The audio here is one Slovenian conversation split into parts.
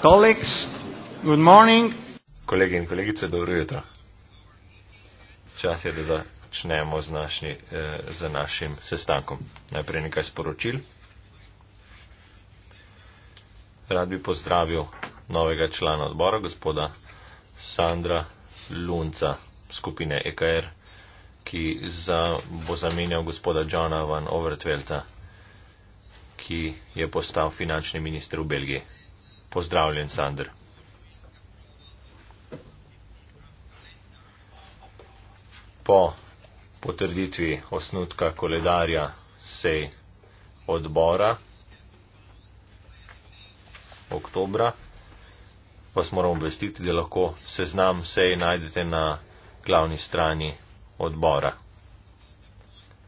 colleagues, good morning. Kolegi in kolegice, dobro jutro. Čas je, da začnemo z, našni, eh, z našim sestankom. Najprej nekaj sporočil. Rad bi pozdravil novega člana odbora, gospoda Sandra Lunca skupine EKR, ki za, bo zamenjal gospoda Johna van Overtvelta, ki je postal finančni minister v Belgiji. Pozdravljen, Sandr. Po potrditvi osnutka koledarja sej odbora oktobra vas moram obvestiti, da lahko seznam sej najdete na glavni strani odbora.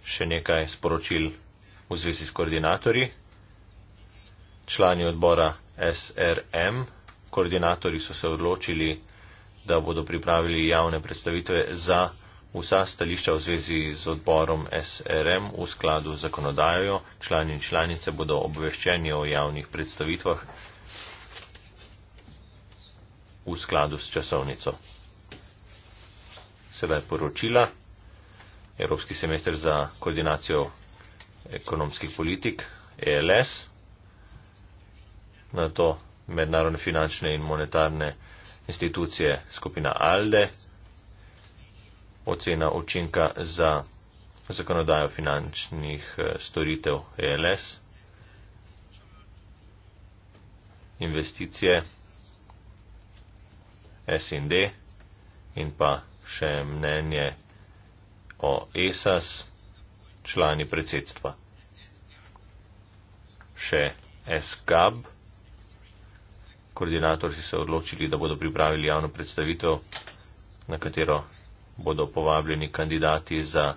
Še nekaj sporočil v zvezi s koordinatorji. Člani odbora SRM. Koordinatori so se odločili, da bodo pripravili javne predstavitve za vsa stališča v zvezi z odborom SRM v skladu z zakonodajo. Člani in članice bodo obveščeni o javnih predstavitvah v skladu s časovnico. Sedaj poročila. Evropski semester za koordinacijo ekonomskih politik, ELS na to mednarodne finančne in monetarne institucije skupina ALDE, ocena učinka za zakonodajo finančnih eh, storitev ELS, investicije SND in pa še mnenje o ESAS, člani predsedstva. Še SGAB koordinatorji se odločili, da bodo pripravili javno predstavitev, na katero bodo povabljeni kandidati za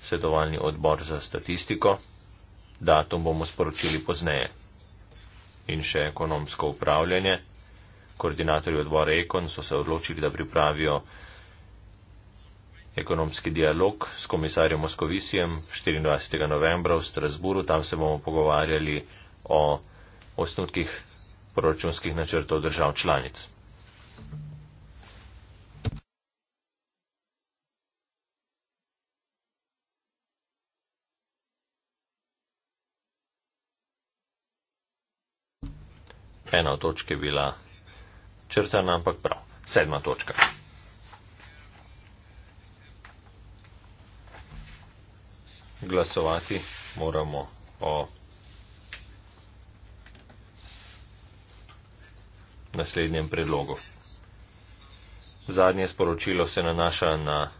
svetovalni odbor za statistiko. Datum bomo sporočili pozneje. In še ekonomsko upravljanje. Koordinatorji odbora Ekon so se odločili, da pripravijo ekonomski dialog s komisarjem Moskovisijem 24. novembra v Strasburu. Tam se bomo pogovarjali o osnutkih proračunskih načrtov držav članic. Ena od točk je bila črtana, ampak prav, sedma točka. Glasovati moramo o naslednjem predlogu. Zadnje sporočilo se nanaša na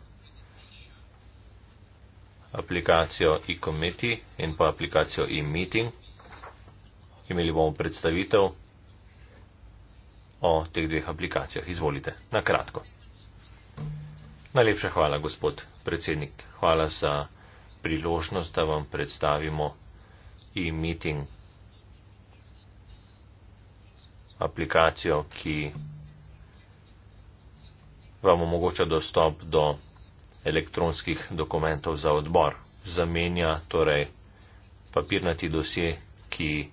aplikacijo e-committee in pa aplikacijo e-meeting. Imeli bomo predstavitev o teh dveh aplikacijah. Izvolite, na kratko. Najlepša hvala, gospod predsednik. Hvala za priložnost, da vam predstavimo e-meeting aplikacijo, ki vam omogoča dostop do elektronskih dokumentov za odbor. Zamenja torej papirnati dosje, ki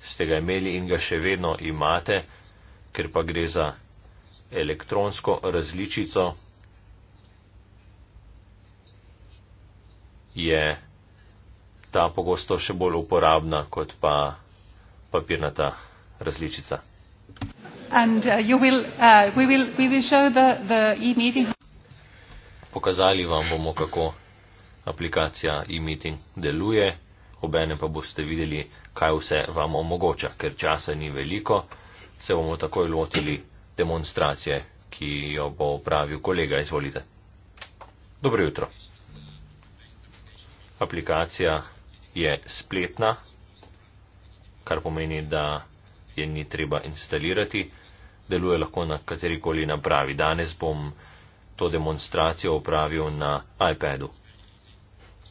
ste ga imeli in ga še vedno imate, ker pa gre za elektronsko različico, je ta pogosto še bolj uporabna kot pa papirnata različica. Pokazali vam bomo, kako aplikacija e-meeting deluje, obene pa boste videli, kaj vse vam omogoča, ker časa ni veliko, se bomo takoj lotili demonstracije, ki jo bo upravil kolega. Izvolite. Dobro jutro. Aplikacija je spletna, kar pomeni, da je ni treba instalirati, deluje lahko na katerikoli napravi. Danes bom to demonstracijo opravil na iPadu.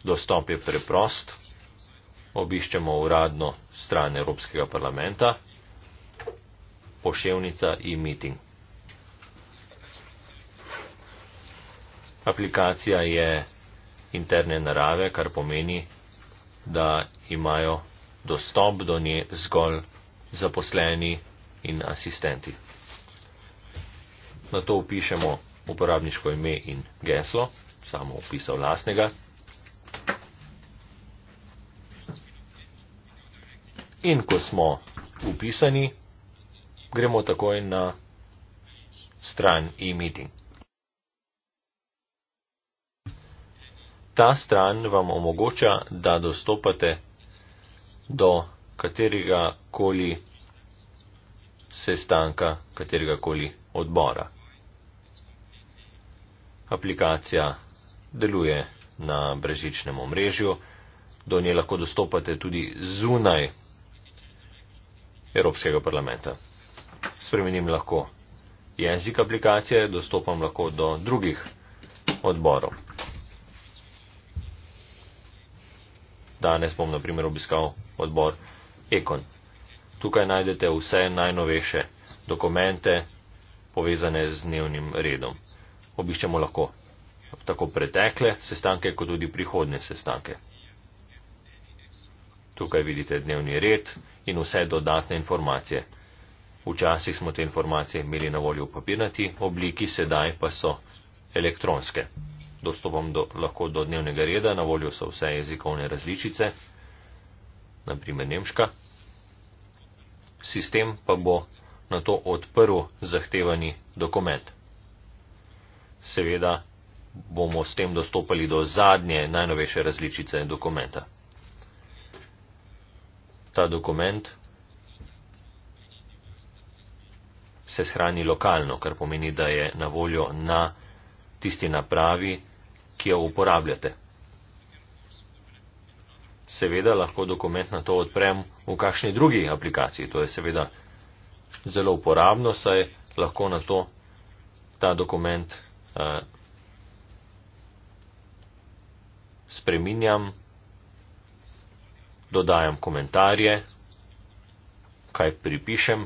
Dostop je preprost. Obiščemo uradno stran Evropskega parlamenta, poševnica in meeting. Aplikacija je interne narave, kar pomeni, da imajo dostop do nje zgolj zaposleni in asistenti. Na to upišemo uporabniško ime in geslo, samo upisal lastnega. In ko smo upisani, gremo takoj na stran e-meeting. Ta stran vam omogoča, da dostopate do katerega koli sestanka, katerega koli odbora. Aplikacija deluje na brežičnem omrežju, do nje lahko dostopate tudi zunaj Evropskega parlamenta. Spremenim lahko jezik aplikacije, dostopam lahko do drugih odborov. Danes bom na primer obiskal odbor Ekon. Tukaj najdete vse najnovejše dokumente povezane z dnevnim redom. Obiščemo lahko tako pretekle sestanke, kot tudi prihodne sestanke. Tukaj vidite dnevni red in vse dodatne informacije. Včasih smo te informacije imeli na voljo v papirnati obliki, sedaj pa so elektronske. Dostopam do, lahko do dnevnega reda, na voljo so vse jezikovne različice naprimer Nemška. Sistem pa bo na to odprl zahtevani dokument. Seveda bomo s tem dostopali do zadnje najnovejše različice dokumenta. Ta dokument se shrani lokalno, kar pomeni, da je na voljo na tisti napravi, ki jo uporabljate seveda lahko dokument na to odprem v kakšni drugi aplikaciji. To je seveda zelo uporabno, saj lahko na to ta dokument eh, spreminjam, dodajam komentarje, kaj pripišem.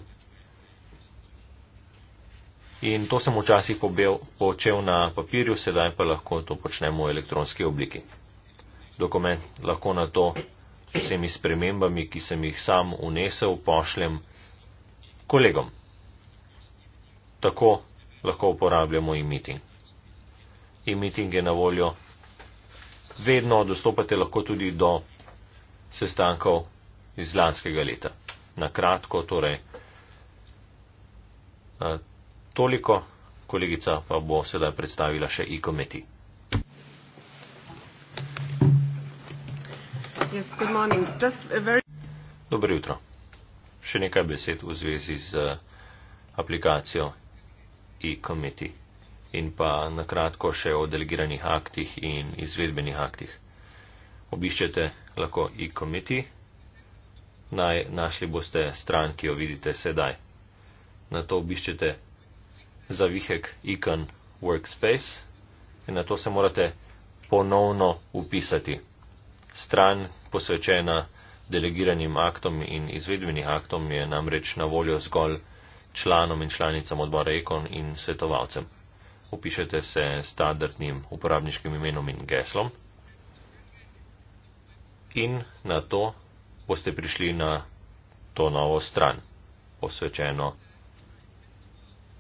In to sem včasih pobel, počel na papirju, sedaj pa lahko to počnemo v elektronski obliki dokument lahko na to s vsemi spremembami, ki sem jih sam unesel, pošljem kolegom. Tako lahko uporabljamo e-meeting. E-meeting je na voljo vedno, dostopate lahko tudi do sestankov iz lanskega leta. Na kratko, torej eh, toliko, kolegica pa bo sedaj predstavila še e-committee. Dobro jutro. Še nekaj besed v zvezi z eh, aplikacijo e-committee in pa nakratko še o delegiranih aktih in izvedbenih aktih. Obiščete lahko e-committee, Naj, našli boste stran, ki jo vidite sedaj. Na to obiščete zavihek icon workspace in na to se morate ponovno upisati. Stran, posvečena delegiranim aktom in izvedbenih aktom, je namreč na voljo zgolj članom in članicam odbora Ekon in svetovalcem. Upišete se standardnim uporabniškim imenom in geslom in na to boste prišli na to novo stran, posvečeno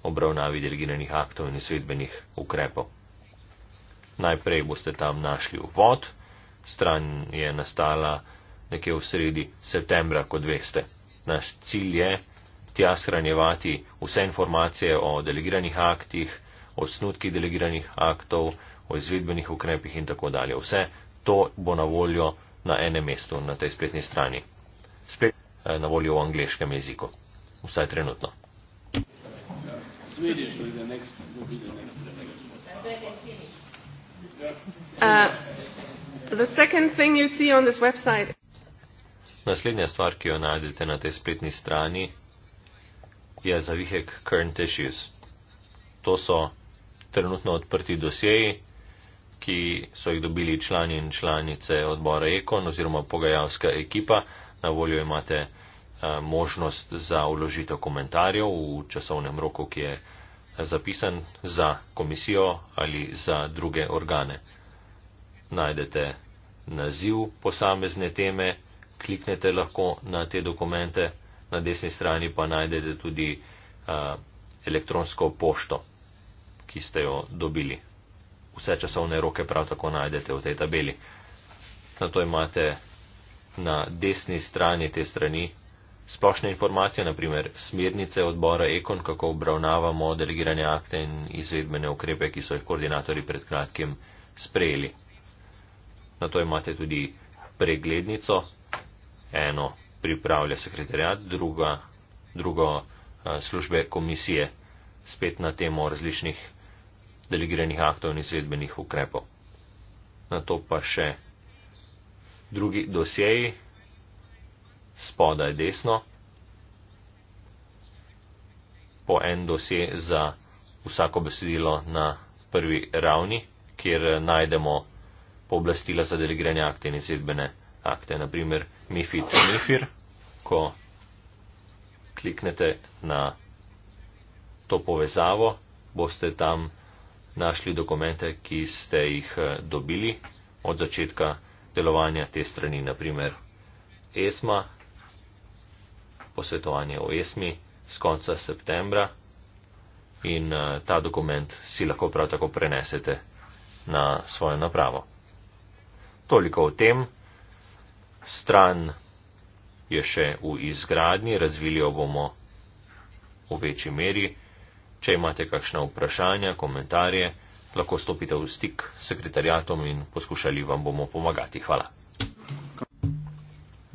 obravnavi delegiranih aktov in izvedbenih ukrepov. Najprej boste tam našli vod, stran je nastala nekje v sredi septembra, kot veste. Naš cilj je tja shranjevati vse informacije o delegiranih aktih, o snutki delegiranih aktov, o izvedbenih ukrepih in tako dalje. Vse to bo na voljo na enem mestu, na tej spletni strani. Spet eh, na voljo v angliškem jeziku. Vsaj trenutno. Uh, Naslednja stvar, ki jo najdete na tej spletni strani, je zavihek Current Issues. To so trenutno odprti dosjeji, ki so jih dobili člani in članice odbora Ekon oziroma pogajalska ekipa. Na voljo imate eh, možnost za uložitev komentarjev v časovnem roku, ki je zapisan za komisijo ali za druge organe najdete naziv posamezne teme, kliknete lahko na te dokumente, na desni strani pa najdete tudi a, elektronsko pošto, ki ste jo dobili. Vse časovne roke prav tako najdete v tej tabeli. Na to imate na desni strani te strani splošne informacije, naprimer smernice odbora Ekon, kako obravnavamo delegirane akte in izvedbene ukrepe, ki so jih koordinatori pred kratkim sprejeli na to imate tudi preglednico, eno pripravlja sekretarjat, druga, drugo eh, službe komisije, spet na temo različnih delegiranih aktov in izvedbenih ukrepov. Na to pa še drugi dosjeji, spodaj desno, po en dosje za vsako besedilo na prvi ravni, kjer najdemo pooblastila za delegiranje akte in izvedbene akte. Naprimer, MIFID MIFIR, ko kliknete na to povezavo, boste tam našli dokumente, ki ste jih eh, dobili od začetka delovanja te strani, naprimer ESMA, posvetovanje o ESMI z konca septembra in eh, ta dokument si lahko prav tako prenesete na svojo napravo. Toliko o tem. Stran je še v izgradnji, razvilijo bomo v večji meri. Če imate kakšna vprašanja, komentarje, lahko stopite v stik s sekretarjatom in poskušali vam bomo pomagati. Hvala.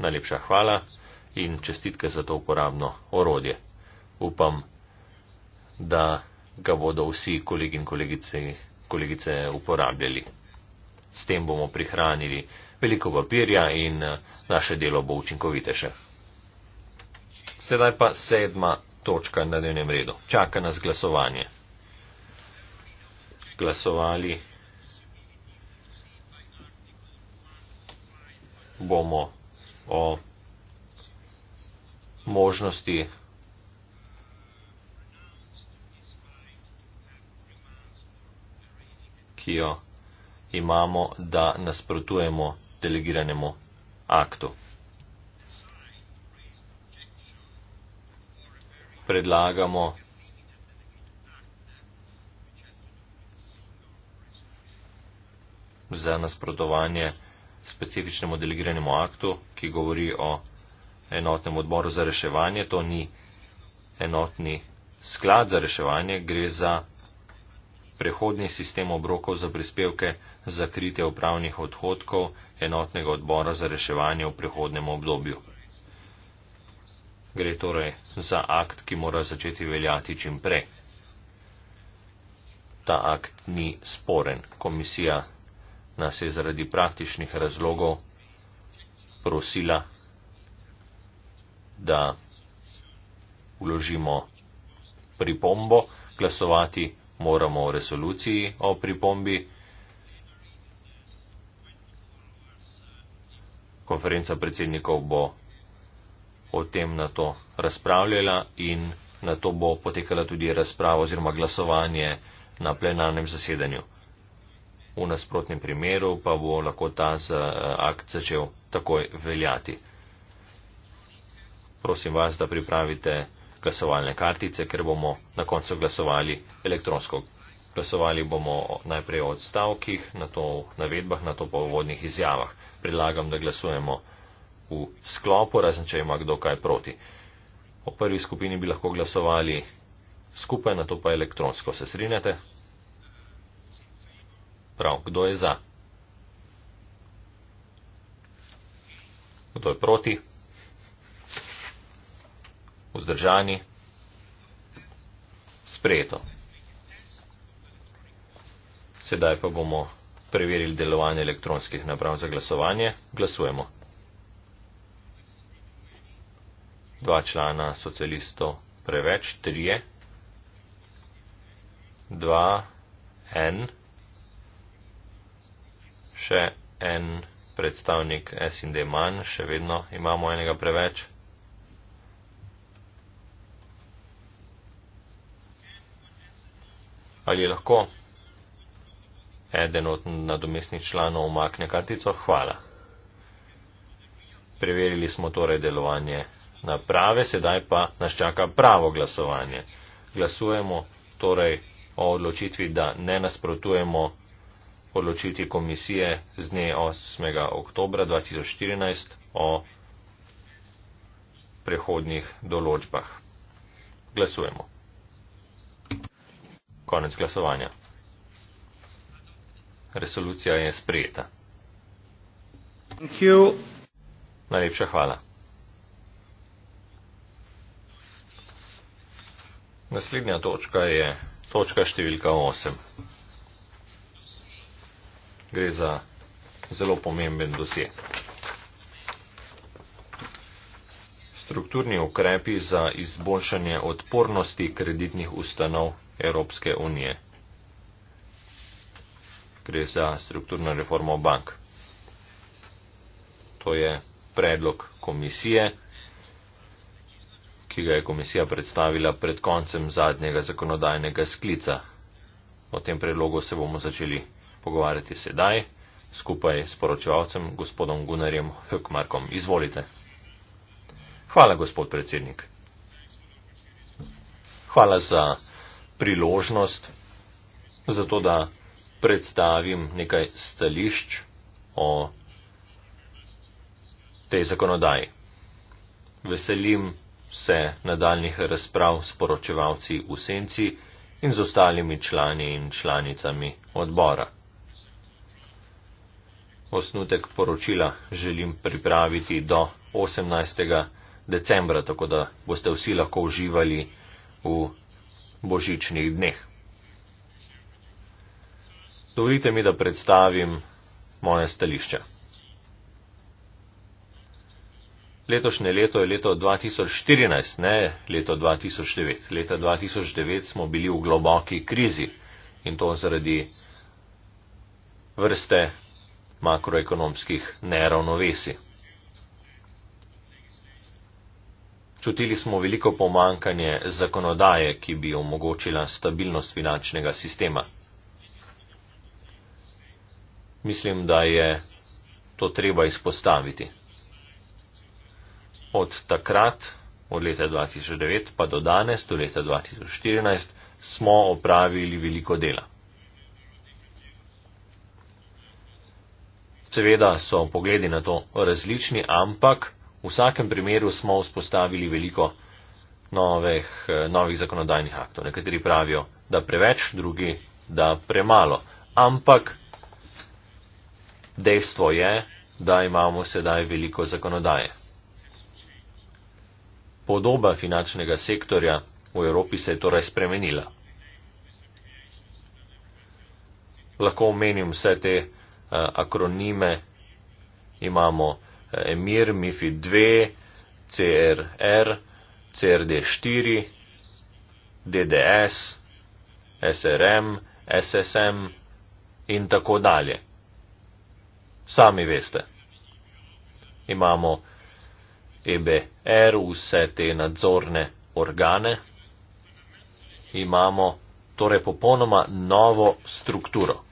Najlepša hvala in čestitke za to uporabno orodje. Upam, da ga bodo vsi kolegi in kolegice, kolegice uporabljali. S tem bomo prihranili veliko papirja in eh, naše delo bo učinkovitejše. Sedaj pa sedma točka na dnevnem redu. Čaka nas glasovanje. Glasovali bomo o možnosti ki jo imamo, da nasprotujemo delegiranemu aktu. Predlagamo, za nasprotovanje specifičnemu delegiranemu aktu, ki govori o enotnem odboru za reševanje. To ni enotni sklad za reševanje, gre za prehodni sistem obrokov za prispevke za kritje upravnih odhodkov enotnega odbora za reševanje v prehodnem obdobju. Gre torej za akt, ki mora začeti veljati čim prej. Ta akt ni sporen. Komisija nas je zaradi praktičnih razlogov prosila, da uložimo pripombo glasovati moramo o resoluciji o pripombi. Konferenca predsednikov bo o tem na to razpravljala in na to bo potekala tudi razprava oziroma glasovanje na plenarnem zasedanju. V nasprotnem primeru pa bo lahko ta eh, akt začel takoj veljati. Prosim vas, da pripravite glasovalne kartice, ker bomo na koncu glasovali elektronsko. Glasovali bomo najprej o odstavkih, na to o navedbah, na to pa o vodnih izjavah. Predlagam, da glasujemo v sklopu, razen če ima kdo kaj proti. O prvi skupini bi lahko glasovali skupaj, na to pa elektronsko. Se strinjate? Prav, kdo je za? Kdo je proti? vzdržani, sprejeto. Sedaj pa bomo preverili delovanje elektronskih naprav za glasovanje. Glasujemo. Dva člana socialistov preveč, trije, dva, en, še en predstavnik SND manj, še vedno imamo enega preveč. Ali lahko eden od nadomestnih članov umakne kartico? Hvala. Preverili smo torej delovanje naprave, sedaj pa nas čaka pravo glasovanje. Glasujemo torej o odločitvi, da ne nasprotujemo odločitvi komisije z dne 8. oktobra 2014 o prehodnih določbah. Glasujemo. Konec glasovanja. Resolucija je sprejeta. Najlepša hvala. Naslednja točka je točka številka 8. Gre za zelo pomemben dosje. Strukturni ukrepi za izboljšanje odpornosti kreditnih ustanov Evropske unije. Gre za strukturno reformo bank. To je predlog komisije, ki ga je komisija predstavila pred koncem zadnjega zakonodajnega sklica. O tem predlogu se bomo začeli pogovarjati sedaj, skupaj s poročevalcem gospodom Gunarjem Hökmarkom. Izvolite. Hvala, gospod predsednik. Hvala za priložnost za to, da predstavim nekaj stališč o tej zakonodaji. Veselim se nadaljnih razprav s poročevalci v senci in z ostalimi člani in članicami odbora. Osnutek poročila želim pripraviti do 18. decembra, tako da boste vsi lahko uživali v božičnih dneh. Dovolite mi, da predstavim moje stališče. Letošnje leto je leto 2014, ne leto 2009. Leta 2009 smo bili v globoki krizi in to zaradi vrste makroekonomskih neravnovesij. Čutili smo veliko pomankanje zakonodaje, ki bi omogočila stabilnost finančnega sistema. Mislim, da je to treba izpostaviti. Od takrat, od leta 2009 pa do danes, do leta 2014, smo opravili veliko dela. Seveda so pogledi na to različni, ampak V vsakem primeru smo vzpostavili veliko novih, eh, novih zakonodajnih aktov. Nekateri pravijo, da preveč, drugi, da premalo. Ampak dejstvo je, da imamo sedaj veliko zakonodaje. Podoba finančnega sektorja v Evropi se je torej spremenila. Lahko omenim vse te uh, eh, akronime, imamo Emir, MIFI 2, CRR, CRD 4, DDS, SRM, SSM in tako dalje. Sami veste. Imamo EBR, vse te nadzorne organe. Imamo torej popolnoma novo strukturo.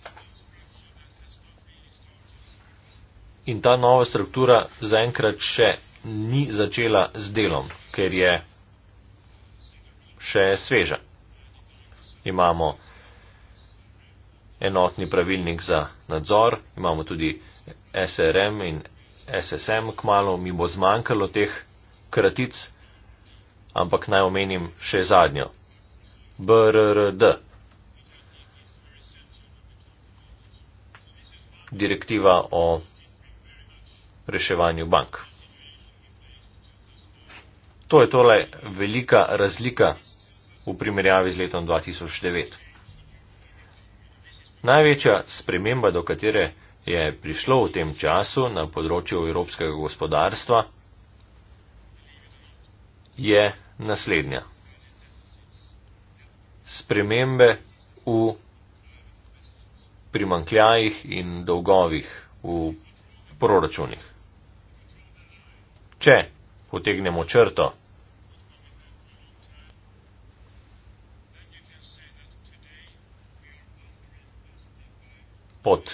in ta nova struktura zaenkrat še ni začela z delom, ker je še sveža. Imamo enotni pravilnik za nadzor, imamo tudi SRM in SSM k malu, mi bo zmanjkalo teh kratic, ampak naj omenim še zadnjo. BRRD. Direktiva o reševanju bank. To je tole velika razlika v primerjavi z letom 2009. Največja sprememba, do katere je prišlo v tem času na področju evropskega gospodarstva, je naslednja. Spremembe v primankljajih in dolgovih v proračunih. Če potegnemo črto, pod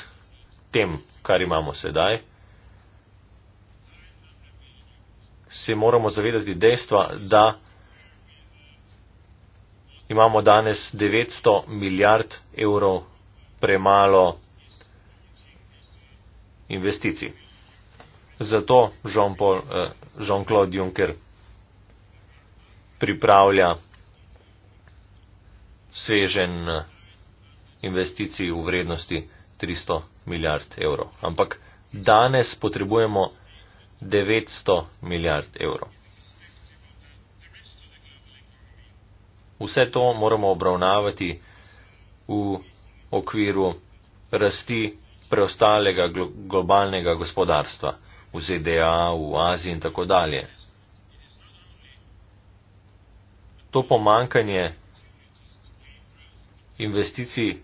tem, kar imamo sedaj, se moramo zavedati dejstva, da imamo danes 900 milijard evrov premalo investicij. Zato eh, Jean-Claude Juncker pripravlja svežen eh, investicij v vrednosti 300 milijard evrov. Ampak danes potrebujemo 900 milijard evrov. Vse to moramo obravnavati v okviru rasti preostalega globalnega gospodarstva v ZDA, v Aziji in tako dalje. To pomankanje investicij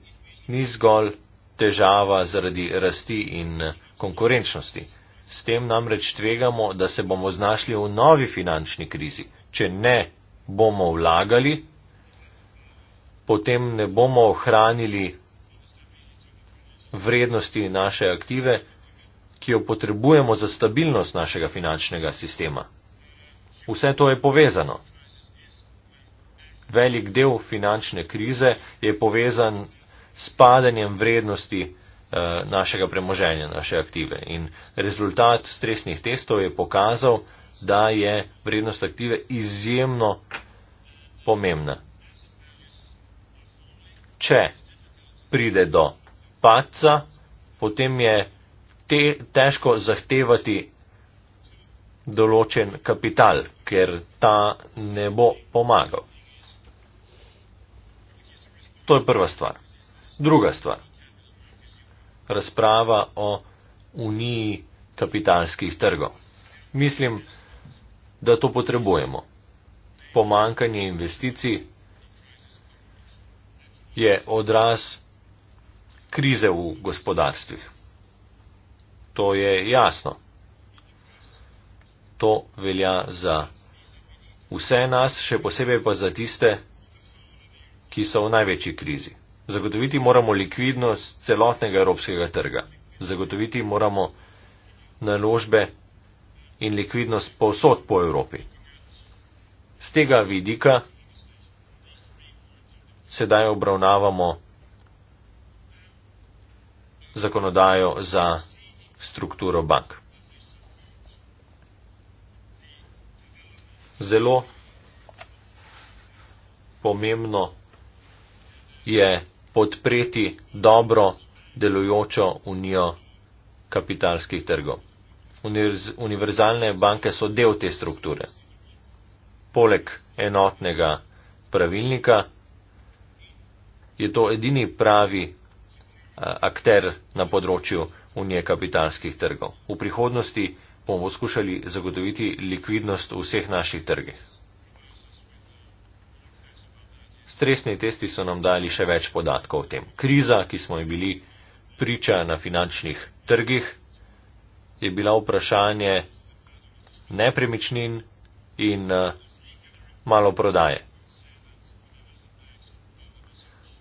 ni zgolj težava zaradi rasti in konkurenčnosti. S tem namreč tvegamo, da se bomo znašli v novi finančni krizi. Če ne bomo vlagali, potem ne bomo ohranili vrednosti naše aktive, ki jo potrebujemo za stabilnost našega finančnega sistema. Vse to je povezano. Velik del finančne krize je povezan s padanjem vrednosti eh, našega premoženja, naše aktive. In rezultat stresnih testov je pokazal, da je vrednost aktive izjemno pomembna. Če pride do padca, potem je te, težko zahtevati določen kapital, ker ta ne bo pomagal. To je prva stvar. Druga stvar. Razprava o uniji kapitalskih trgov. Mislim, da to potrebujemo. Pomankanje investicij je odraz krize v gospodarstvih to je jasno. To velja za vse nas, še posebej pa za tiste, ki so v največji krizi. Zagotoviti moramo likvidnost celotnega evropskega trga. Zagotoviti moramo naložbe in likvidnost povsod po Evropi. Z tega vidika sedaj obravnavamo zakonodajo za strukturo bank. Zelo pomembno je podpreti dobro delujočo unijo kapitalskih trgov. Univerzalne banke so del te strukture. Poleg enotnega pravilnika je to edini pravi eh, akter na področju unije kapitalskih trgov. V prihodnosti bomo skušali zagotoviti likvidnost v vseh naših trgih. Stresni testi so nam dali še več podatkov o tem. Kriza, ki smo ji bili priča na finančnih trgih, je bila vprašanje nepremičnin in eh, malo prodaje.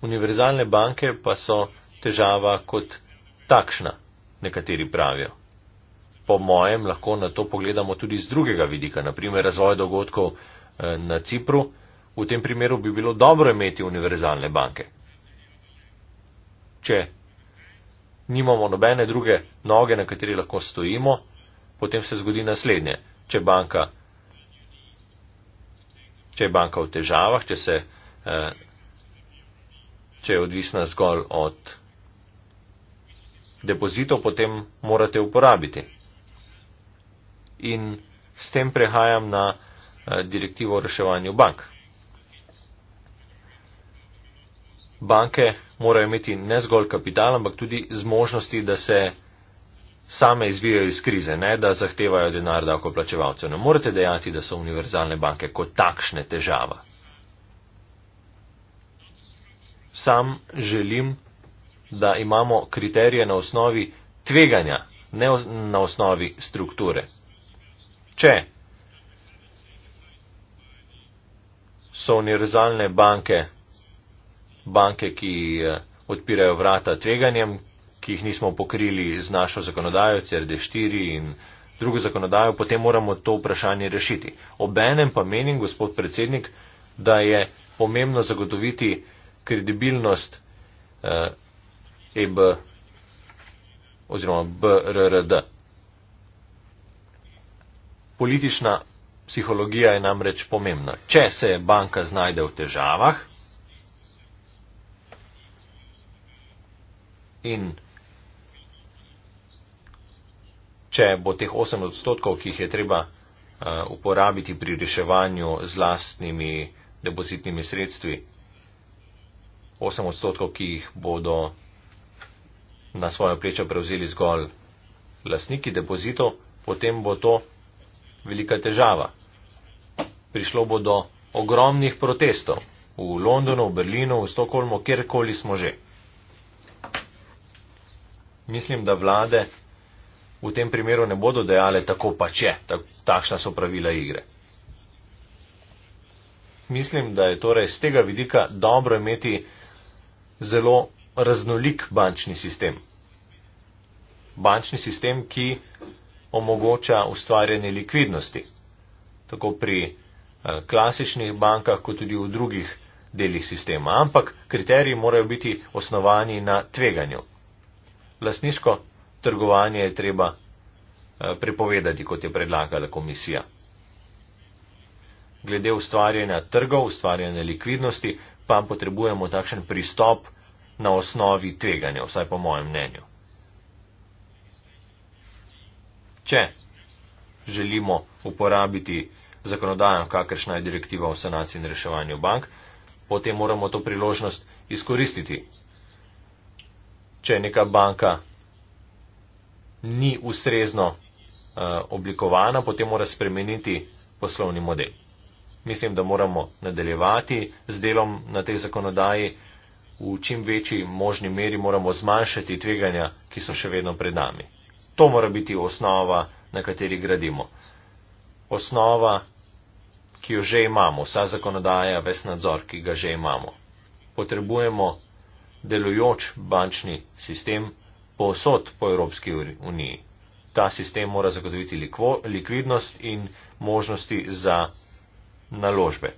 Univerzalne banke pa so težava kot takšna nekateri pravijo. Po mojem lahko na to pogledamo tudi z drugega vidika, naprimer razvoj dogodkov eh, na Cipru. V tem primeru bi bilo dobro imeti univerzalne banke. Če nimamo nobene druge noge, na kateri lahko stojimo, potem se zgodi naslednje. Če, banka, če je banka v težavah, če, se, eh, če je odvisna zgolj od depozitov potem morate uporabiti. In s tem prehajam na eh, direktivo o reševanju bank. Banke morajo imeti ne zgolj kapital, ampak tudi zmožnosti, da se same izvijajo iz krize, ne da zahtevajo denar davkoplačevalcev. Ne morete dejati, da so univerzalne banke kot takšne težava. Sam želim, da imamo kriterije na osnovi tveganja, ne na osnovi strukture. Če so univerzalne banke, banke, ki eh, odpirajo vrata tveganjem, ki jih nismo pokrili z našo zakonodajo, CRD4 in drugo zakonodajo, potem moramo to vprašanje rešiti. Obenem pa menim, gospod predsednik, da je pomembno zagotoviti kredibilnost eh, EB oziroma BRRD. Politična psihologija je namreč pomembna. Če se banka znajde v težavah in če bo teh 8 odstotkov, ki jih je treba eh, uporabiti pri reševanju z lastnimi depozitnimi sredstvi, 8 odstotkov, ki jih bodo na svojo plečo prevzeli zgolj lastniki depozitov, potem bo to velika težava. Prišlo bo do ogromnih protestov v Londonu, v Berlinu, v Stokholmu, kjerkoli smo že. Mislim, da vlade v tem primeru ne bodo dejale tako pa če, takšna so pravila igre. Mislim, da je torej z tega vidika dobro imeti zelo raznolik bančni sistem. Bančni sistem, ki omogoča ustvarjanje likvidnosti, tako pri eh, klasičnih bankah, kot tudi v drugih delih sistema. Ampak kriteriji morajo biti osnovani na tveganju. Lasniško trgovanje je treba eh, prepovedati, kot je predlagala komisija. Glede ustvarjanja trgov, ustvarjanja likvidnosti, pa potrebujemo takšen pristop na osnovi tveganja, vsaj po mojem mnenju. Če želimo uporabiti zakonodajo, kakršna je direktiva o sanaciji in reševanju bank, potem moramo to priložnost izkoristiti. Če neka banka ni ustrezno uh, oblikovana, potem mora spremeniti poslovni model. Mislim, da moramo nadaljevati z delom na tej zakonodaji, v čim večji možni meri moramo zmanjšati tveganja, ki so še vedno pred nami. To mora biti osnova, na kateri gradimo. Osnova, ki jo že imamo, vsa zakonodaja, ves nadzor, ki ga že imamo. Potrebujemo delujoč bančni sistem povsod po Evropski uniji. Ta sistem mora zagotoviti likvo, likvidnost in možnosti za naložbe.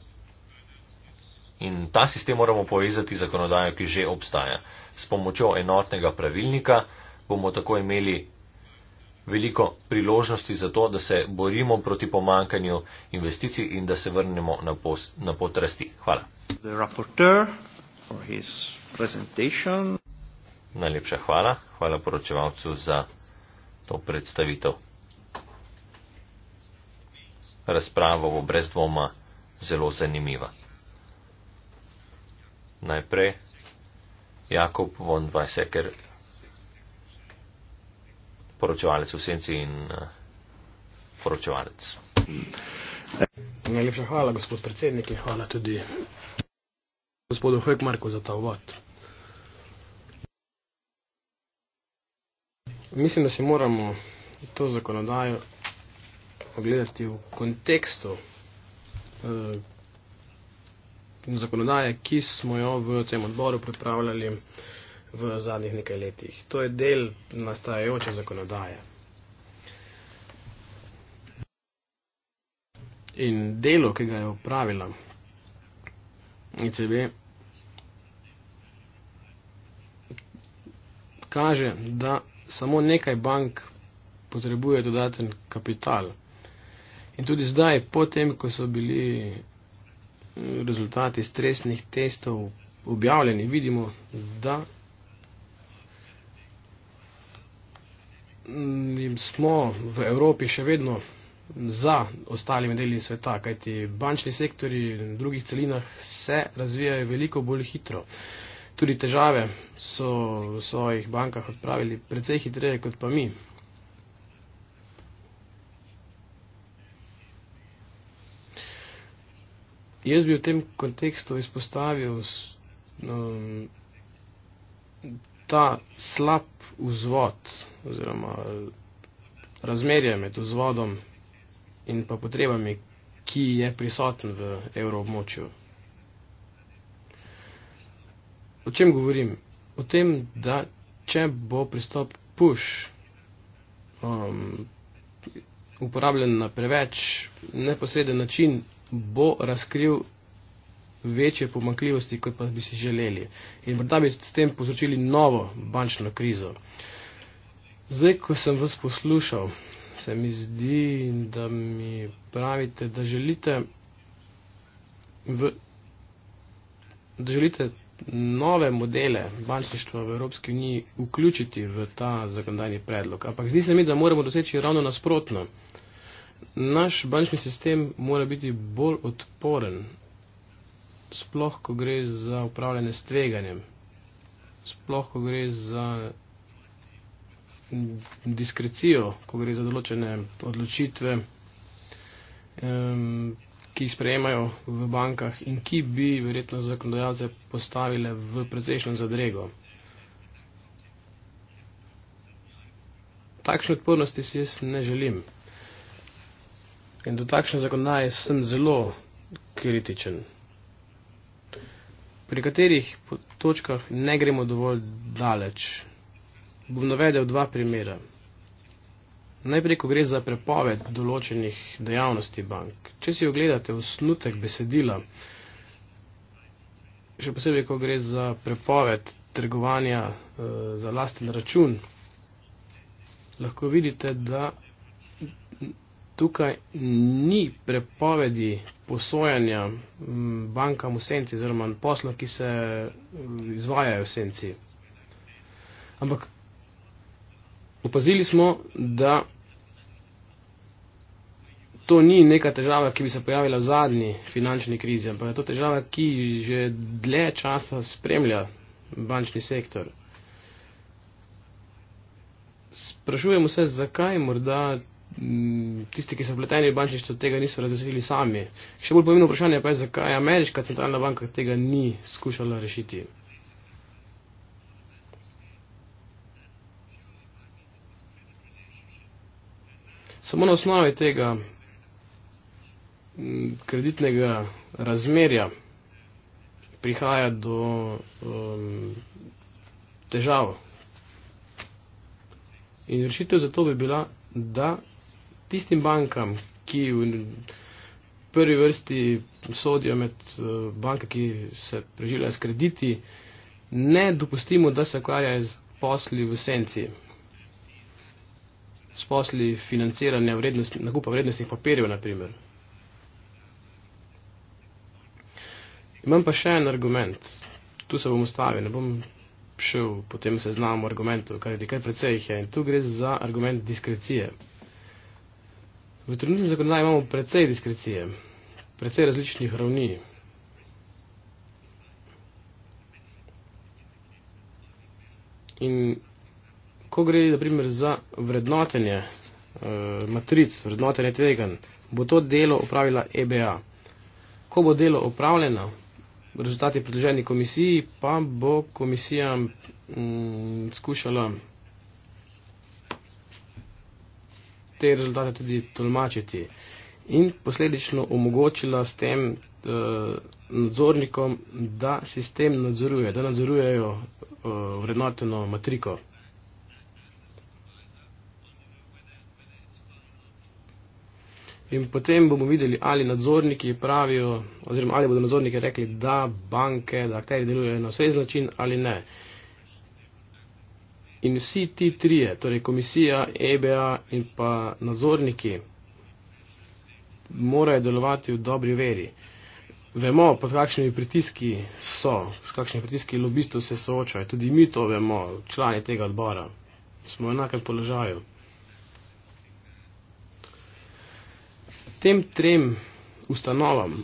In ta sistem moramo povezati z zakonodajo, ki že obstaja. S pomočjo enotnega pravilnika bomo tako imeli veliko priložnosti za to, da se borimo proti pomankanju investicij in da se vrnemo na, post, na pot rasti. Hvala. Najlepša hvala. Hvala poročevalcu za to predstavitev. Razprava bo brez dvoma zelo zanimiva najprej Jakob von Weisecker, poročevalec v senci in uh, poročevalec. Najlepša hvala, gospod predsednik, in hvala tudi gospodu Hojkmarku za ta uvod. Mislim, da si moramo to zakonodajo ogledati v kontekstu. Uh, zakonodaje, ki smo jo v tem odboru pripravljali v zadnjih nekaj letih. To je del nastajajoče zakonodaje. In delo, ki ga je upravila ICB, kaže, da samo nekaj bank potrebuje dodaten kapital. In tudi zdaj, potem, ko so bili rezultati stresnih testov objavljeni, vidimo, da smo v Evropi še vedno za ostalimi deli sveta, kajti bančni sektori in drugih celinah se razvijajo veliko bolj hitro. Tudi težave so v svojih bankah odpravili precej hitreje kot pa mi. Jaz bi v tem kontekstu izpostavil um, ta slab vzvod oziroma razmerje med vzvodom in pa potrebami, ki je prisoten v evroobmočju. O čem govorim? O tem, da če bo pristop push um, uporabljen na preveč neposreden način, bo razkril večje pomankljivosti, kot pa bi si želeli. In morda bi s tem povzročili novo bančno krizo. Zdaj, ko sem vas poslušal, se mi zdi, da mi pravite, da želite, v, da želite nove modele bančništva v Evropski uniji vključiti v ta zakonodajni predlog. Ampak zdi se mi, da moramo doseči ravno nasprotno. Uh, naš bančni sistem mora biti bolj odporen, sploh ko gre za upravljanje s tveganjem, sploh ko gre za diskrecijo, ko gre za določene odločitve, ki jih sprejemajo v bankah in ki bi verjetno zakonodajalce postavile v precejšnjo zadrego. Takšne odpornosti si jaz ne želim. In do takšne zakonodaje sem zelo kritičen. Pri katerih točkah ne gremo dovolj daleč. Bom navedel dva primera. Najprej, ko gre za prepoved določenih dejavnosti bank. Če si ogledate osnutek besedila, še posebej, ko gre za prepoved trgovanja e, za lasten račun, lahko vidite, da tukaj ni prepovedi posojanja mm, bankam v senci, oziroma poslov, ki se mm, izvajajo v senci. Ampak opazili smo, da to ni neka težava, ki bi se pojavila v zadnji finančni krizi, ampak je to težava, ki že dlje časa spremlja bančni sektor. Sprašujemo se, zakaj morda Mm, tisti, ki so vpleteni v bančništvo, tega niso razrešili sami. Še bolj pomembno vprašanje pa je, zakaj ameriška centralna banka tega ni skušala rešiti. Samo na osnovi tega mm, kreditnega razmerja prihaja do um, težav. In rešitev za to bi bila, da tistim bankam, ki v prvi vrsti sodijo med eh, banke, ki se preživljajo s krediti, ne dopustimo, da se ukvarjajo z posli v senci, s posli financiranja vrednost, nakupa vrednostnih papirjev, naprimer. Imam pa še en argument, tu se bom ustavil, ne bom šel potem seznam argumentov, kar je kar precej jih je, in tu gre za argument diskrecije. V trenutni zakonodaji imamo precej diskrecije, precej različnih ravni. In ko gre, na primer, za vrednotenje eh, matric, vrednotenje tvegan, bo to delo upravila EBA. Ko bo delo upravljeno, rezultati predloženi komisiji, pa bo komisija mm, skušala te rezultate tudi tolmačiti in posledično omogočila s tem eh, nadzornikom, da sistem nadzoruje, da nadzorujejo eh, vrednoteno matriko. In potem bomo videli, ali nadzorniki pravijo, oziroma ali bodo nadzorniki rekli, da banke, da akteri delujejo na vse način ali ne. In vsi ti trije, torej komisija, EBA in pa nadzorniki, morajo delovati v dobri veri. Vemo, pod kakšnimi pritiski so, s kakšnimi pritiski lobistov se soočajo. Tudi mi to vemo, člani tega odbora. Smo v enakem položaju. Tem trem ustanovam,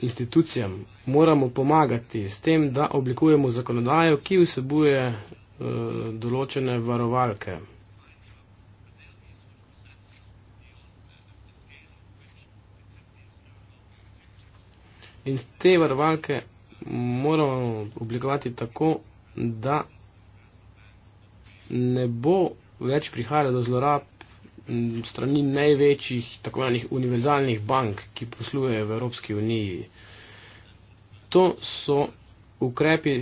institucijam moramo pomagati s tem, da oblikujemo zakonodajo, ki vsebuje Eh, določene varovalke. In te varovalke moramo oblikovati tako, da ne bo več prihajalo do zlorab strani največjih tako enih univerzalnih bank, ki poslujejo v Evropski uniji. To so ukrepi,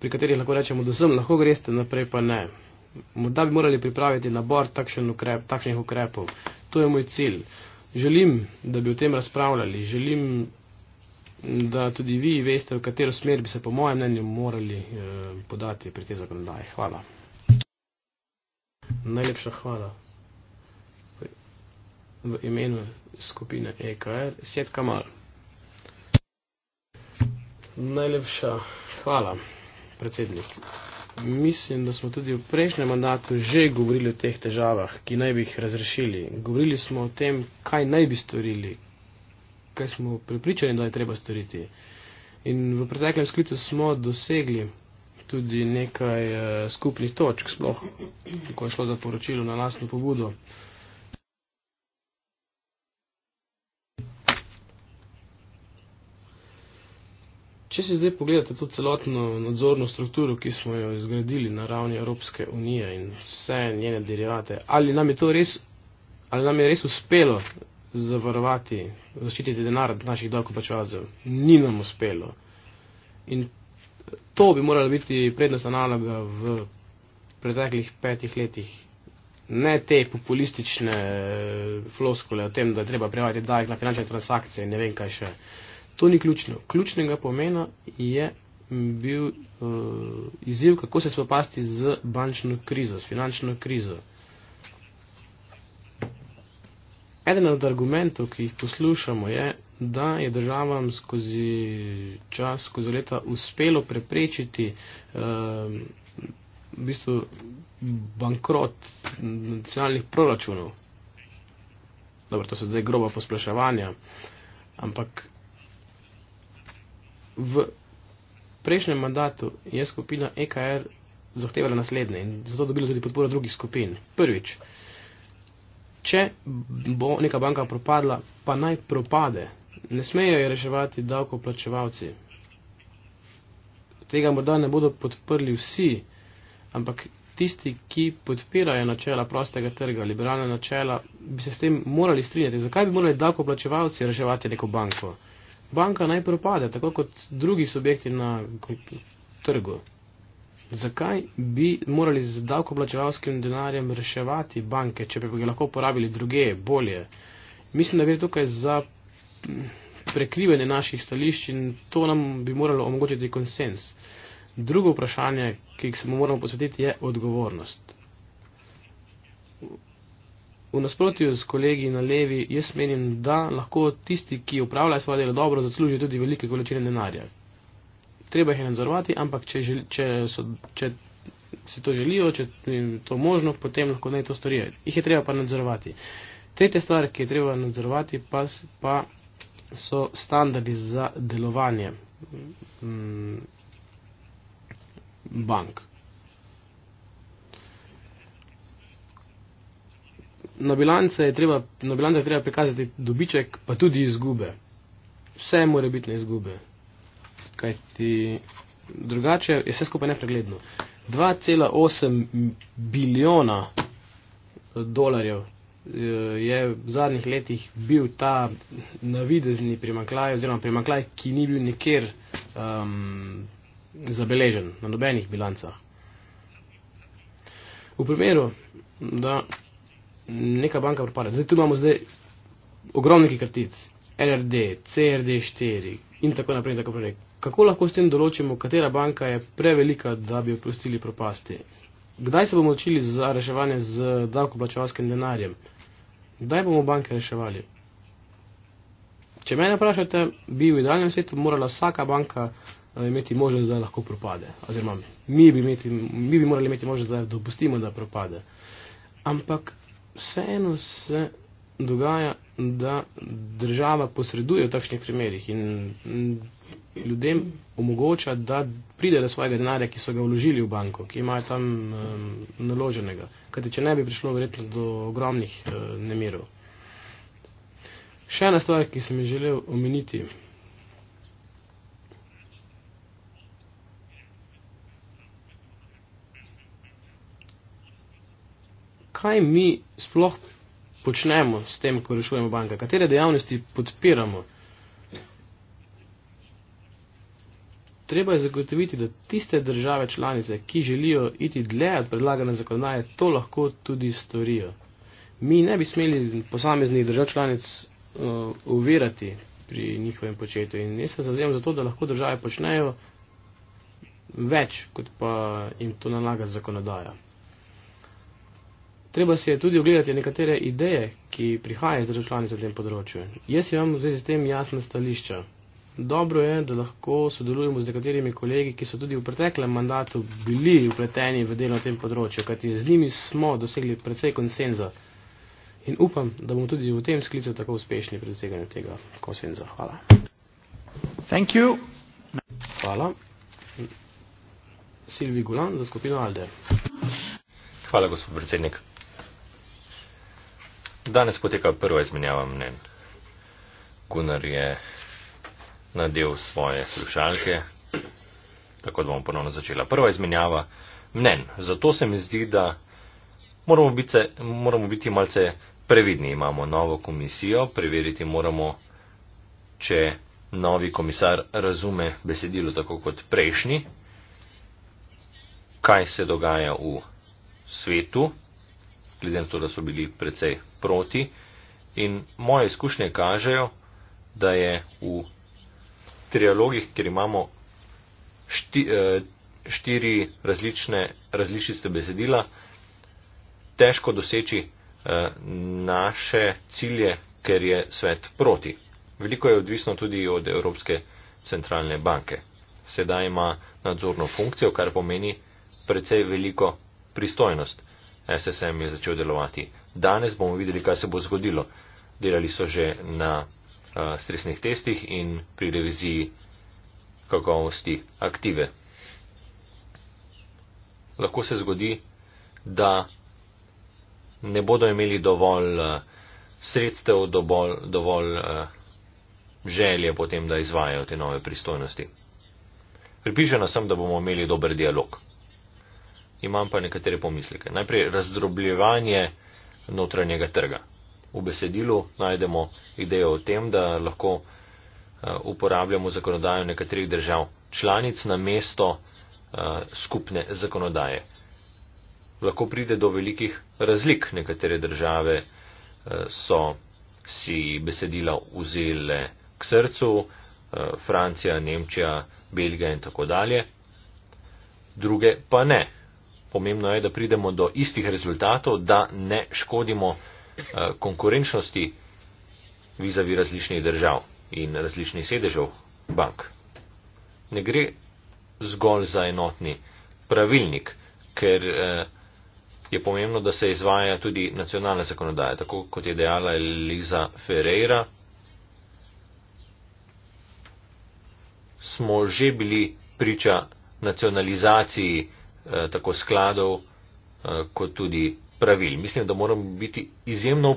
pri katerih lahko rečemo, da sem lahko greste naprej, pa ne. Morda bi morali pripraviti nabor takšen ukrep, takšnih ukrepov. To je moj cilj. Želim, da bi o tem razpravljali. Želim, da tudi vi veste, v katero smer bi se po mojem mnenju morali eh, podati pri te zakonodaje. Hvala. Najlepša hvala v imenu skupine EKR. Sjet Kamal. Najlepša hvala, predsednik. Mislim, da smo tudi v prejšnjem mandatu že govorili o teh težavah, ki naj bi jih razrešili. Govorili smo o tem, kaj naj bi storili, kaj smo pripričani, da je treba storiti. In v preteklem sklicu smo dosegli tudi nekaj eh, skupnih točk, sploh, ko je šlo za poročilo na lastno pobudo. Če si zdaj pogledate to celotno nadzorno strukturo, ki smo jo izgradili na ravni Evropske unije in vse njene derivate, ali nam je to res, ali nam je res uspelo zavarovati, zaščititi denar naših davkoplačevalcev? Ni nam uspelo. In to bi morala biti prednostna naloga v preteklih petih letih. Ne te populistične floskole o tem, da je treba prijaviti davek na finančne transakcije in ne vem kaj še. Uh, To ni ključno. Ključnega pomena je bil uh, izziv, kako se spopasti z bančno krizo, s finančno krizo. Eden od argumentov, ki jih poslušamo, je, da je državam skozi čas, skozi leta uspelo preprečiti uh, v bistvu bankrot nacionalnih proračunov. Dobro, to so zdaj groba posplaševanja, ampak v prejšnjem mandatu je skupina EKR zahtevala naslednje in zato dobila tudi podporo drugih skupin. Prvič, če bo neka banka propadla, pa naj propade. Ne smejo jo reševati davkoplačevalci. Tega morda ne bodo podprli vsi, ampak tisti, ki podpirajo načela prostega trga, liberalna načela, bi se s tem morali strinjati. Zakaj bi morali davkoplačevalci reševati neko banko? banka naj propade, tako kot drugi subjekti na trgu. Zakaj bi morali z davkoplačevalskim denarjem reševati banke, če bi ga lahko uporabili druge, bolje? Mislim, da gre tukaj za prekrivanje naših stališč in to nam bi moralo omogočiti konsens. Drugo vprašanje, ki se mu moramo posvetiti, je odgovornost. V nasprotju z kolegi na levi, jaz menim, da lahko tisti, ki upravljajo svoje delo dobro, zaslužijo tudi velike količine denarja. Treba jih je nadzorovati, ampak če, želi, če, so, če si to želijo, če je to možno, potem lahko naj to storijo. Ih je treba pa nadzorovati. Tretja stvar, ki je treba nadzorovati, pa, pa so standardi za delovanje mm, bank. na bilance je treba, na bilance je treba prikazati dobiček, pa tudi izgube. Vse mora biti na izgube, kajti drugače je vse skupaj nepregledno. 2,8 bilijona dolarjev eh, je v zadnjih letih bil ta navidezni primaklaj, oziroma primaklaj, ki ni bil nikjer um, zabeležen na nobenih bilancah. V primeru, da neka banka propada. Zdaj tu imamo zdaj ogromnih kartic, NRD, CRD4 in tako naprej, tako naprej. Kako lahko s tem določimo, katera banka je prevelika, da bi opustili propasti? Kdaj se bomo odločili za reševanje z davkoplačevalskim denarjem? Kdaj bomo banke reševali? Če mene vprašate, bi v idealnem svetu morala vsaka banka eh, imeti možnost, da lahko propade. Oziroma, mi bi, imeti, mi bi morali imeti možnost, da dopustimo, da propade. Ampak vseeno se dogaja, da država posreduje v takšnih primerih in ljudem omogoča, da pride do svojega denarja, ki so ga vložili v banko, ki imajo tam um, naloženega. Kajte, če ne bi prišlo verjetno do ogromnih uh, nemirov. Še ena stvar, ki sem jih želel omeniti, kaj mi sploh počnemo s tem, ko rešujemo banke, katere dejavnosti podpiramo. Treba je zagotoviti, da tiste države članice, ki želijo iti dlje od predlagane zakonodaje, to lahko tudi storijo. Mi ne bi smeli posameznih držav članic uvirati uh, pri njihovem početju in jaz se zazemam za to, da lahko države počnejo več, kot pa jim to nalaga zakonodaja treba si je tudi ogledati nekatere ideje, ki prihajajo iz državljani za tem področju. Jaz imam v zvezi s tem jasna stališča. Dobro je, da lahko sodelujemo z nekaterimi kolegi, ki so tudi v preteklem mandatu bili upleteni v delo na tem področju, kajti z njimi smo dosegli precej konsenza. In upam, da bomo tudi v tem sklicu tako uspešni pri doseganju tega konsenza. Hvala. Thank you. Hvala. Silvi Gulan za skupino Alde. Hvala, gospod predsednik. Danes poteka prva izmenjava mnen. Gunnar je nadel svoje slušalke, tako da bomo ponovno začela. Prva izmenjava mnen. Zato se mi zdi, da moramo biti, moramo biti malce previdni. Imamo novo komisijo, preveriti moramo, če novi komisar razume besedilo tako kot prejšnji, kaj se dogaja v svetu, glede na to, da so bili precej proti in moje izkušnje kažejo, da je v trialogih, kjer imamo šti, eh, štiri različne različice besedila, težko doseči eh, naše cilje, ker je svet proti. Veliko je odvisno tudi od Evropske centralne banke. Sedaj ima nadzorno funkcijo, kar pomeni precej veliko pristojnost. SSM je začel delovati. Danes bomo videli, kaj se bo zgodilo. Delali so že na uh, stresnih testih in pri reviziji kakovosti aktive. Lahko se zgodi, da ne bodo imeli dovolj uh, sredstev, dovolj, dovolj uh, želje potem, da izvajajo te nove pristojnosti. Pripišena sem, da bomo imeli dober dialog imam pa nekatere pomisleke. Najprej razdrobljevanje notranjega trga. V besedilu najdemo idejo o tem, da lahko eh, uporabljamo zakonodajo nekaterih držav članic na mesto eh, skupne zakonodaje. Lahko pride do velikih razlik. Nekatere države eh, so si besedila vzele k srcu, Francija, Nemčija, Belgija in tako dalje, druge pa ne pomembno je, da pridemo do istih rezultatov, da ne škodimo eh, konkurenčnosti vizavi različnih držav in različnih sedežev bank. Ne gre zgolj za enotni pravilnik, ker eh, je pomembno, da se izvaja tudi nacionalna zakonodaja, tako kot je dejala Eliza Ferreira. Smo že bili priča nacionalizaciji Eh, tako skladov eh, kot tudi pravil. Mislim, da moramo biti izjemno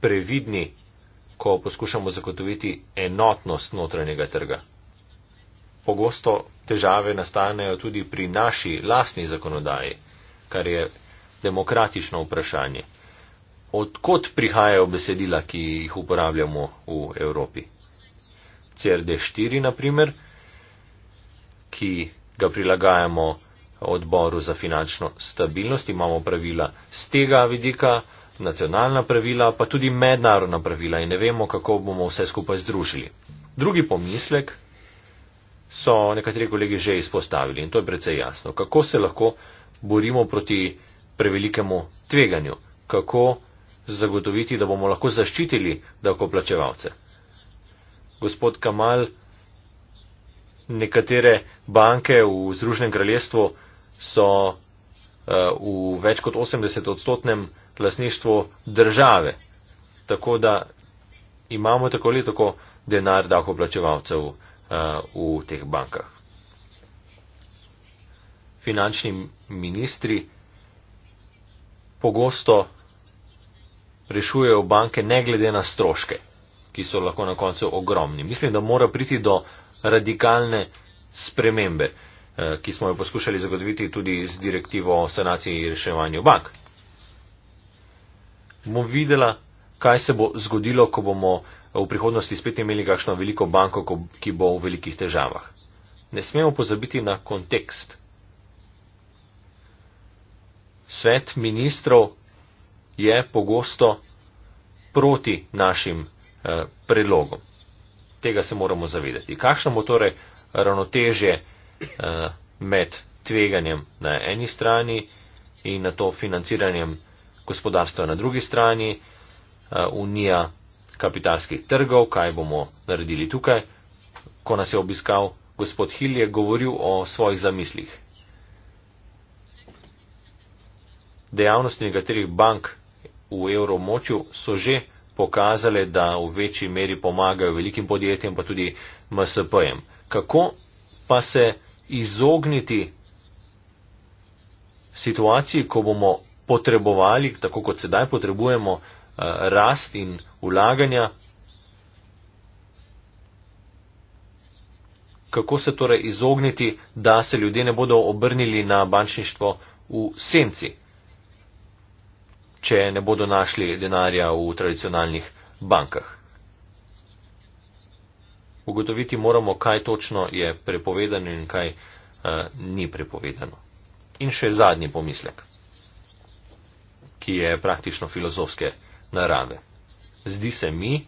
previdni, ko poskušamo zagotoviti enotnost notranjega trga. Pogosto težave nastanejo tudi pri naši lastni zakonodaji, kar je demokratično vprašanje. Odkot prihajajo besedila, ki jih uporabljamo v Evropi? CRD4, naprimer, ki ga prilagajamo odboru za finančno stabilnost, imamo pravila z tega vidika, nacionalna pravila, pa tudi mednarodna pravila in ne vemo, kako bomo vse skupaj združili. Drugi pomislek so nekateri kolegi že izpostavili in to je precej jasno. Kako se lahko borimo proti prevelikemu tveganju? Kako zagotoviti, da bomo lahko zaščitili davkoplačevalce? Gospod Kamal, nekatere banke v Združenem kraljestvu so eh, v več kot 80 odstotnem lasništvu države. Tako da imamo tako ali tako denar dahoplačevalcev eh, v teh bankah. Finančni ministri pogosto rešujejo banke ne glede na stroške, ki so lahko na koncu ogromni. Mislim, da mora priti do radikalne spremembe. Eh, ki smo jo poskušali zagotoviti tudi z direktivo o sanaciji in reševanju bank. Bomo videla, kaj se bo zgodilo, ko bomo v prihodnosti spet imeli kakšno veliko banko, ki bo v velikih težavah. Ne smemo pozabiti na kontekst. Svet ministrov je pogosto proti našim eh, predlogom. Tega se moramo zavedati. Kakšno bo torej ravnotežje? Eh, med tveganjem na eni strani in na to financiranjem gospodarstva na drugi strani, eh, unija kapitalskih trgov, kaj bomo naredili tukaj. Ko nas je obiskal gospod Hil, je govoril o svojih zamislih. Dejavnosti nekaterih bank v evromočju so že pokazale, da v večji meri pomagajo velikim podjetjem, pa tudi MSP-jem. Kako pa se izogniti situaciji, ko bomo potrebovali, tako kot sedaj potrebujemo, eh, rast in ulaganja. Kako se torej izogniti, da se ljudje ne bodo obrnili na bančništvo v senci, če ne bodo našli denarja v tradicionalnih bankah? ugotoviti moramo, kaj točno je prepovedano in kaj uh, ni prepovedano. In še zadnji pomislek, ki je praktično filozofske narave. Zdi se mi,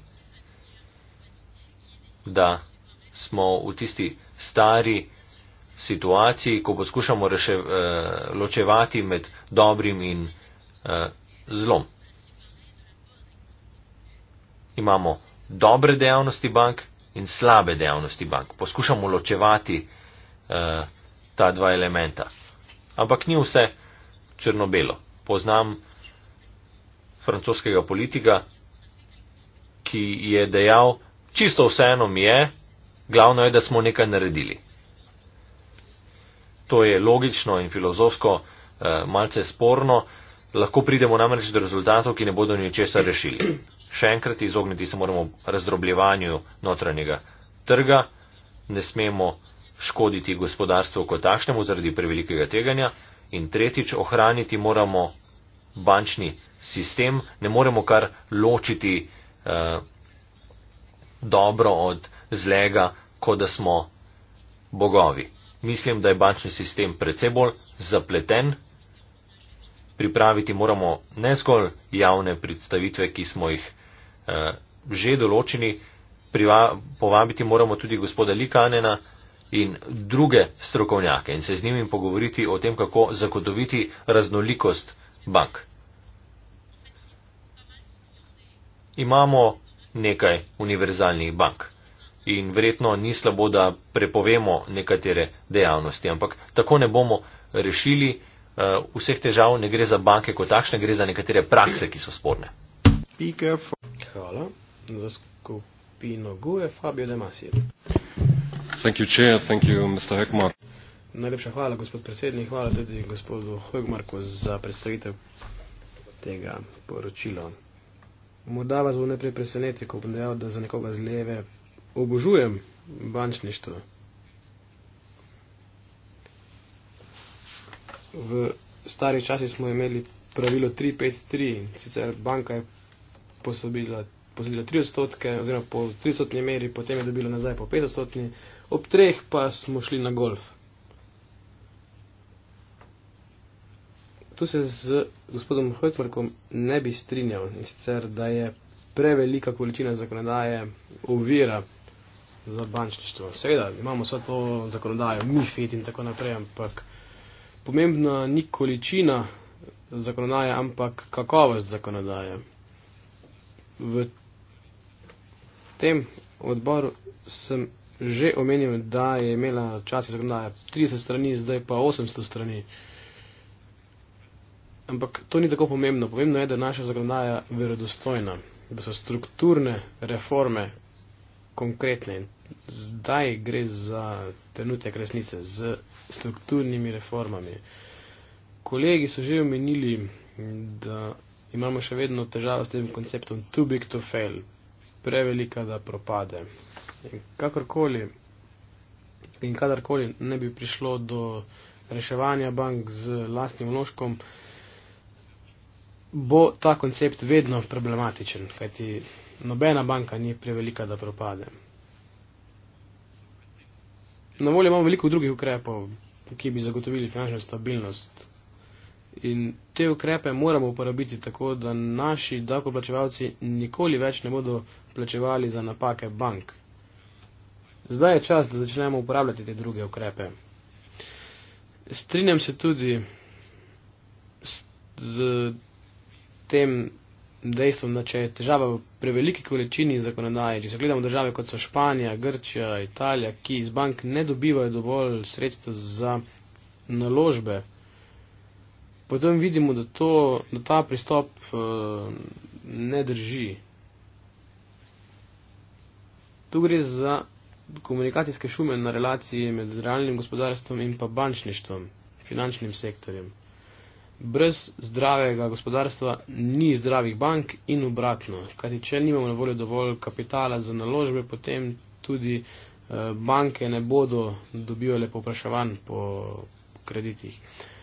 da smo v tisti stari situaciji, ko poskušamo reše, uh, ločevati med dobrim in uh, zlom. Imamo dobre dejavnosti bank in slabe dejavnosti bank. Poskušamo ločevati eh, ta dva elementa. Ampak ni vse črno-belo. Poznam francoskega politika, ki je dejal, čisto vseeno mi je, glavno je, da smo nekaj naredili. To je logično in filozofsko eh, malce sporno. Lahko pridemo namreč do rezultatov, ki ne bodo ničesar rešili še enkrat izogniti se moramo razdrobljevanju notranjega trga, ne smemo škoditi gospodarstvu kot takšnemu zaradi prevelikega teganja in tretjič ohraniti moramo bančni sistem, ne moremo kar ločiti eh, dobro od zlega, kot da smo bogovi. Mislim, da je bančni sistem predvsej bolj zapleten. Pripraviti moramo ne zgolj javne predstavitve, ki smo jih Eh, že določeni, povabiti moramo tudi gospoda Likanena in druge strokovnjake in se z njimi pogovoriti o tem, kako zagotoviti raznolikost bank. Imamo nekaj univerzalnih bank in verjetno ni slabo, da prepovemo nekatere dejavnosti, ampak tako ne bomo rešili eh, vseh težav, ne gre za banke kot takšne, gre za nekatere prakse, ki so sporne. Hvala. Za skupino GUE, Fabio De Masir. Thank you, chair. Thank you, Mr. Hegmark. Najlepša hvala, gospod predsednik. Hvala tudi gospodu Hegmarku za predstavitev tega poročila. Morda vas bo najprej presenetil, ko bom dejal, da za nekoga z leve obožujem bančništvo. V starih časih smo imeli pravilo 353, sicer banka je posodila, posodila 3 odstotke, oziroma po 3 odstotni meri, potem je dobila nazaj po 5 odstotni, ob 3 pa smo šli na golf. Tu se z gospodom Hojtvorkom ne bi strinjal in sicer, da je prevelika količina zakonodaje uvira za bančništvo. Seveda imamo vso to zakonodajo, MIFID in tako naprej, ampak pomembna ni količina zakonodaje, ampak kakovost zakonodaje v tem odboru sem že omenil, da je imela časi zakonodaje 30 strani, zdaj pa 800 strani. Ampak to ni tako pomembno. Pomembno je, da je naša zakonodaja verodostojna, da so strukturne reforme konkretne. Zdaj gre za trenutek resnice z strukturnimi reformami. Kolegi so že omenili, da imamo še vedno težavo s tem konceptom too big to fail, prevelika, da propade. In kakorkoli in kadarkoli ne bi prišlo do reševanja bank z lastnim vložkom, bo ta koncept vedno problematičen, kajti nobena banka ni prevelika, da propade. Na voljo imamo veliko drugih ukrepov, ki bi zagotovili finančno stabilnost, In te ukrepe moramo uporabiti tako, da naši davkoplačevalci nikoli več ne bodo plačevali za napake bank. Zdaj je čas, da začnemo uporabljati te druge ukrepe. Strinjam se tudi z tem dejstvom, da če je težava v preveliki količini zakonodaje, če se gledamo države kot so Španija, Grčija, Italija, ki iz bank ne dobivajo dovolj sredstev za naložbe, potem vidimo, da, to, da ta pristop uh, ne drži. Tu gre za komunikacijske šume na relaciji med realnim gospodarstvom in pa bančništvom, finančnim sektorjem. Brez zdravega gospodarstva ni zdravih bank in obratno. Kajti, če nimamo na voljo dovolj kapitala za naložbe, potem tudi uh, banke ne bodo dobivale popraševanj po kreditih. Uh,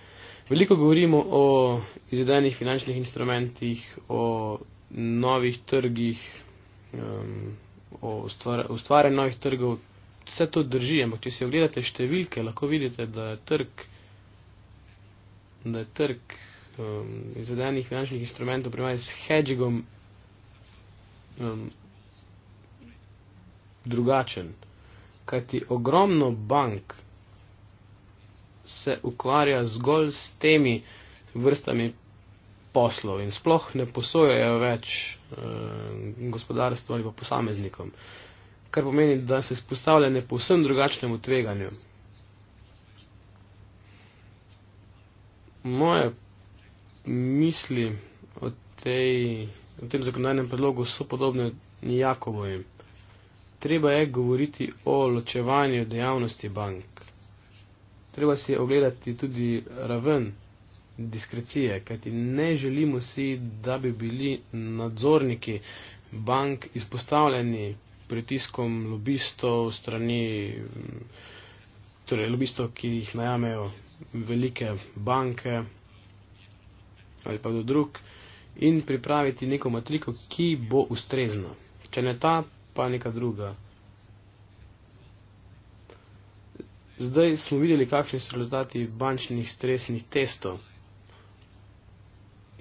Veliko govorimo o izvedenih finančnih instrumentih, o novih trgih, um, o ustvar ustvarjanju novih trgov. Vse to drži, ampak če si ogledate številke, lahko vidite, da je trg, da je trg um, izvedenih finančnih instrumentov primarno s hedžigom um, drugačen. Kajti ogromno bank, se ukvarja zgolj s temi vrstami poslov in sploh ne posojajo več eh, gospodarstvu ali pa posameznikom, kar pomeni, da se spostavlja ne povsem drugačnemu tveganju. Moje misli o, tej, o tem zakonodajnem predlogu so podobne Jakovojem. Treba je govoriti o ločevanju dejavnosti bank treba si ogledati tudi raven diskrecije, kajti ne želimo si, da bi bili nadzorniki bank izpostavljeni pritiskom lobistov strani, torej lobistov, ki jih najamejo velike banke ali pa do drug in pripraviti neko matriko, ki bo ustrezna. Če ne ta, pa neka druga. Zdaj smo videli, kakšni so rezultati bančnih stresnih testov.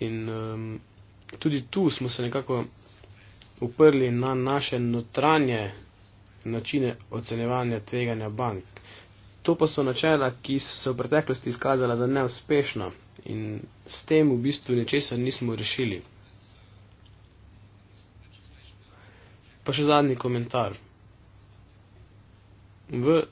In um, tudi tu smo se nekako uprli na naše notranje načine ocenevanja tveganja bank. To pa so načela, ki so se v preteklosti izkazala za neuspešna in s tem v bistvu ničesar nismo rešili. Pa še zadnji komentar. V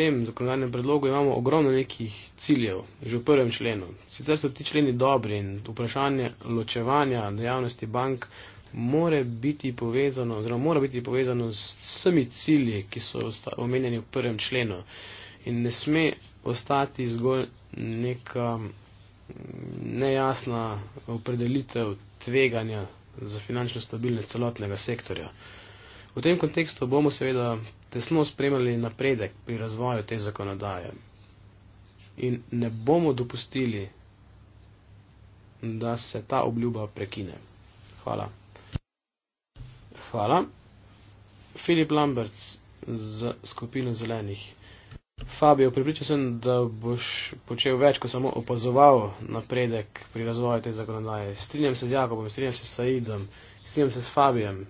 tem zakonodajnem predlogu imamo ogromno nekih ciljev, že v prvem členu. Sicer so ti členi dobri in vprašanje ločevanja dejavnosti bank more biti povezano, oziroma mora biti povezano s vsemi cilji, ki so omenjeni v prvem členu. In ne sme ostati zgolj neka nejasna opredelitev tveganja za finančno stabilnost celotnega sektorja. V tem kontekstu bomo seveda tesno spremljali napredek pri razvoju te zakonodaje in ne bomo dopustili, da se ta obljuba prekine. Hvala. Hvala. Filip Lambert z skupino zelenih. Fabio, pripričal sem, da boš počel več, ko samo opazoval napredek pri razvoju te zakonodaje. Strinjam se z Jakobom, strinjam se s Saidom, strinjam se s Fabijem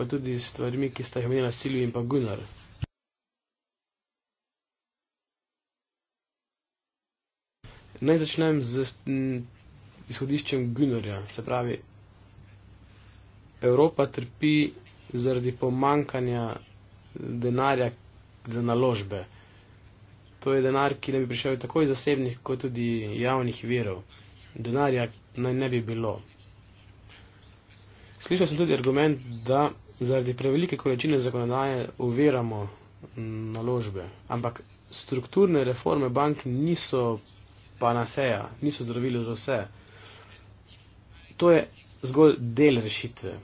pa tudi s stvarmi, ki sta jih omenila Silvi in pa Gunnar. Naj začnem z mm, izhodiščem Gunnarja. Se pravi, Evropa trpi zaradi pomankanja denarja za naložbe. To je denar, ki ne bi prišel tako iz zasebnih, kot tudi javnih virov. Denarja naj ne bi bilo. Slišal sem tudi argument, da zaradi prevelike količine zakonodaje uviramo naložbe. Ampak strukturne reforme bank niso panaceja, niso zdravilo za vse. To je zgolj del rešitve.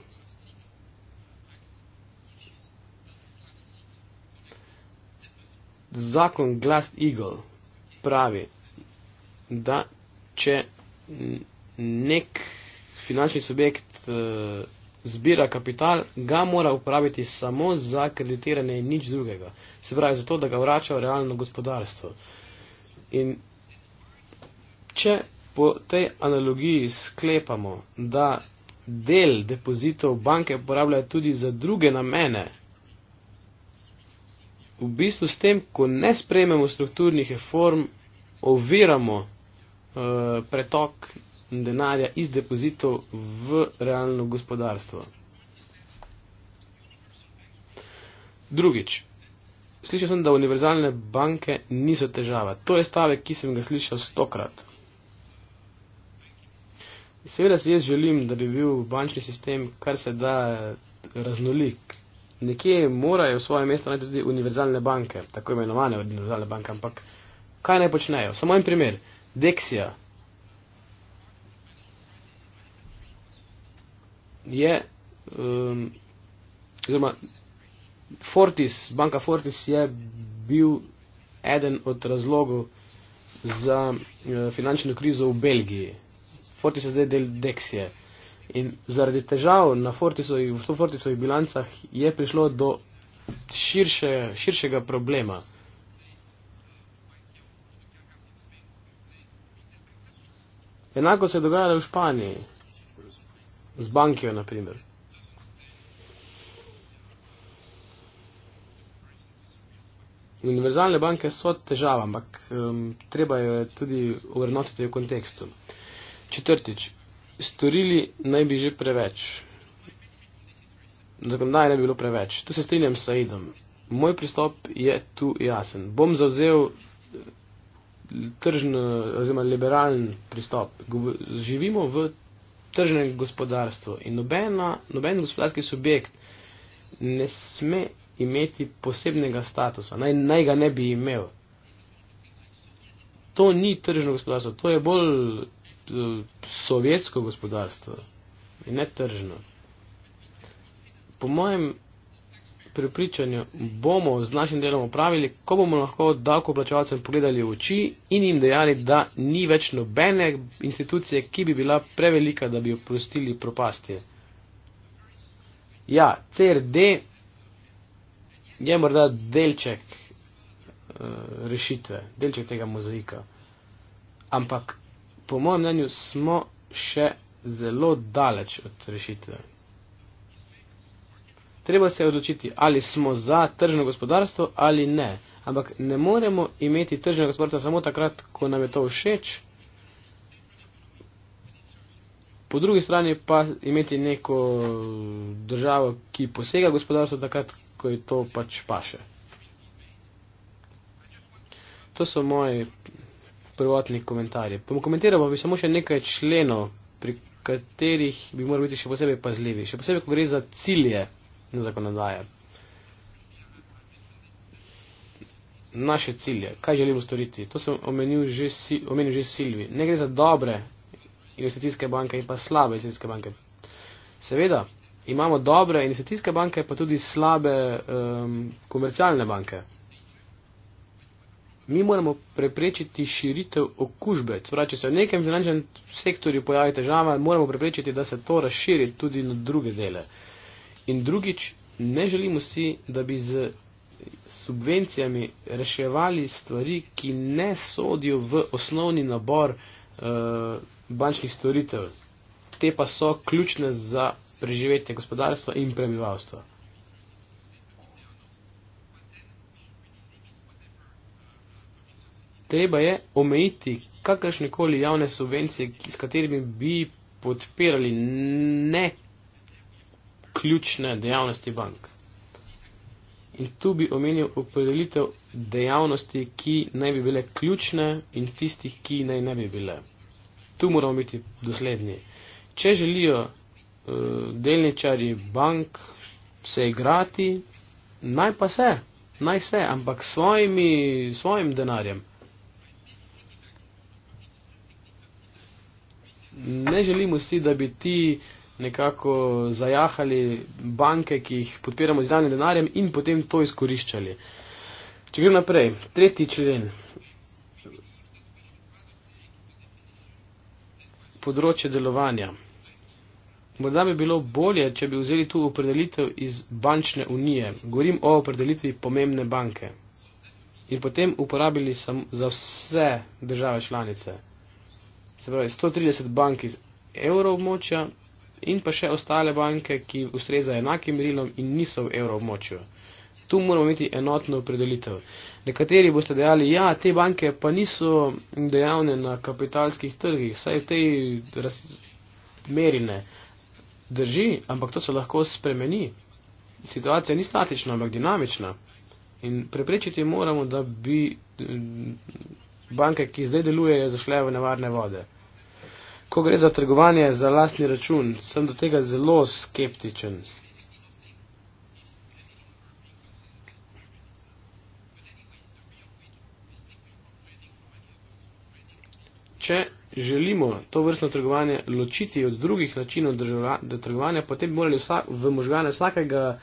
Zakon Glass Eagle pravi, da če nek finančni subjekt uh, zbira kapital, ga mora upraviti samo za kreditiranje in nič drugega. Se pravi, zato, da ga vrača v realno gospodarstvo. In če po tej analogiji sklepamo, da del depozitov banke uporabljajo tudi za druge namene, v bistvu s tem, ko ne sprejmemo strukturnih reform, oviramo uh, pretok denarja iz depozitov v realno gospodarstvo. Drugič, slišal sem, da univerzalne banke niso težava. To je stavek, ki sem ga slišal stokrat. Seveda si jaz želim, da bi bil bančni sistem kar se da raznolik. Nekje morajo v svoje mesto najti tudi univerzalne banke, tako imenovane univerzalne banke, ampak kaj naj počnejo? Samo en primer. Dexia, je, um, Fortis, banka Fortis je bil eden od razlogov za uh, finančno krizo v Belgiji. Fortis je zdaj del Dexije. In zaradi težav na Fortisovih bilancah je prišlo do širše, širšega problema. Enako se je dogajalo v Španiji z bankijo, na primer. Univerzalne banke so težava, ampak um, treba jo je tudi obrnotiti v kontekstu. Četrtič, storili naj bi že preveč. Zakonodaje naj bi bilo preveč. Tu se strinjam s Aidom. Moj pristop je tu jasen. Bom zavzel eh, tržni oziroma liberalen pristop. Živimo v tržne gospodarstvo in nobena, noben gospodarski subjekt ne sme imeti posebnega statusa, naj, naj ga ne bi imel. To ni tržno gospodarstvo, to je bolj eh, sovjetsko gospodarstvo in ne tržno. Po mojem prepričanju bomo z našim delom opravili, ko bomo lahko davkoplačevalcem pogledali v oči in jim dejali, da ni več nobene institucije, ki bi bila prevelika, da bi oprostili propasti. Ja, CRD je morda delček uh, rešitve, delček tega mozaika. Ampak po mojem mnenju smo še zelo daleč od rešitve treba se odločiti, ali smo za tržno gospodarstvo ali ne. Ampak ne moremo imeti tržnega gospodarstva samo takrat, ko nam je to všeč, po drugi strani pa imeti neko državo, ki posega gospodarstvo takrat, ko je to pač paše. To so moji prvotni komentarji. Pomokomentiral bi samo še nekaj členov, pri katerih bi morali biti še posebej pazljivi. Še posebej, ko gre za cilje zakonodaje. Naše cilje, kaj želimo storiti, to sem omenil že, omenil že Silvi. Ne gre za dobre investicijske banke in pa slabe investicijske banke. Seveda, imamo dobre investicijske banke, pa tudi slabe um, komercialne banke. Mi moramo preprečiti širitev okužbe. Torej, če se v nekem finančnem sektorju pojavi težava, moramo preprečiti, da se to razširi tudi na druge dele. Uh, In drugič, ne želimo si, da bi z subvencijami reševali stvari, ki ne sodijo v osnovni nabor uh, bančnih storitev. Te pa so ključne za preživetje gospodarstva in prebivalstva. Treba je omejiti kakršne koli javne subvencije, s katerimi bi podpirali ne ključne dejavnosti bank. In tu bi omenil opredelitev dejavnosti, ki naj bi bile ključne in tistih, ki naj ne bi bile. Tu moramo biti doslednji. Če želijo uh, eh, delničari bank se igrati, naj pa se, naj se, ampak svojimi, svojim denarjem. Ne želimo si, da bi ti uh, nekako zajahali banke, ki jih podpiramo z danim denarjem in potem to izkoriščali. Če grem naprej, tretji člen. Področje delovanja. Morda bi bilo bolje, če bi vzeli tu opredelitev iz bančne unije. Govorim o opredelitvi pomembne banke. In potem uporabili sem za vse države članice. Se pravi, 130 bank iz evrov območja in pa še ostale banke, ki ustrezajo enakim merilom in niso v evroobmočju. Tu moramo imeti enotno opredelitev. Nekateri boste dejali, ja, te banke pa niso dejavne na kapitalskih trgih, saj v tej merine drži, ampak to se lahko spremeni. Situacija ni statična, ampak dinamična. In preprečiti moramo, da bi mm, banke, ki zdaj delujejo, zašle v nevarne vode ko gre za trgovanje za lastni račun, sem do tega zelo skeptičen. Če želimo to vrstno trgovanje ločiti od drugih načinov trgovanja, potem bi morali vsa, v možgane vsakega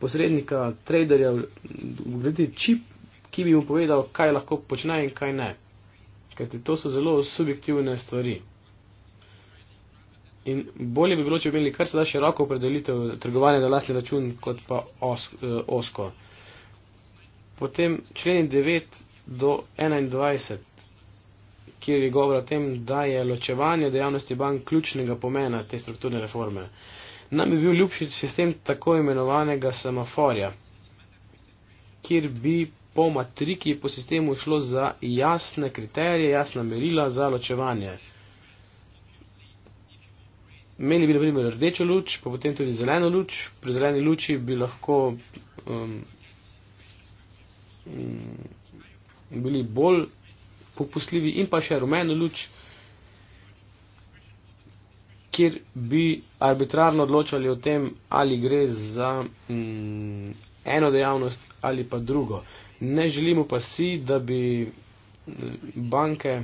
posrednika, traderja, vgraditi čip, ki bi mu povedal, kaj lahko počne in kaj ne. Kajti to so zelo subjektivne stvari. In bolje bi bilo, če bi imeli kar se da široko opredelitev trgovanja na lastni račun, kot pa os, eh, osko. Potem členi 9 do 21, kjer je govor o tem, da je ločevanje dejavnosti bank ključnega pomena te strukturne reforme. Nam bi bil ljubši sistem tako imenovanega semaforja, kjer bi po matriki po sistemu šlo za jasne kriterije, jasna merila za ločevanje imeli bi na primer rdečo luč, pa potem tudi zeleno luč. Pri zeleni luči bi lahko um, mm, bili bolj popustljivi in pa še rumeno luč, kjer bi arbitrarno odločali o tem, ali gre za um, eno dejavnost ali pa drugo. Ne želimo pa si, da bi mm, banke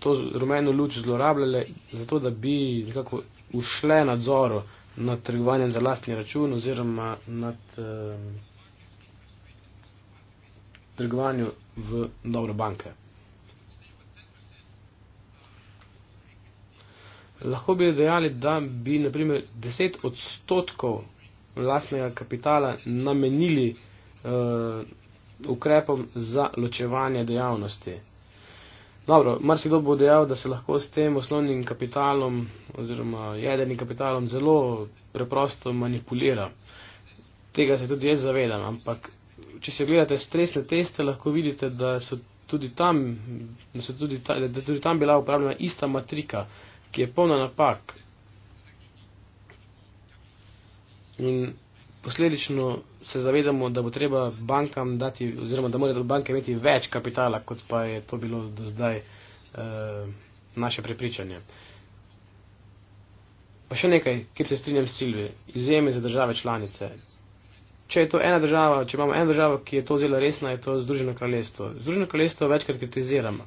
to rumeno luč zlorabljale, zato da bi nekako ušle nadzoru nad trgovanjem za lastni račun oziroma nad eh, trgovanju v dobro banke. Lahko bi dejali, da bi naprimer 10 odstotkov lastnega kapitala namenili eh, ukrepom za ločevanje dejavnosti. Dobro, mar si kdo bo dejal, da se lahko s tem osnovnim kapitalom oziroma jedernim kapitalom zelo preprosto manipulira. Tega se tudi jaz zavedam, ampak če se gledate stresne teste, lahko vidite, da so tudi tam, da so tudi ta, da tudi tam bila uporabljena ista matrika, ki je polna napak. In posledično se zavedamo, da bo treba bankam dati, oziroma da morajo banke imeti več kapitala, kot pa je to bilo do zdaj eh, naše prepričanje. Pa še nekaj, kjer se strinjam s Silvi, izjeme za države članice. Če je to ena država, če imamo eno državo, ki je to zelo resna, je to Združeno kraljestvo. Združeno kraljestvo večkrat kritiziramo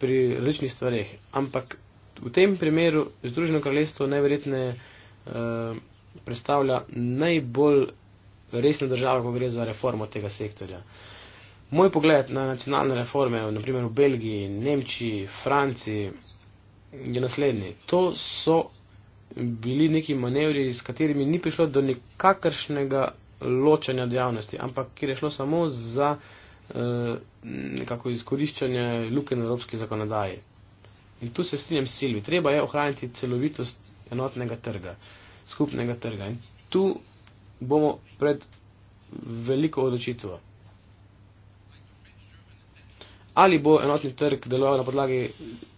pri različnih stvareh, ampak v tem primeru Združeno kraljestvo najverjetneje eh, predstavlja najbolj resna država, ko gre za reformo tega sektorja. Moj pogled na nacionalne reforme, naprimer v Belgiji, Nemčiji, Franciji, je naslednji. To so bili neki manevri, s katerimi ni prišlo do nikakršnega ločanja dejavnosti, ampak kjer je šlo samo za eh, nekako izkoriščanje luke na evropski zakonodaji. In tu se strinjam s Silvi, treba je ohraniti celovitost enotnega trga. Eh, skupnega trga. In tu bomo pred veliko odločitev. Ali bo enotni trg deloval na podlagi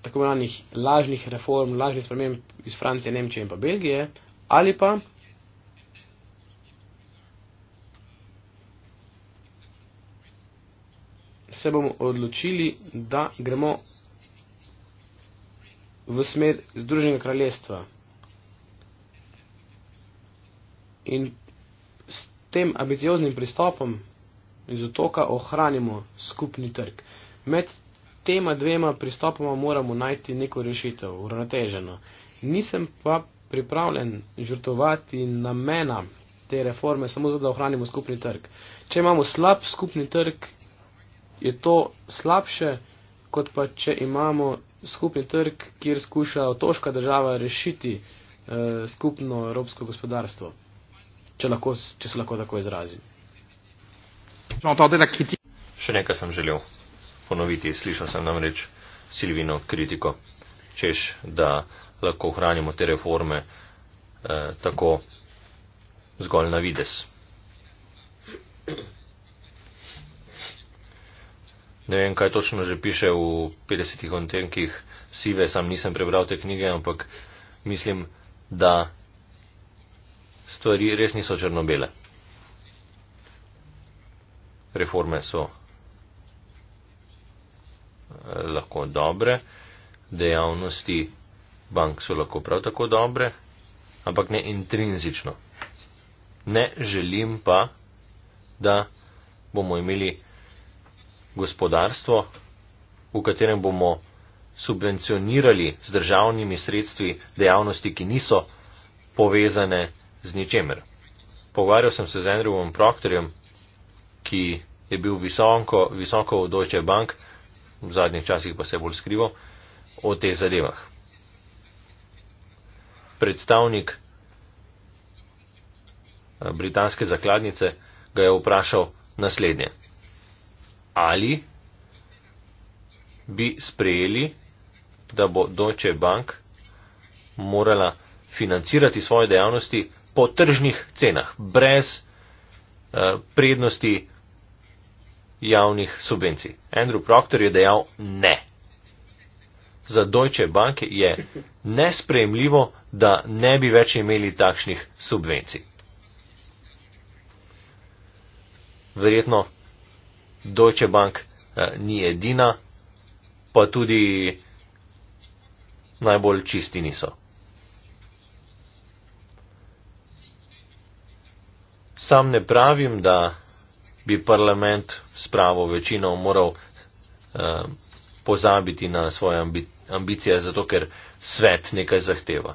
tako imenovanih lažnih reform, lažnih sprememb iz Francije, Nemčije in pa Belgije, ali pa se bomo odločili, da gremo v smer Združenega kraljestva, in s tem ambicioznim pristopom iz otoka ohranimo skupni trg. Med tema dvema pristopoma moramo najti neko rešitev, uravnoteženo. Nisem pa pripravljen žrtovati namena te reforme samo zato, da ohranimo skupni trg. Če imamo slab skupni trg, je to slabše, kot pa če imamo skupni trg, kjer skuša otoška država rešiti eh, skupno evropsko gospodarstvo če, lahko, če se lahko tako izrazim. Še nekaj sem želel ponoviti. Slišal sem namreč Silvino kritiko, češ, da lahko ohranimo te reforme eh, tako zgolj na vides. Ne vem, kaj točno že piše v 50-ih ontenkih sive, sam nisem prebral te knjige, ampak mislim, da stvari res niso črnobele. Reforme so eh, lahko dobre, dejavnosti bank so lahko prav tako dobre, ampak ne intrinzično. Ne želim pa, da bomo imeli gospodarstvo, v katerem bomo subvencionirali z državnimi sredstvi dejavnosti, ki niso povezane z ničemer. Pogovarjal sem se z Andrewom Proctorjem, ki je bil visoko, visoko v Deutsche Bank, v zadnjih časih pa se bolj skrival, o teh zadevah. Predstavnik eh, britanske zakladnice ga je vprašal naslednje. Ali bi sprejeli, da bo Deutsche Bank morala financirati svoje dejavnosti po tržnih cenah, brez eh, prednosti javnih subvencij. Andrew Proctor je dejal ne. Za Deutsche Bank je nespremljivo, da ne bi več imeli takšnih subvencij. Verjetno Deutsche Bank eh, ni edina, pa tudi najbolj čisti niso. Sam ne pravim, da bi parlament s pravo večino moral eh, pozabiti na svoje ambi ambicije, zato ker svet nekaj zahteva.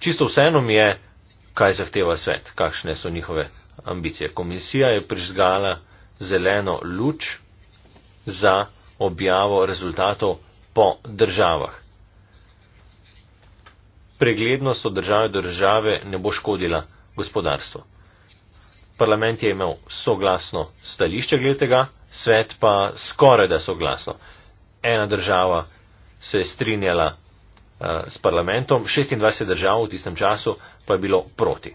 Čisto vseeno mi je, kaj zahteva svet, kakšne so njihove ambicije. Komisija je prižgala zeleno luč za objavo rezultatov po državah. Preglednost od države do države ne bo škodila gospodarstvo parlament je imel soglasno stališče glede tega, svet pa skoraj da soglasno. Ena država se je strinjala uh, s parlamentom, 26 držav v tistem času pa je bilo proti.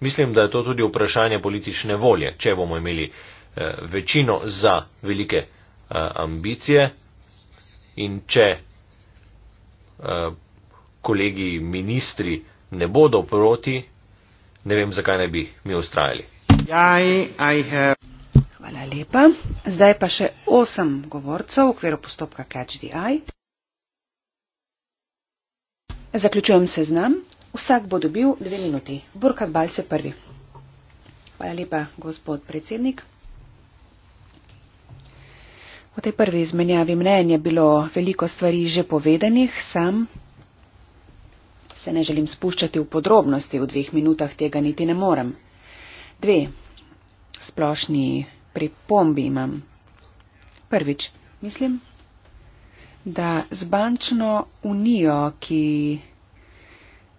Mislim, da je to tudi vprašanje politične volje, če bomo imeli uh, večino za velike uh, ambicije in če uh, kolegi ministri ne bodo proti, ne vem, zakaj ne bi mi ustrajali. Hvala lepa. Zdaj pa še osem govorcev v okviru postopka Catch the Eye. Zaključujem se z nam. Vsak bo dobil dve minuti. Burkak Balce prvi. Hvala lepa, gospod predsednik. V tej prvi izmenjavi mnenja je bilo veliko stvari že povedanih, sam se ne želim spuščati v podrobnosti, v dveh minutah tega niti ne morem. Dve splošni pripombi imam. Prvič, mislim, da z bančno unijo, ki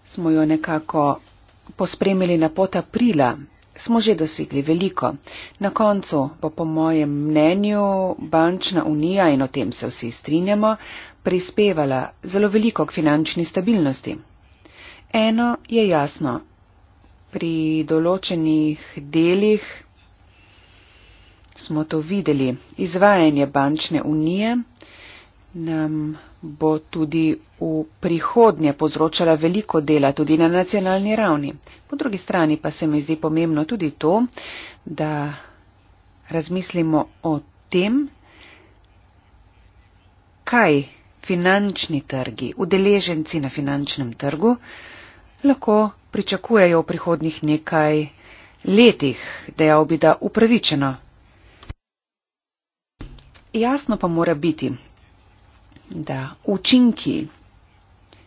smo jo nekako pospremili na pot aprila, smo že dosegli veliko. Na koncu bo po mojem mnenju bančna unija in o tem se vsi strinjamo, prispevala zelo veliko k finančni stabilnosti. Eno je jasno, pri določenih delih smo to videli. Izvajanje bančne unije nam bo tudi v prihodnje povzročala veliko dela tudi na nacionalni ravni. Po drugi strani pa se mi zdi pomembno tudi to, da razmislimo o tem, kaj finančni trgi, udeleženci na finančnem trgu lahko pričakujejo v prihodnih nekaj letih, dejal bi, da upravičeno. Jasno pa mora biti, da učinki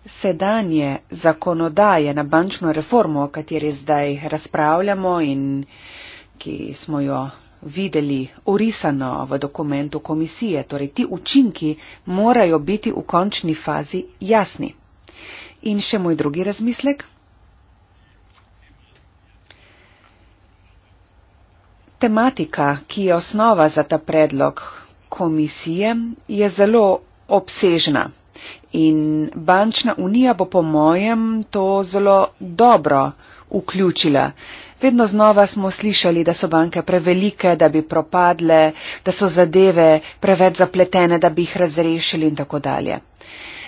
sedanje zakonodaje na bančno reformo, o kateri zdaj razpravljamo in ki smo jo videli orisano v dokumentu komisije, torej ti učinki morajo biti v končni fazi jasni. In še moj drugi razmislek. tematika, ki je osnova za ta predlog komisije, je zelo obsežna. In bančna unija bo po mojem to zelo dobro vključila. Vedno znova smo slišali, da so banke prevelike, da bi propadle, da so zadeve preveč zapletene, da bi jih razrešili in tako dalje.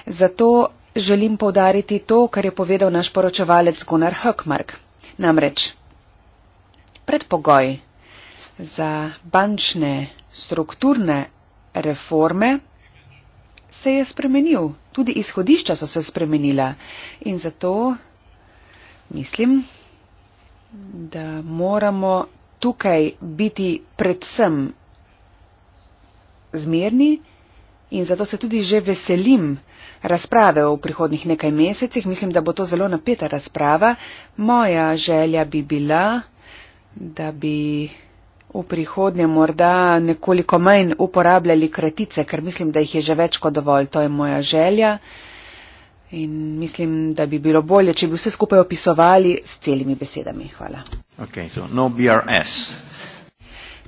Zato želim povdariti to, kar je povedal naš poročevalec Gunnar Höckmark. Namreč, predpogoj za bančne strukturne reforme se je spremenil. Tudi izhodišča so se spremenila in zato mislim, da moramo tukaj biti predvsem zmerni in zato se tudi že veselim razprave v prihodnih nekaj mesecih. Mislim, da bo to zelo napeta razprava. Moja želja bi bila, da bi v prihodnje morda nekoliko manj uporabljali kratice, ker mislim, da jih je že več kot dovolj. To je moja želja. In mislim, da bi bilo bolje, če bi vse skupaj opisovali s celimi besedami. Hvala. Okay, so no BRS.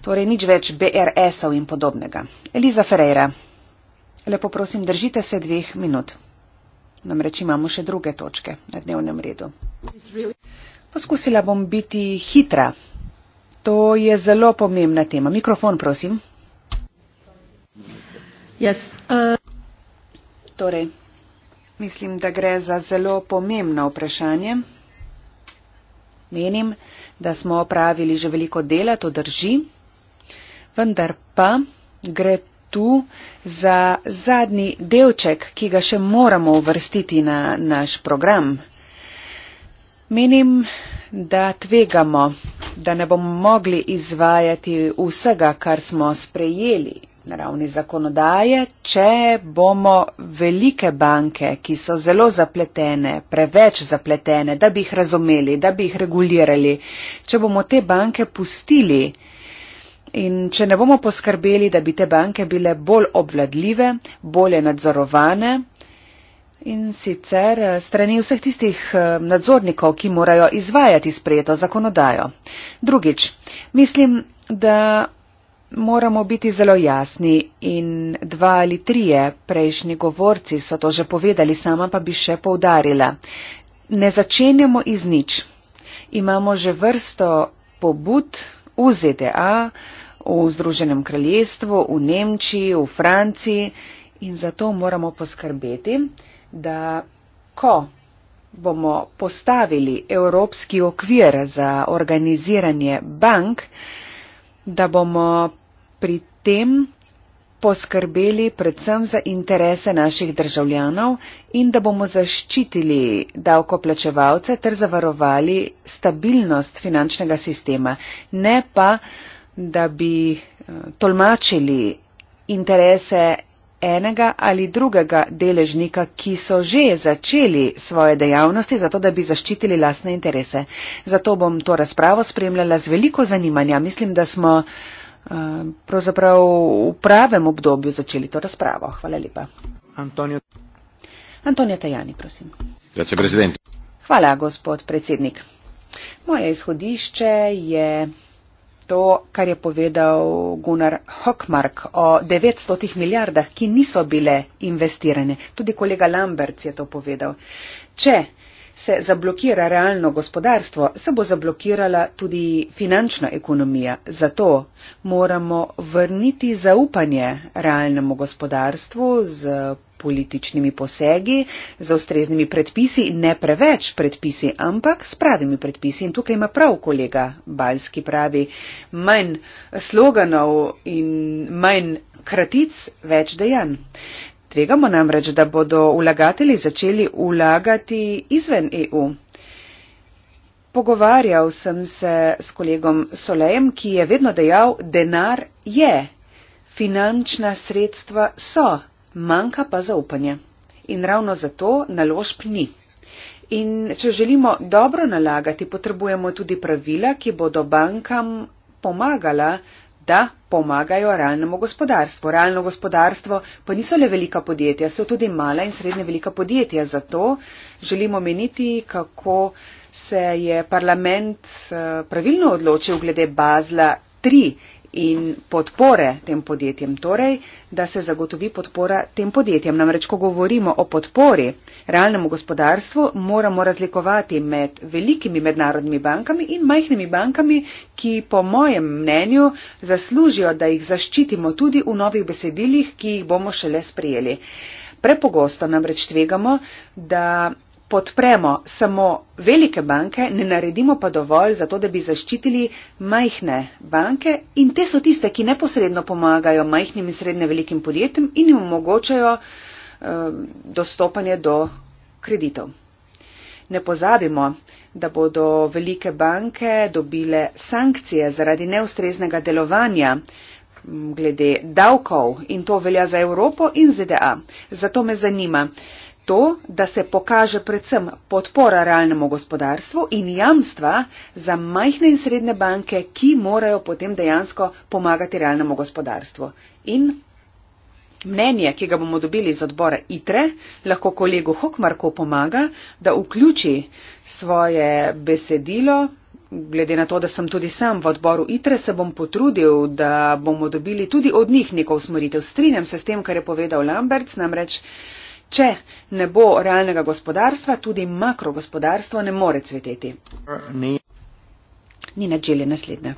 Torej, nič več BRS-ov in podobnega. Eliza Ferreira, lepo prosim, držite se dveh minut. Namreč imamo še druge točke na dnevnem redu. Poskusila bom biti hitra, To je zelo pomembna tema. Mikrofon, prosim. Yes, uh... Torej, mislim, da gre za zelo pomembno vprašanje. Menim, da smo opravili že veliko dela, to drži, vendar pa gre tu za zadnji delček, ki ga še moramo uvrstiti na naš program. Menim, da tvegamo, da ne bomo mogli izvajati vsega, kar smo sprejeli na ravni zakonodaje, če bomo velike banke, ki so zelo zapletene, preveč zapletene, da bi jih razumeli, da bi jih regulirali, če bomo te banke pustili in če ne bomo poskrbeli, da bi te banke bile bolj obvladljive, bolje nadzorovane, In sicer eh, strani vseh tistih eh, nadzornikov, ki morajo izvajati sprejeto zakonodajo. Drugič, mislim, da moramo biti zelo jasni in dva ali trije prejšnji govorci so to že povedali, sama pa bi še poudarila. Ne začenjamo iz nič. Imamo že vrsto pobud v ZDA, v Združenem kraljestvu, v Nemčiji, v Franciji in zato moramo poskrbeti, da ko bomo postavili evropski okvir za organiziranje bank, da bomo pri tem poskrbeli predvsem za interese naših državljanov in da bomo zaščitili davkoplačevalce ter zavarovali stabilnost finančnega sistema, ne pa, da bi eh, tolmačili interese enega ali drugega deležnika, ki so že začeli svoje dejavnosti, zato da bi zaščitili lasne interese. Zato bom to razpravo spremljala z veliko zanimanja. Mislim, da smo eh, pravzaprav v pravem obdobju začeli to razpravo. Hvala lepa. Antonio. Antonija Tajani, prosim. Hvala, gospod predsednik. Moje izhodišče je to, kar je povedal Gunnar Hockmark o 900 milijardah, ki niso bile investirane. Tudi kolega Lamberts je to povedal. Če se zablokira realno gospodarstvo, se bo zablokirala tudi finančna ekonomija. Zato moramo vrniti zaupanje realnemu gospodarstvu z političnimi posegi, z ustreznimi predpisi, ne preveč predpisi, ampak s pravimi predpisi. In tukaj ima prav kolega Balski pravi, manj sloganov in manj kratic, več dejanj. Tvegamo namreč, da bodo vlagatelji začeli vlagati izven EU. Pogovarjal sem se s kolegom Solejem, ki je vedno dejal, denar je, finančna sredstva so manjka pa zaupanje. In ravno zato naložb ni. In če želimo dobro nalagati, potrebujemo tudi pravila, ki bodo bankam pomagala, da pomagajo realnemu gospodarstvu. Realno gospodarstvo pa niso le velika podjetja, so tudi mala in srednje velika podjetja. Zato želimo meniti, kako se je parlament eh, pravilno odločil glede bazla 3 in podpore tem podjetjem. Torej, da se zagotovi podpora tem podjetjem. Namreč, ko govorimo o podpori realnemu gospodarstvu, moramo razlikovati med velikimi mednarodnimi bankami in majhnimi bankami, ki po mojem mnenju zaslužijo, da jih zaščitimo tudi v novih besedilih, ki jih bomo šele sprejeli. Prepogosto namreč tvegamo, da podpremo samo velike banke, ne naredimo pa dovolj za to, da bi zaščitili majhne banke in te so tiste, ki neposredno pomagajo majhnim in srednje velikim podjetjem in jim omogočajo eh, dostopanje do kreditov. Ne pozabimo, da bodo velike banke dobile sankcije zaradi neustreznega delovanja mm, glede davkov in to velja za Evropo in ZDA. Zato me zanima, to, da se pokaže predvsem podpora realnemu gospodarstvu in jamstva za majhne in srednje banke, ki morajo potem dejansko pomagati realnemu gospodarstvu. In mnenje, ki ga bomo dobili iz odbora ITRE, lahko kolegu Hokmarku pomaga, da vključi svoje besedilo. Glede na to, da sem tudi sam v odboru ITRE, se bom potrudil, da bomo dobili tudi od njih neko usmeritev. Strinjam se s tem, kar je povedal Lamberts, namreč. Če ne bo realnega gospodarstva, tudi makrogospodarstvo ne more cveteti. Ni, Ni nadželje naslednje.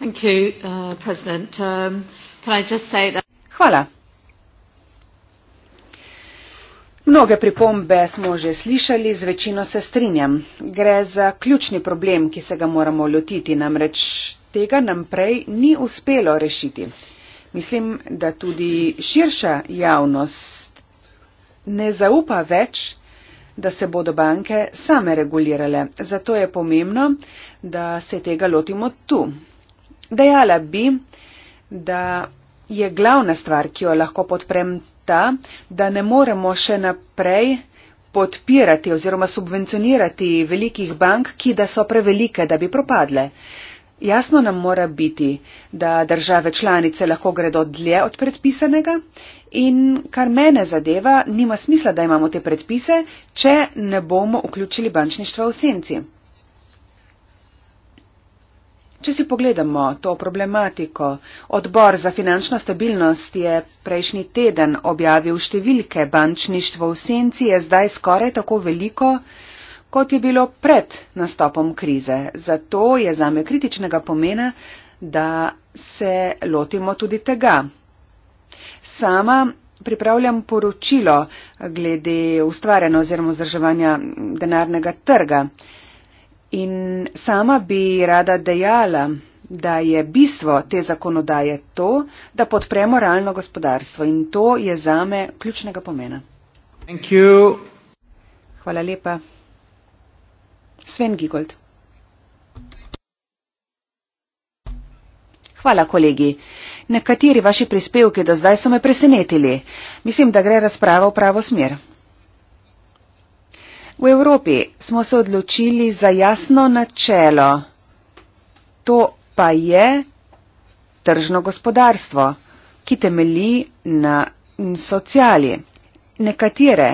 You, uh, um, Hvala. Mnoge pripombe smo že slišali, z večino se strinjam. Gre za ključni problem, ki se ga moramo lotiti, namreč tega nam prej ni uspelo rešiti. Mislim, da tudi širša javnost ne zaupa več, da se bodo banke same regulirale. Zato je pomembno, da se tega lotimo tu. Dejala bi, da je glavna stvar, ki jo lahko podprem, ta, da ne moremo še naprej podpirati oziroma subvencionirati velikih bank, ki da so prevelike, da bi propadle. Jasno nam mora biti, da države članice lahko gredo dlje od predpisanega in kar mene zadeva, nima smisla, da imamo te predpise, če ne bomo vključili bančništva v senci. Če si pogledamo to problematiko, odbor za finančno stabilnost je prejšnji teden objavil številke bančništva v senci, je zdaj skoraj tako veliko, kot je bilo pred nastopom krize. Zato je zame kritičnega pomena, da se lotimo tudi tega sama pripravljam poročilo glede ustvarjanja oziroma vzdrževanja denarnega trga. In sama bi rada dejala, da je bistvo te zakonodaje to, da podpremo realno gospodarstvo in to je zame ključnega pomena. Hvala lepa. Sven Gigold. Hvala kolegi. Nekateri vaši prispevki do zdaj so me presenetili. Mislim, da gre razprava v pravo smer. V Evropi smo se odločili za jasno načelo. To pa je tržno gospodarstvo, ki temeli na sociali. Nekatere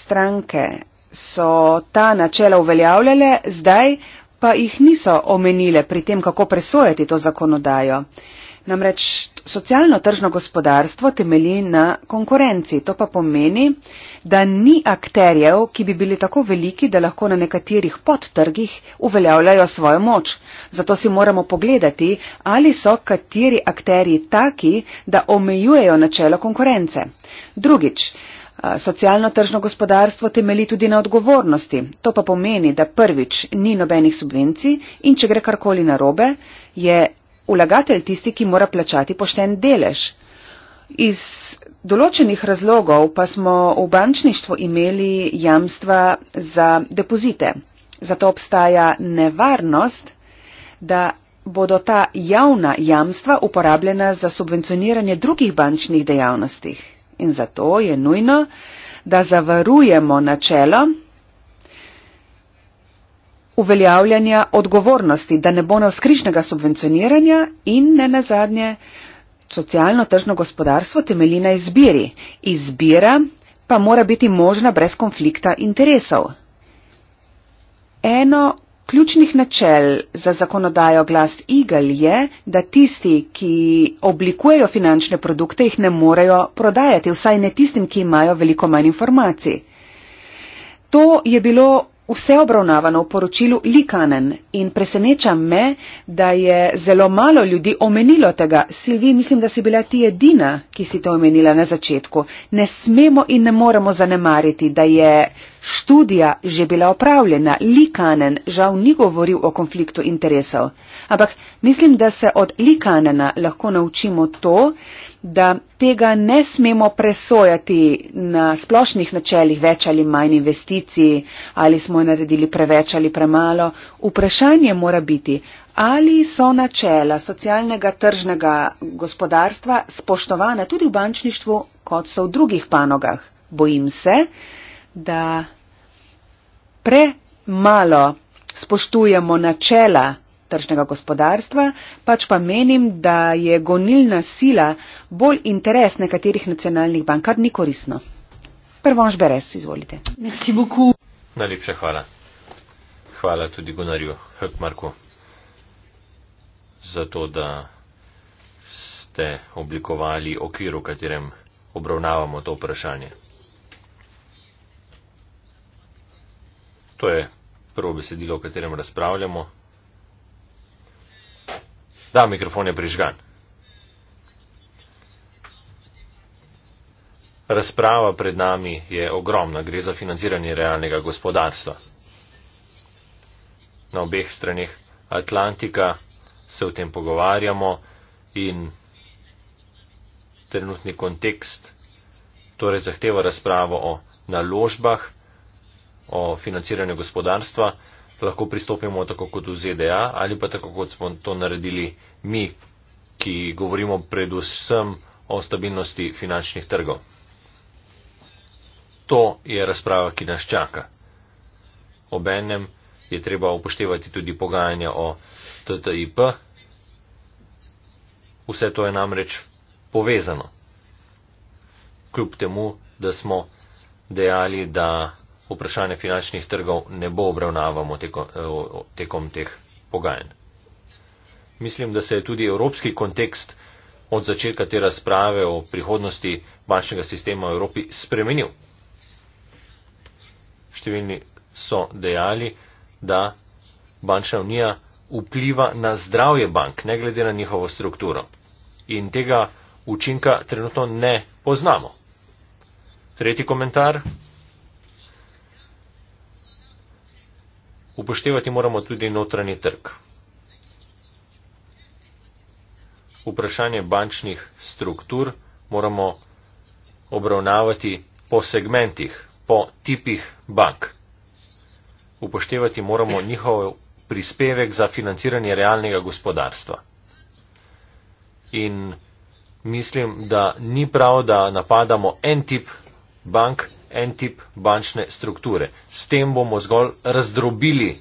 stranke so ta načela uveljavljale, zdaj pa jih niso omenile pri tem, kako presojati to zakonodajo. Namreč socialno tržno gospodarstvo temelji na konkurenci. To pa pomeni, da ni akterjev, ki bi bili tako veliki, da lahko na nekaterih podtrgih uveljavljajo svojo moč. Zato si moramo pogledati, ali so kateri akterji taki, da omejujejo načelo konkurence. Drugič. Socialno tržno gospodarstvo temeli tudi na odgovornosti. To pa pomeni, da prvič ni nobenih subvencij in če gre karkoli narobe, je vlagatelj tisti, ki mora plačati pošten delež. Iz določenih razlogov pa smo v bančništvu imeli jamstva za depozite. Zato obstaja nevarnost, da bodo ta javna jamstva uporabljena za subvencioniranje drugih bančnih dejavnostih. In zato je nujno, da zavarujemo načelo, uveljavljanja odgovornosti, da ne bo navskrižnega subvencioniranja in ne nazadnje socialno tržno gospodarstvo temelji na izbiri. Izbira pa mora biti možna brez konflikta interesov. Eno ključnih načel za zakonodajo glas Igel je, da tisti, ki oblikujejo finančne produkte, jih ne morejo prodajati, vsaj ne tistim, ki imajo veliko manj informacij. To je bilo vse obravnavano v poročilu Likanen in preseneča me, da je zelo malo ljudi omenilo tega. Silvi, mislim, da si bila ti edina, ki si to omenila na začetku. Ne smemo in ne moremo zanemariti, da je študija že bila opravljena. Likanen žal ni govoril o konfliktu interesov. Ampak mislim, da se od Likanena lahko naučimo to, da tega ne smemo presojati na splošnih načelih več ali manj investicij, ali smo naredili preveč ali premalo. Vprašanje mora biti, ali so načela socialnega tržnega gospodarstva spoštovane tudi v bančništvu, kot so v drugih panogah. Bojim se, da premalo spoštujemo načela tržnega gospodarstva, pač pa menim, da je gonilna sila bolj interes nekaterih nacionalnih bank, kar ni korisno. Prvo žberes, izvolite. Merci beaucoup. Najlepša hvala. Hvala tudi Gunarju Hrkmarku za to, da ste oblikovali okvir, v katerem obravnavamo to vprašanje. To je prvo besedilo, o katerem razpravljamo. Da, mikrofon je prižgan. Razprava pred nami je ogromna, gre za financiranje realnega gospodarstva. Na obeh stranih Atlantika se o tem pogovarjamo in trenutni kontekst torej zahteva razpravo o naložbah, o financiranju gospodarstva lahko pristopimo tako kot v ZDA ali pa tako kot smo to naredili mi, ki govorimo predvsem o stabilnosti finančnih trgov. To je razprava, ki nas čaka. Obenem je treba upoštevati tudi pogajanja o TTIP. Vse to je namreč povezano. Kljub temu, da smo dejali, da vprašanje finančnih trgov ne bo obravnavamo teko, eh, tekom teh pogajanj. Mislim, da se je tudi evropski kontekst od začetka te razprave o prihodnosti bančnega sistema v Evropi spremenil. Številni so dejali, da bančna unija vpliva na zdravje bank, ne glede na njihovo strukturo. In tega učinka trenutno ne poznamo. Tretji komentar. upoštevati moramo tudi notranji trg. Vprašanje bančnih struktur moramo obravnavati po segmentih, po tipih bank. Upoštevati moramo njihov prispevek za financiranje realnega gospodarstva. In mislim, da ni prav, da napadamo en tip bank, en tip bančne strukture. S tem bomo zgolj razdrobili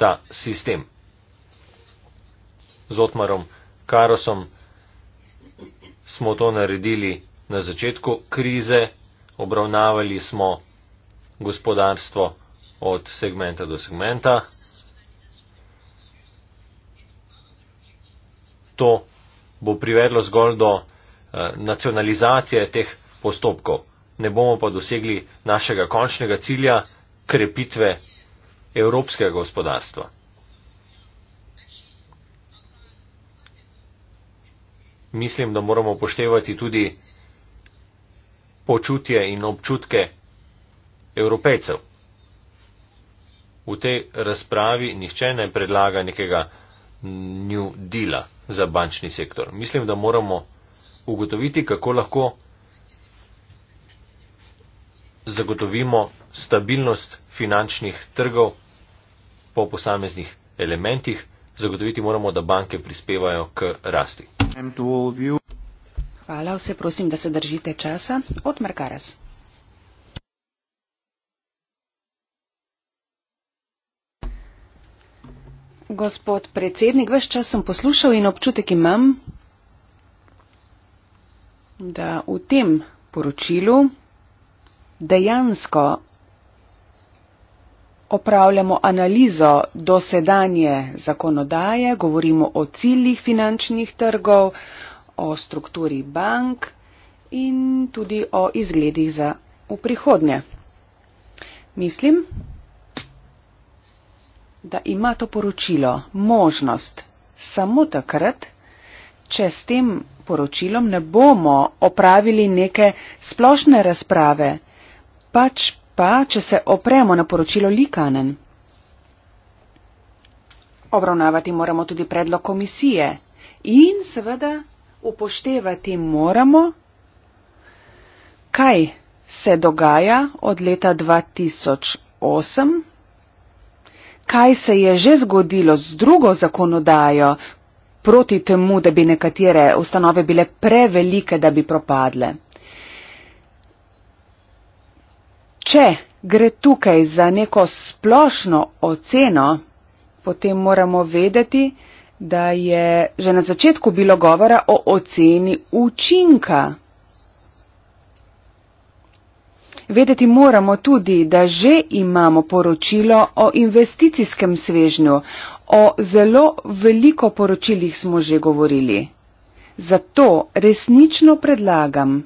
ta sistem. Z Otmarom Karosom smo to naredili na začetku krize, obravnavali smo gospodarstvo od segmenta do segmenta. To bo privedlo zgolj do eh, nacionalizacije teh postopkov ne bomo pa dosegli našega končnega cilja krepitve evropskega gospodarstva. Mislim, da moramo poštevati tudi počutje in občutke evropejcev. V tej razpravi nihče ne predlaga nekega new deala za bančni sektor. Mislim, da moramo ugotoviti, kako lahko zagotovimo stabilnost finančnih trgov po posameznih elementih, zagotoviti moramo, da banke prispevajo k rasti. Hvala, vse prosim, da se držite časa. Otmar Karas. Gospod predsednik, veš čas sem poslušal in občutek imam, da v tem poročilu dejansko opravljamo analizo dosedanje zakonodaje, govorimo o ciljih finančnih trgov, o strukturi bank in tudi o izgledih za v prihodnje. Mislim, da ima to poročilo možnost samo takrat, če s tem poročilom ne bomo opravili neke splošne razprave, pač pa, če se opremo na poročilo Likanen. Obravnavati moramo tudi predlog komisije in seveda upoštevati moramo, kaj se dogaja od leta 2008, kaj se je že zgodilo z drugo zakonodajo proti temu, da bi nekatere ustanove bile prevelike, da bi propadle. Če gre tukaj za neko splošno oceno, potem moramo vedeti, da je že na začetku bilo govora o oceni učinka. Vedeti moramo tudi, da že imamo poročilo o investicijskem svežnju, o zelo veliko poročilih smo že govorili. Zato resnično predlagam,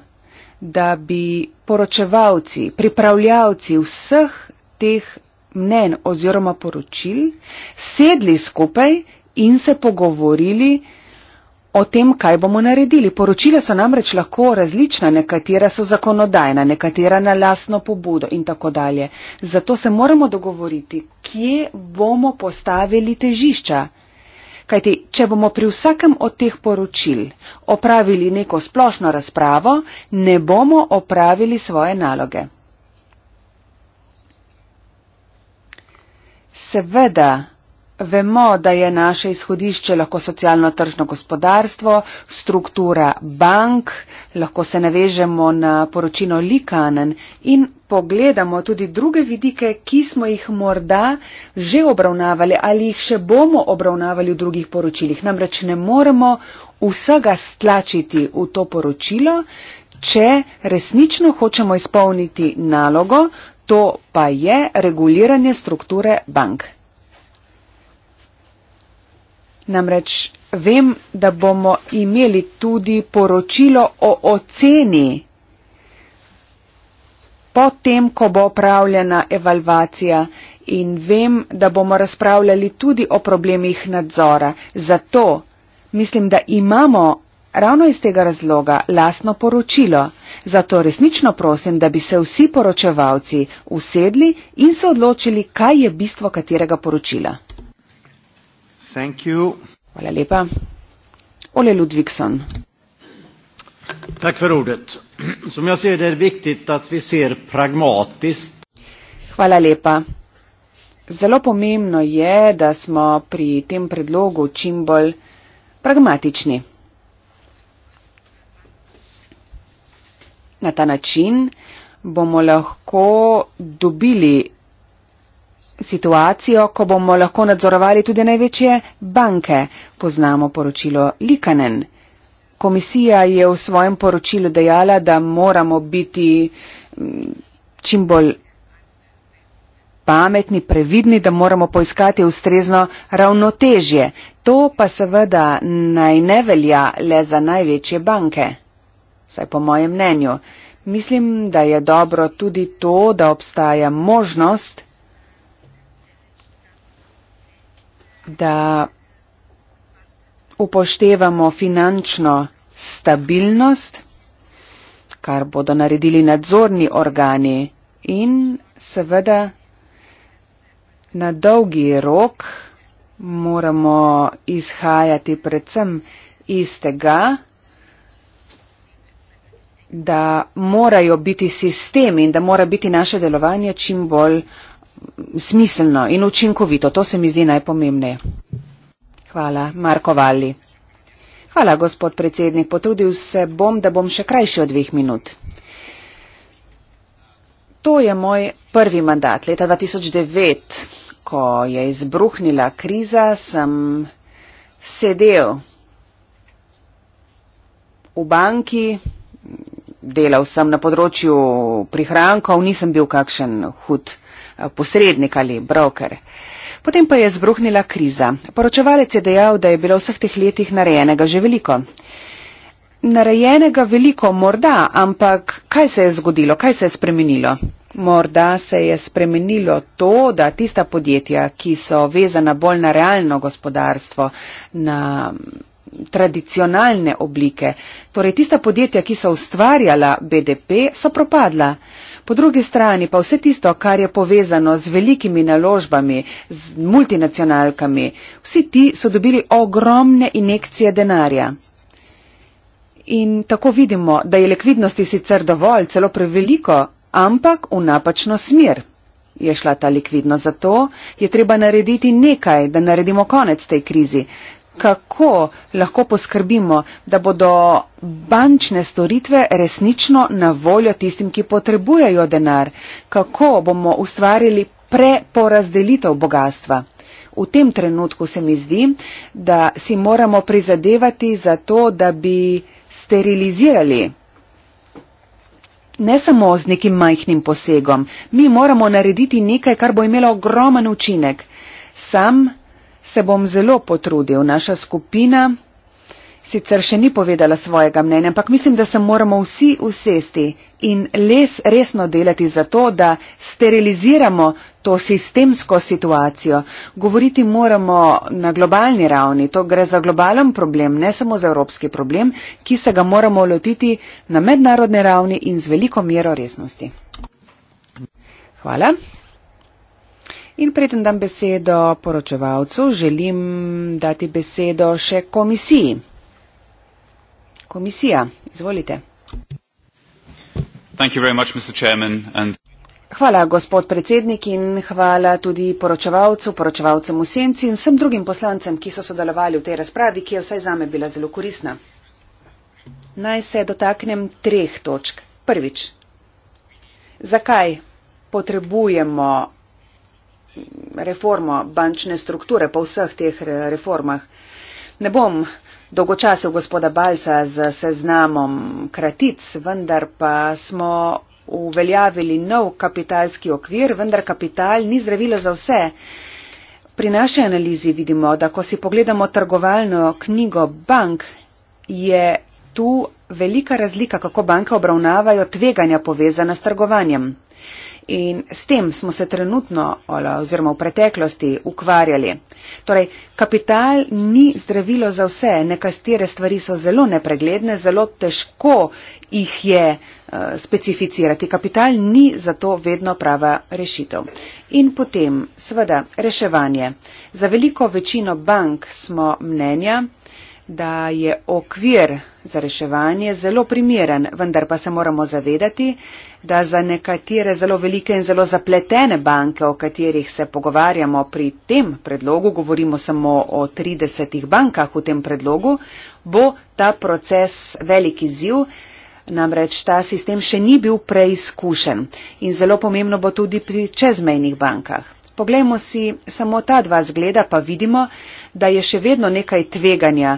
da bi poročevalci, pripravljavci vseh teh mnen oziroma poročil sedli skupaj in se pogovorili o tem, kaj bomo naredili. Poročila so namreč lahko različna, nekatera so zakonodajna, nekatera na lastno pobudo in tako dalje. Zato se moramo dogovoriti, kje bomo postavili težišča kajti če bomo pri vsakem od teh poročil opravili neko splošno razpravo, ne bomo opravili svoje naloge. Seveda Vemo, da je naše izhodišče lahko socialno tržno gospodarstvo, struktura bank, lahko se navežemo na poročino Likanen in pogledamo tudi druge vidike, ki smo jih morda že obravnavali ali jih še bomo obravnavali v drugih poročilih. Namreč ne moremo vsega stlačiti v to poročilo, če resnično hočemo izpolniti nalogo, to pa je reguliranje strukture bank. Namreč vem, da bomo imeli tudi poročilo o oceni potem, ko bo opravljena evalvacija in vem, da bomo razpravljali tudi o problemih nadzora. Zato mislim, da imamo ravno iz tega razloga lasno poročilo. Zato resnično prosim, da bi se vsi poročevalci usedli in se odločili, kaj je bistvo katerega poročila. Hvala lepa. Ole Ludvigsson. Tack för ordet. Som jag ser det är det viktigt att vi ser pragmatiskt. Hvala lepa. Zelo pomembno je, da smo pri tem predlogu čim bolj pragmatični. Na ta način bomo lahko dobili situacijo, ko bomo lahko nadzorovali tudi največje banke, poznamo poročilo Likanen. Komisija je v svojem poročilu dejala, da moramo biti mm, čim bolj pametni, previdni, da moramo poiskati ustrezno ravnotežje. To pa seveda naj ne velja le za največje banke, vsaj po mojem mnenju. Mislim, da je dobro tudi to, da obstaja možnost, da upoštevamo finančno stabilnost, kar bodo naredili nadzorni organi in seveda na dolgi rok moramo izhajati predvsem iz tega, da morajo biti sistemi in da mora biti naše delovanje čim bolj smiselno in učinkovito to se mi zdi najpomembneje. Hvala, Marko Vali. Hvala, gospod predsednik. Potrudil se bom, da bom še krajši od dveh minut. To je moj prvi mandat. Leta 2009, ko je izbruhnila kriza, sem sedel v banki, delal sem na področju prihrankov, nisem bil kakšen hud posrednik ali broker. Potem pa je zbruhnila kriza. Poročevalec je dejal, da je bilo v vseh teh letih narejenega že veliko. Narejenega veliko morda, ampak kaj se je zgodilo, kaj se je spremenilo? Morda se je spremenilo to, da tista podjetja, ki so vezana bolj na realno gospodarstvo, na tradicionalne oblike, torej tista podjetja, ki so ustvarjala BDP, so propadla. Po drugi strani pa vse tisto, kar je povezano z velikimi naložbami, z multinacionalkami, vsi ti so dobili ogromne injekcije denarja. In tako vidimo, da je likvidnosti sicer dovolj, celo preveliko, ampak v napačno smer je šla ta likvidnost. Zato je treba narediti nekaj, da naredimo konec tej krizi kako lahko poskrbimo, da bodo bančne storitve resnično na voljo tistim, ki potrebujejo denar, kako bomo ustvarili preporazdelitev bogatstva. V tem trenutku se mi zdi, da si moramo prizadevati za to, da bi sterilizirali. Ne samo z nekim majhnim posegom, mi moramo narediti nekaj, kar bo imelo ogromen učinek. Sam se bom zelo potrudil. Naša skupina sicer še ni povedala svojega mnenja, ampak mislim, da se moramo vsi usesti in les resno delati za to, da steriliziramo to sistemsko situacijo. Govoriti moramo na globalni ravni. To gre za globalen problem, ne samo za evropski problem, ki se ga moramo lotiti na mednarodni ravni in z veliko mero resnosti. Hvala. In preden dam besedo poročevalcu, želim dati besedo še komisiji. Komisija, izvolite. Much, Chairman, and... Hvala, gospod predsednik, in hvala tudi poročevalcu, poročevalcem v senci in vsem drugim poslancem, ki so sodelovali v tej razpravi, ki je vsaj zame bila zelo korisna. Naj se dotaknem treh točk. Prvič, zakaj potrebujemo reformo bančne strukture po vseh teh reformah. Ne bom dolgočasil gospoda Balsa z seznamom kratic, vendar pa smo uveljavili nov kapitalski okvir, vendar kapital ni zdravilo za vse. Pri naši analizi vidimo, da ko si pogledamo trgovalno knjigo bank, je tu velika razlika, kako banke obravnavajo tveganja povezana s trgovanjem in s tem smo se trenutno oziroma v preteklosti ukvarjali. Torej, kapital ni zdravilo za vse, nekatere stvari so zelo nepregledne, zelo težko jih je eh, specificirati. Kapital ni zato vedno prava rešitev. In potem, seveda, reševanje. Za veliko večino bank smo mnenja, da je okvir za reševanje zelo primeren, vendar pa se moramo zavedati, da za nekatere zelo velike in zelo zapletene banke, o katerih se pogovarjamo pri tem predlogu, govorimo samo o 30 bankah v tem predlogu, bo ta proces veliki ziv. Namreč ta sistem še ni bil preizkušen in zelo pomembno bo tudi pri čezmejnih bankah. Poglejmo si samo ta dva zgleda, pa vidimo, da je še vedno nekaj tveganja,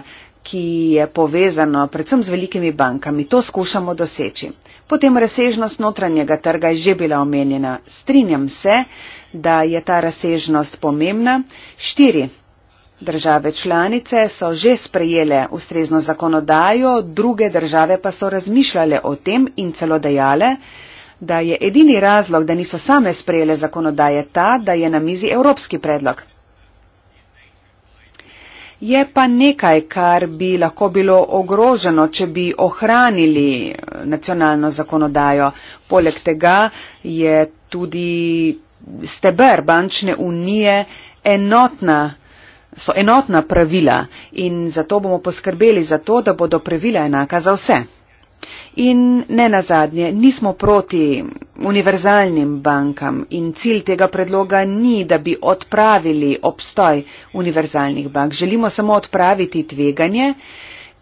ki je povezano predvsem z velikimi bankami. To skušamo doseči. Potem razsežnost notranjega trga je že bila omenjena. Strinjam se, da je ta razsežnost pomembna. Štiri države članice so že sprejele ustrezno zakonodajo, druge države pa so razmišljale o tem in celo dejale, da je edini razlog, da niso same sprejele zakonodaje ta, da je na mizi evropski predlog je pa nekaj, kar bi lahko bilo ogroženo, če bi ohranili nacionalno zakonodajo. Poleg tega je tudi steber bančne unije enotna, so enotna pravila in zato bomo poskrbeli za to, da bodo pravila enaka za vse. In ne nazadnje, nismo proti univerzalnim bankam in cilj tega predloga ni, da bi odpravili obstoj univerzalnih bank. Želimo samo odpraviti tveganje,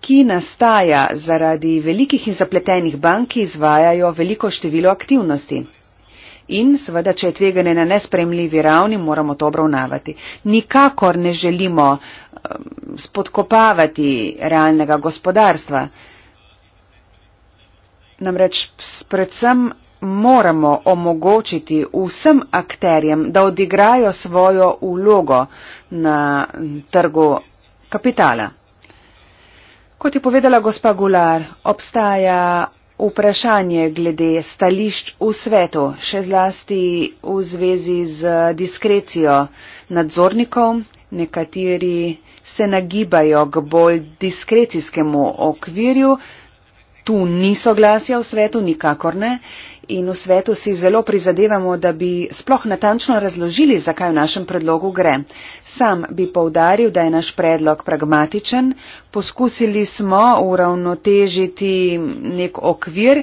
ki nastaja zaradi velikih in zapletenih bank, ki izvajajo veliko število aktivnosti. In seveda, če je tveganje na nespremljivi ravni, moramo to obravnavati. Nikakor ne želimo eh, spodkopavati realnega gospodarstva namreč predvsem moramo omogočiti vsem akterjem, da odigrajo svojo ulogo na trgu kapitala. Kot je povedala gospa Gular, obstaja vprašanje glede stališč v svetu, še zlasti v zvezi z diskrecijo nadzornikov, nekateri se nagibajo k bolj diskrecijskemu okvirju, tu ni soglasja v svetu, nikakor ne. In v svetu si zelo prizadevamo, da bi sploh natančno razložili, zakaj v našem predlogu gre. Sam bi povdaril, da je naš predlog pragmatičen. Poskusili smo uravnotežiti nek okvir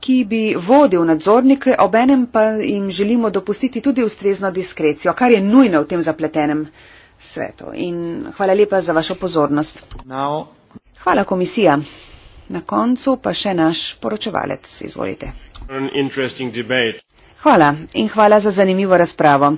ki bi vodil nadzornike, obenem pa jim želimo dopustiti tudi ustrezno diskrecijo, kar je nujno v tem zapletenem svetu. In hvala lepa za vašo pozornost. Hvala komisija. Na koncu pa še naš poročevalec, izvolite. Hvala in hvala za zanimivo razpravo.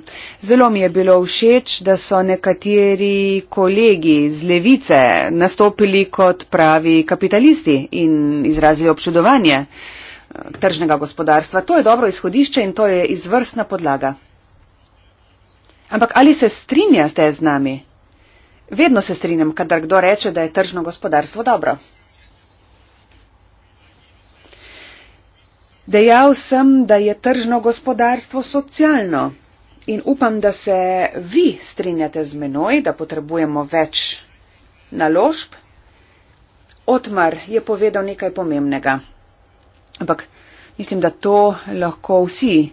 Zelo mi je bilo všeč, da so nekateri kolegi z levice nastopili kot pravi kapitalisti in izrazili občudovanje eh, tržnega gospodarstva. To je dobro izhodišče in to je izvrstna podlaga. Ampak ali se strinjate z nami? Vedno se strinjam, kadar kdo reče, da je tržno gospodarstvo dobro. Dejal sem, da je tržno gospodarstvo socialno in upam, da se vi strinjate z menoj, da potrebujemo več naložb. Otmar je povedal nekaj pomembnega. Ampak mislim, da to lahko vsi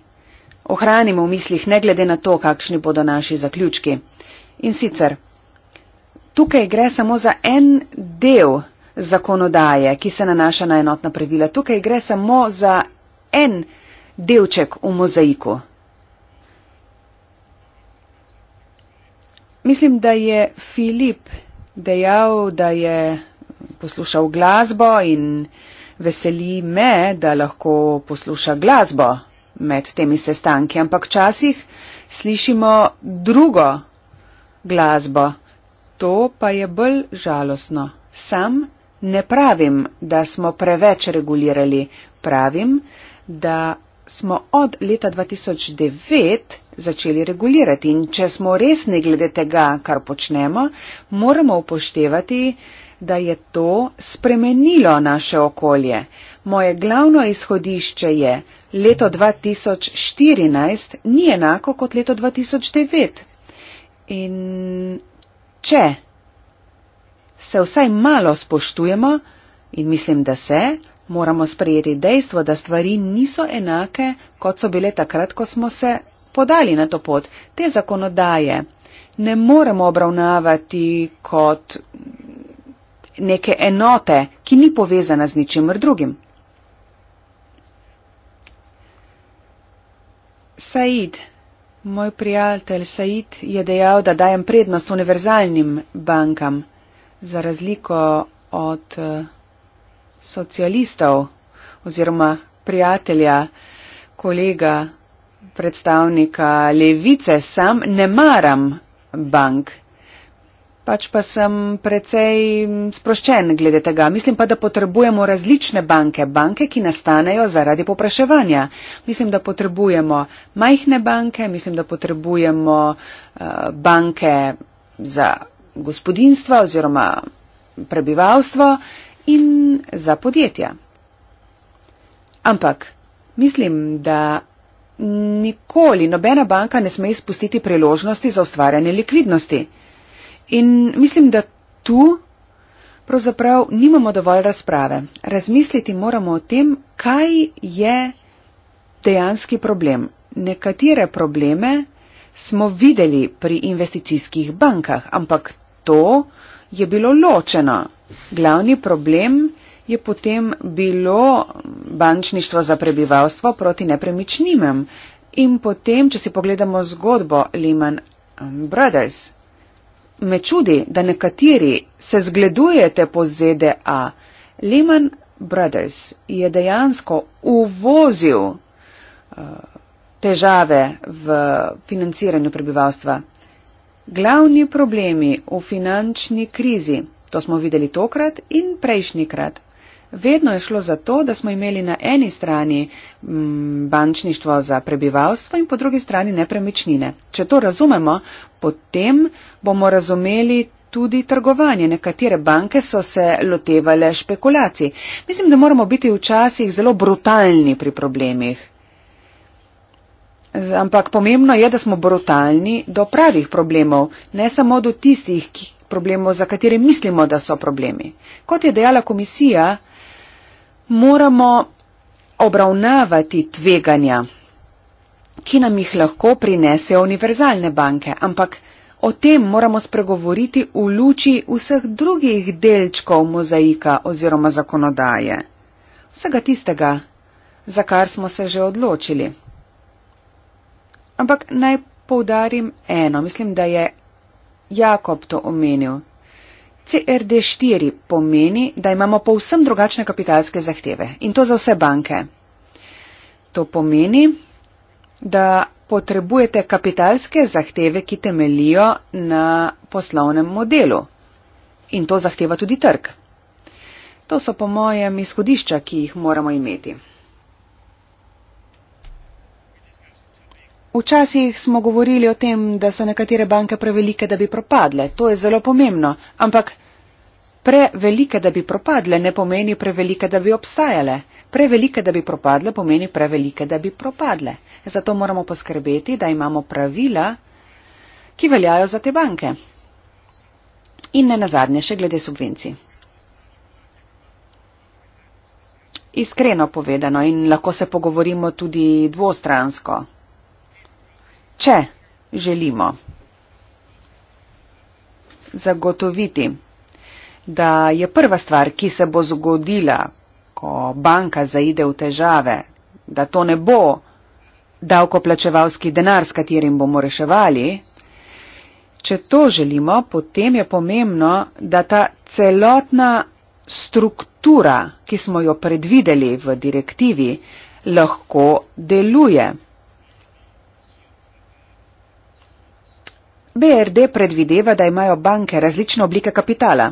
ohranimo v mislih, ne glede na to, kakšni bodo naši zaključki. In sicer, tukaj gre samo za en del zakonodaje, ki se nanaša na enotna pravila. Tukaj gre samo za en delček v mozaiku. Mislim, da je Filip dejal, da je poslušal glasbo in veseli me, da lahko posluša glasbo med temi sestanki, ampak včasih slišimo drugo glasbo. To pa je bolj žalostno. Sam ne pravim, da smo preveč regulirali, pravim, da smo od leta 2009 začeli regulirati in če smo resni glede tega, kar počnemo, moramo upoštevati, da je to spremenilo naše okolje. Moje glavno izhodišče je, leto 2014 ni enako kot leto 2009. In če se vsaj malo spoštujemo, in mislim, da se, moramo sprejeti dejstvo, da stvari niso enake, kot so bile takrat, ko smo se podali na to pot. Te zakonodaje ne moremo obravnavati kot neke enote, ki ni povezana z ničemer drugim. Said, moj prijatelj Said, je dejal, da dajem prednost univerzalnim bankam, za razliko od uh, socialistov oziroma prijatelja, kolega, predstavnika levice, sam ne maram bank. Pač pa sem precej sproščen glede tega. Mislim pa, da potrebujemo različne banke, banke, ki nastanejo zaradi popraševanja. Mislim, da potrebujemo majhne banke, mislim, da potrebujemo uh, banke za gospodinstva oziroma prebivalstvo in za podjetja. Ampak mislim, da nikoli nobena banka ne sme izpustiti priložnosti za ustvarjanje likvidnosti. In mislim, da tu pravzaprav nimamo dovolj razprave. Razmisliti moramo o tem, kaj je dejanski problem. Nekatere probleme smo videli pri investicijskih bankah, ampak to je bilo ločeno. Glavni problem je potem bilo bančništvo za prebivalstvo proti nepremičnimem. In potem, če si pogledamo zgodbo Lehman Brothers, me čudi, da nekateri se zgledujete po ZDA. Lehman Brothers je dejansko uvozil eh, težave v financiranju prebivalstva Glavni problemi v finančni krizi, to smo videli tokrat in prejšnjikrat. Vedno je šlo za to, da smo imeli na eni strani m, mm, bančništvo za prebivalstvo in po drugi strani nepremičnine. Če to razumemo, potem bomo razumeli tudi trgovanje. Nekatere banke so se lotevale špekulacij. Mislim, da moramo biti včasih zelo brutalni pri problemih ampak pomembno je, da smo brutalni do pravih problemov, ne samo do tistih ki, problemov, za katere mislimo, da so problemi. Kot je dejala komisija, moramo obravnavati tveganja, ki nam jih lahko prinesejo univerzalne banke, ampak o tem moramo spregovoriti v luči vseh drugih delčkov mozaika oziroma zakonodaje, vsega tistega, za kar smo se že odločili. Ampak naj poudarim eno, mislim, da je Jakob to omenil. CRD4 pomeni, da imamo povsem drugačne kapitalske zahteve in to za vse banke. To pomeni, da potrebujete kapitalske zahteve, ki temelijo na poslovnem modelu in to zahteva tudi trg. To so po mojem izhodišča, ki jih moramo imeti. Včasih smo govorili o tem, da so nekatere banke prevelike, da bi propadle. To je zelo pomembno. Ampak prevelike, da bi propadle, ne pomeni prevelike, da bi obstajale. Prevelike, da bi propadle, pomeni prevelike, da bi propadle. Zato moramo poskrbeti, da imamo pravila, ki veljajo za te banke. In ne nazadnje še glede subvencij. Iskreno povedano in lahko se pogovorimo tudi dvostransko če želimo zagotoviti, da je prva stvar, ki se bo zgodila, ko banka zaide v težave, da to ne bo davkoplačevalski denar, s katerim bomo reševali, če to želimo, potem je pomembno, da ta celotna struktura, ki smo jo predvideli v direktivi, lahko deluje. BRD predvideva, da imajo banke različne oblike kapitala.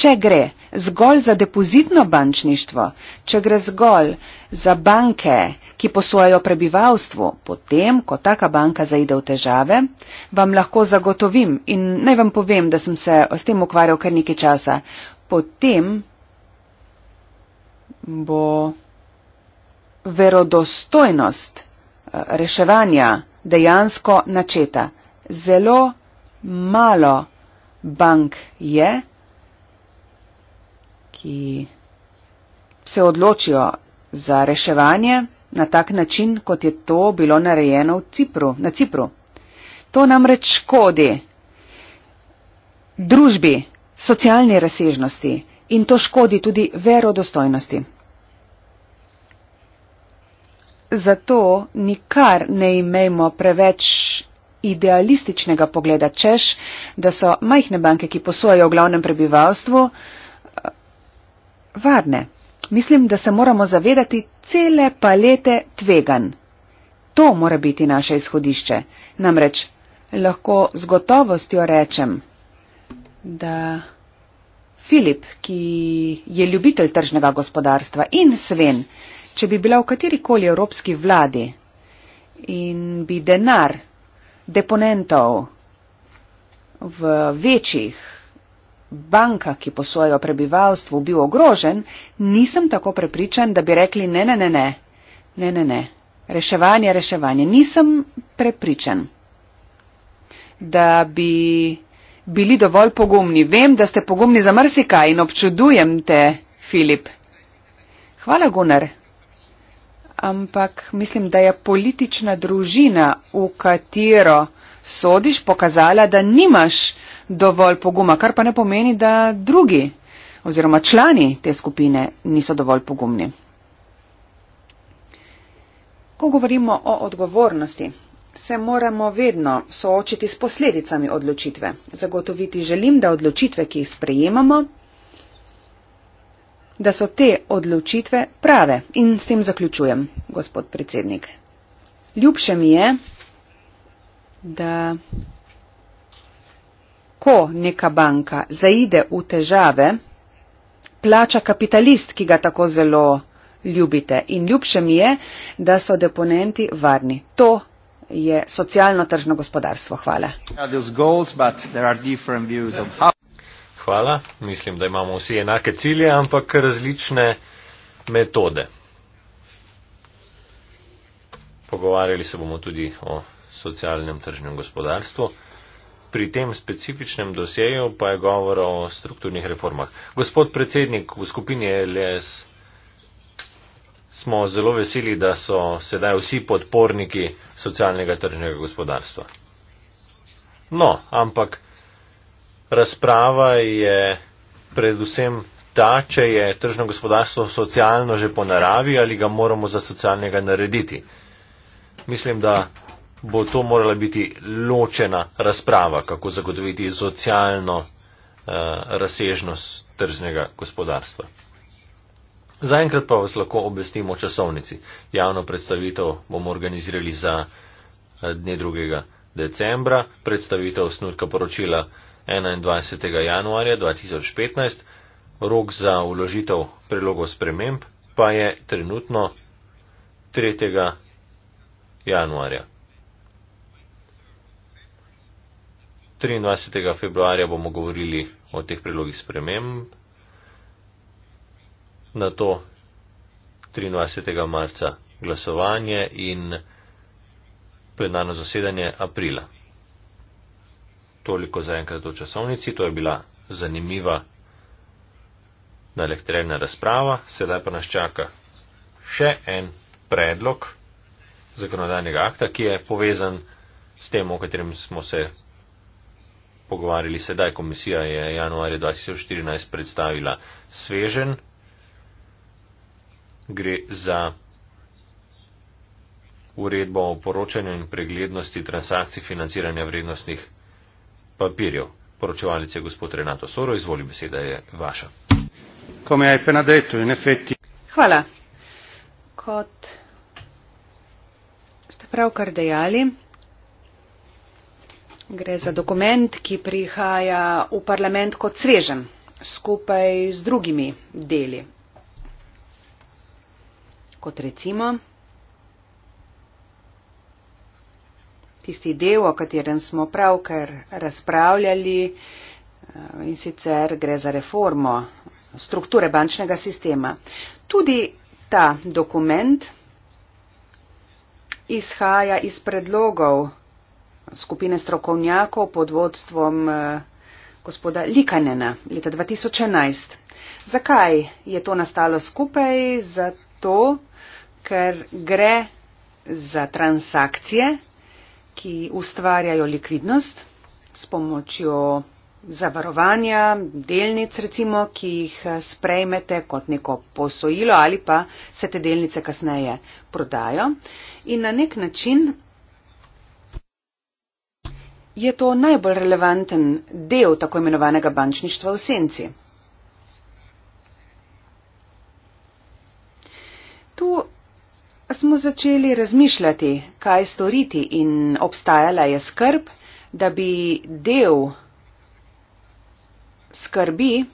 Če gre zgolj za depozitno bančništvo, če gre zgolj za banke, ki posojajo prebivalstvu, potem, ko taka banka zaide v težave, vam lahko zagotovim in naj vam povem, da sem se s tem ukvarjal kar nekaj časa, potem bo verodostojnost eh, reševanja dejansko načeta zelo malo bank je, ki se odločijo za reševanje na tak način, kot je to bilo narejeno Cipru, na Cipru. To namreč škodi družbi, socialni razsežnosti in to škodi tudi verodostojnosti. Zato nikar ne imejmo preveč idealističnega pogleda, češ, da so majhne banke, ki posojajo v glavnem prebivalstvu, eh, varne. Mislim, da se moramo zavedati cele palete tvegan. To mora biti naše izhodišče. Namreč lahko z gotovostjo rečem, da Filip, ki je ljubitelj tržnega gospodarstva in Sven, če bi bila v katerikoli evropski vladi in bi denar deponentov v večjih bankah, ki posojajo prebivalstvu, bil ogrožen, nisem tako prepričan, da bi rekli ne, ne, ne, ne, ne, ne, ne. reševanje, reševanje. Nisem prepričan, da bi bili dovolj pogumni. Vem, da ste pogumni za mrsika in občudujem te, Filip. Hvala, Gunnar ampak mislim, da je politična družina, v katero sodiš, pokazala, da nimaš dovolj poguma, kar pa ne pomeni, da drugi oziroma člani te skupine niso dovolj pogumni. Ko govorimo o odgovornosti, se moramo vedno soočiti s posledicami odločitve. Zagotoviti želim, da odločitve, ki jih sprejemamo, da so te odločitve prave. In s tem zaključujem, gospod predsednik. Ljubše mi je, da ko neka banka zaide v težave, plača kapitalist, ki ga tako zelo ljubite. In ljubše mi je, da so deponenti varni. To je socialno tržno gospodarstvo. Hvala hvala. Mislim, da imamo vsi enake cilje, ampak različne metode. Pogovarjali se bomo tudi o socialnem tržnem gospodarstvu. Pri tem specifičnem dosjeju pa je govor o strukturnih reformah. Gospod predsednik, v skupini LS smo zelo veseli, da so sedaj vsi podporniki socialnega tržnega gospodarstva. No, ampak razprava je predvsem ta, če je tržno gospodarstvo socialno že po naravi ali ga moramo za socialnega narediti. Mislim, da bo to morala biti ločena razprava, kako zagotoviti socialno eh, razsežnost tržnega gospodarstva. Zaenkrat pa vas lahko obvestimo o časovnici. Javno predstavitev bomo organizirali za eh, dne 2. decembra, predstavitev snutka poročila 21. januarja 2015, rok za uložitev prilogov sprememb pa je trenutno 3. januarja. 23. februarja bomo govorili o teh prilogih sprememb, na to 23. marca glasovanje in plenarno zasedanje aprila toliko za enkrat o časovnici, to je bila zanimiva nalektrena razprava, sedaj pa nas čaka še en predlog zakonodajnega akta, ki je povezan s tem, o katerem smo se pogovarjali sedaj. Komisija je januarja 2014 predstavila svežen. Gre za uredbo o poročanju in preglednosti transakcij financiranja vrednostnih papirjev. Poročevalnice gospod Renato Soro, izvoli beseda je vaša. Hvala. Kot ste pravkar dejali, gre za dokument, ki prihaja v parlament kot svežen, skupaj z drugimi deli. Kot recimo, tisti del, o katerem smo pravkar razpravljali eh, in sicer gre za reformo strukture bančnega sistema. Tudi ta dokument izhaja iz predlogov skupine strokovnjakov pod vodstvom eh, gospoda Likanena leta 2011. Zakaj je to nastalo skupaj? Zato, ker gre za transakcije, ki ustvarjajo likvidnost s pomočjo zavarovanja, delnic recimo, ki jih eh, sprejmete kot neko posojilo ali pa se te delnice kasneje prodajo. In na nek način je to najbolj relevanten del tako imenovanega bančništva v senci. smo začeli razmišljati, kaj storiti in obstajala je skrb, da bi del skrbi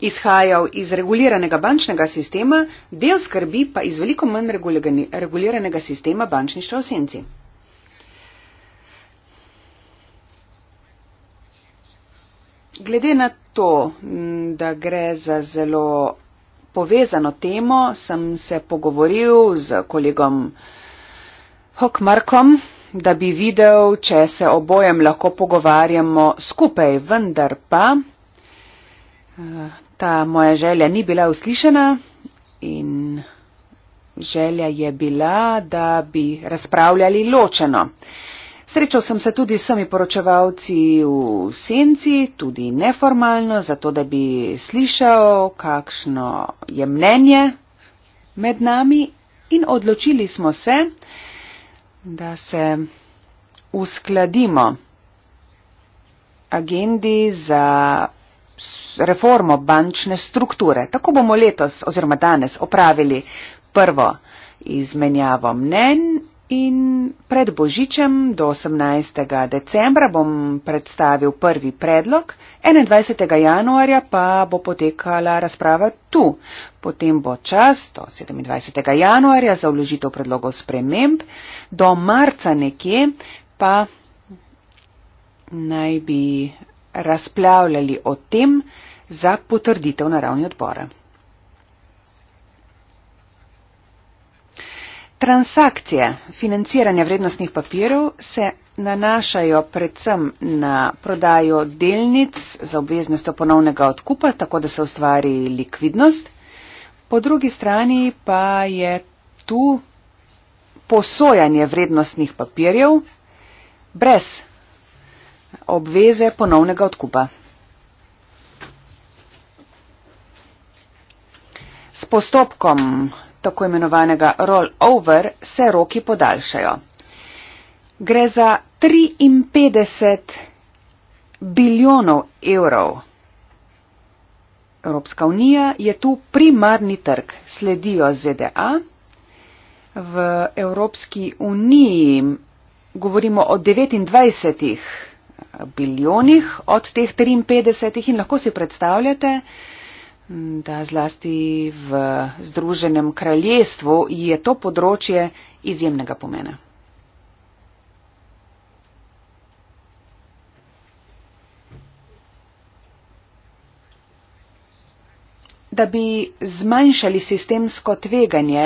izhajal iz reguliranega bančnega sistema, del skrbi pa iz veliko manj reguliranega sistema bančništva v senci. Glede na to, da gre za zelo povezano temo sem se pogovoril z kolegom Hokmarkom, da bi videl, če se obojem lahko pogovarjamo skupaj, vendar pa eh, ta moja želja ni bila uslišena in želja je bila, da bi razpravljali ločeno. Srečal sem se tudi s vsemi poročevalci v senci, tudi neformalno, zato da bi slišal, kakšno je mnenje med nami in odločili smo se, da se uskladimo agendi za reformo bančne strukture. Tako bomo letos oziroma danes opravili prvo izmenjavo mnenj in pred Božičem do 18. decembra bom predstavil prvi predlog, 21. januarja pa bo potekala razprava tu. Potem bo čas do 27. januarja za vložitev predlogov sprememb, do marca nekje pa naj bi razplavljali o tem za potrditev na ravni odbora. Transakcije financiranja vrednostnih papirov se nanašajo predvsem na prodajo delnic za obveznost ponovnega odkupa, tako da se ustvari likvidnost. Po drugi strani pa je tu posojanje vrednostnih papirjev brez obveze ponovnega odkupa. S postopkom tako imenovanega roll-over, se roki podaljšajo. Gre za 53 biljonov evrov. Evropska unija je tu primarni trg, sledijo ZDA. V Evropski uniji govorimo o 29 biljonih od teh 53 in lahko si predstavljate, da zlasti v Združenem kraljestvu je to področje izjemnega pomena. Da bi zmanjšali sistemsko tveganje,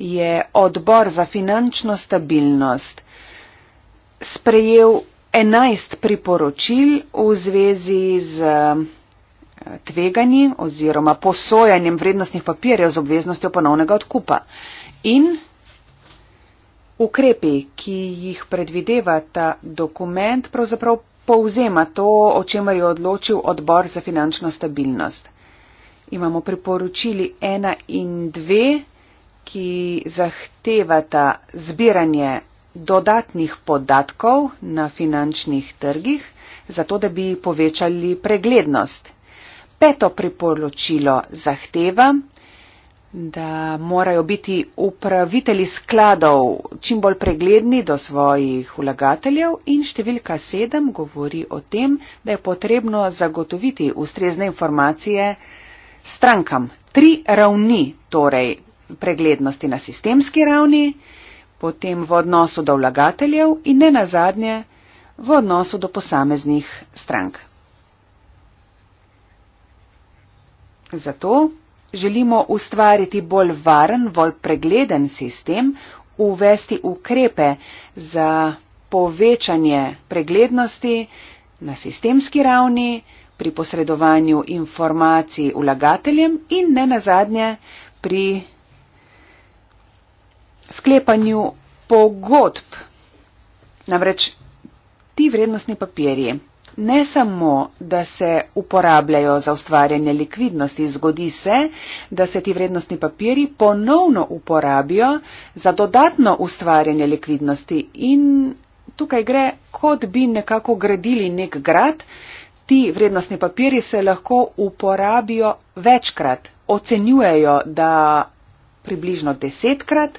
je odbor za finančno stabilnost sprejel 11 priporočil v zvezi z tveganji oziroma posojanjem vrednostnih papirjev z obveznostjo ponovnega odkupa. In ukrepi, ki jih predvideva ta dokument, pravzaprav povzema to, o čemer je odločil odbor za finančno stabilnost. Imamo priporočili 1 in 2, ki zahtevata zbiranje dodatnih podatkov na finančnih trgih, zato da bi povečali preglednost peto priporočilo zahteva, da morajo biti upraviteli skladov čim bolj pregledni do svojih vlagateljev in številka sedem govori o tem, da je potrebno zagotoviti ustrezne informacije strankam. Tri ravni torej preglednosti na sistemski ravni, potem v odnosu do vlagateljev in ne nazadnje v odnosu do posameznih strank. Zato želimo ustvariti bolj varen, bolj pregleden sistem, uvesti ukrepe za povečanje preglednosti na sistemski ravni, pri posredovanju informacij vlagateljem in ne nazadnje pri sklepanju pogodb. Namreč ti vrednostni papirji Ne samo, da se uporabljajo za ustvarjanje likvidnosti, zgodi se, da se ti vrednostni papiri ponovno uporabijo za dodatno ustvarjanje likvidnosti in tukaj gre, kot bi nekako gradili nek grad, ti vrednostni papiri se lahko uporabijo večkrat. Ocenjujejo, da približno desetkrat,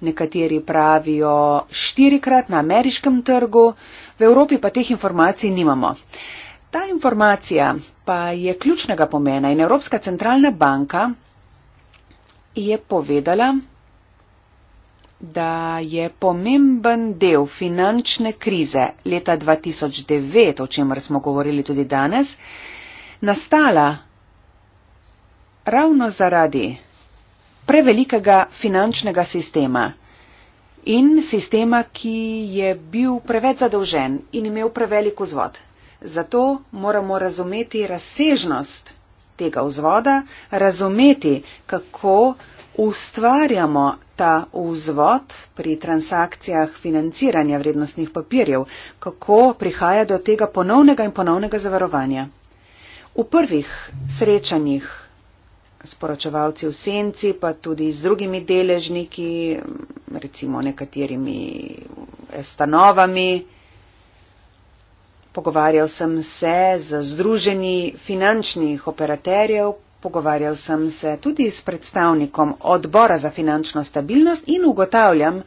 nekateri pravijo štirikrat na ameriškem trgu. V Evropi pa teh informacij nimamo. Ta informacija pa je ključnega pomena in Evropska centralna banka je povedala, da je pomemben del finančne krize leta 2009, o čemer smo govorili tudi danes, nastala ravno zaradi prevelikega finančnega sistema, in sistema, ki je bil preveč zadolžen in imel prevelik vzvod. Zato moramo razumeti razsežnost tega vzvoda, razumeti, kako ustvarjamo ta vzvod pri transakcijah financiranja vrednostnih papirjev, kako prihaja do tega ponovnega in ponovnega zavarovanja. V prvih srečanjih sporočevalci v senci, pa tudi z drugimi deležniki, recimo nekaterimi stanovami. Pogovarjal sem se z združeni finančnih operaterjev, pogovarjal sem se tudi s predstavnikom odbora za finančno stabilnost in ugotavljam,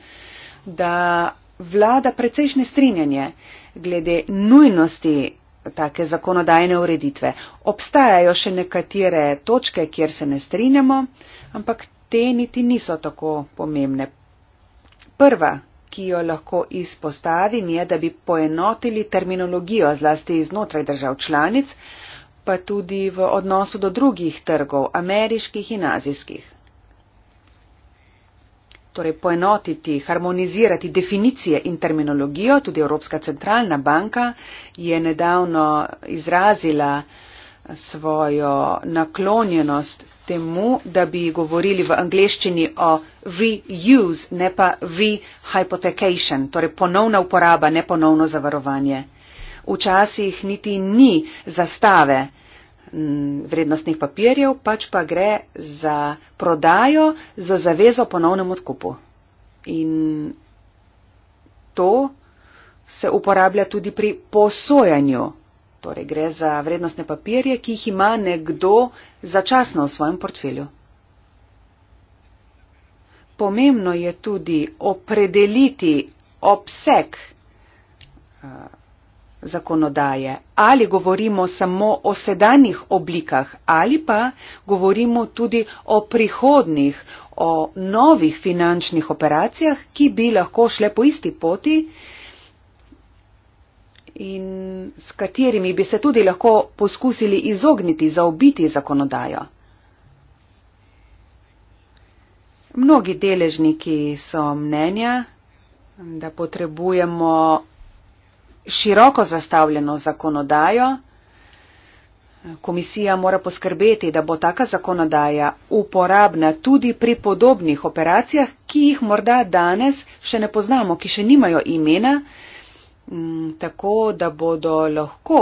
da vlada precejšnje strinjanje glede nujnosti take zakonodajne ureditve. Obstajajo še nekatere točke, kjer se ne strinjamo, ampak te niti niso tako pomembne. Prva, ki jo lahko izpostavim, je, da bi poenotili terminologijo zlasti iznotraj držav članic, pa tudi v odnosu do drugih trgov, ameriških in azijskih torej poenotiti, harmonizirati definicije in terminologijo. Tudi Evropska centralna banka je nedavno izrazila svojo naklonjenost temu, da bi govorili v angleščini o reuse, ne pa rehypothecation, torej ponovna uporaba, ne ponovno zavarovanje. Včasih niti ni zastave, Mm, vrednostnih papirjev, pač pa gre za prodajo za zavezo ponovnem odkupu. In to se uporablja tudi pri posojanju. Torej gre za vrednostne papirje, ki jih ima nekdo začasno v svojem portfelju. Pomembno je tudi opredeliti obseg eh, zakonodaje, ali govorimo samo o sedanjih oblikah, ali pa govorimo tudi o prihodnih, o novih finančnih operacijah, ki bi lahko šle po isti poti in s katerimi bi se tudi lahko poskusili izogniti, zaobiti zakonodajo. Mnogi deležniki so mnenja, da potrebujemo široko zastavljeno zakonodajo. Komisija mora poskrbeti, da bo taka zakonodaja uporabna tudi pri podobnih operacijah, ki jih morda danes še ne poznamo, ki še nimajo imena, mm, tako da bodo lahko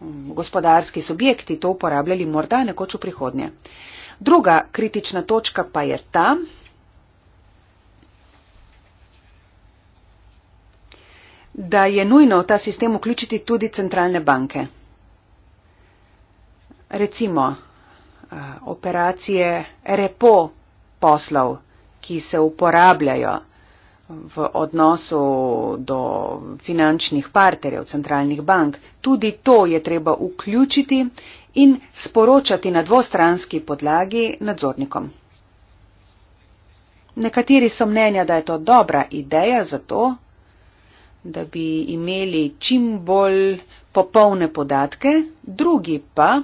mm, gospodarski subjekti to uporabljali morda nekoč v prihodnje. Druga kritična točka pa je ta, da je nujno v ta sistem vključiti tudi centralne banke. Recimo eh, operacije repo poslov, ki se uporabljajo v odnosu do finančnih partnerjev centralnih bank. Tudi to je treba vključiti in sporočati na dvostranski podlagi nadzornikom. Nekateri so mnenja, da je to dobra ideja, zato da bi imeli čim bolj popolne podatke, drugi pa,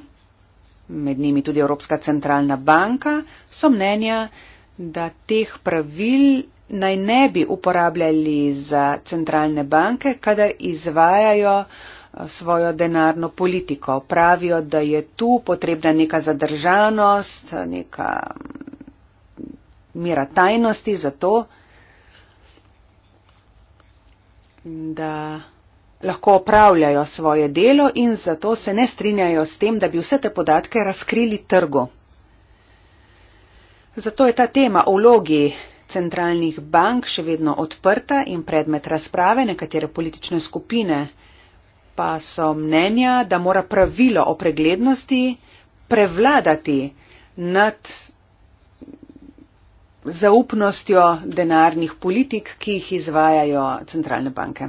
med njimi tudi Evropska centralna banka, so mnenja, da teh pravil naj ne bi uporabljali za centralne banke, kadar izvajajo eh, svojo denarno politiko. Pravijo, da je tu potrebna neka zadržanost, neka mira mm, tajnosti, zato da lahko opravljajo svoje delo in zato se ne strinjajo s tem, da bi vse te podatke razkrili trgu. Zato je ta tema o vlogi centralnih bank še vedno odprta in predmet razprave, nekatere politične skupine pa so mnenja, da mora pravilo o preglednosti prevladati nad zaupnostjo denarnih politik, ki jih izvajajo centralne banke.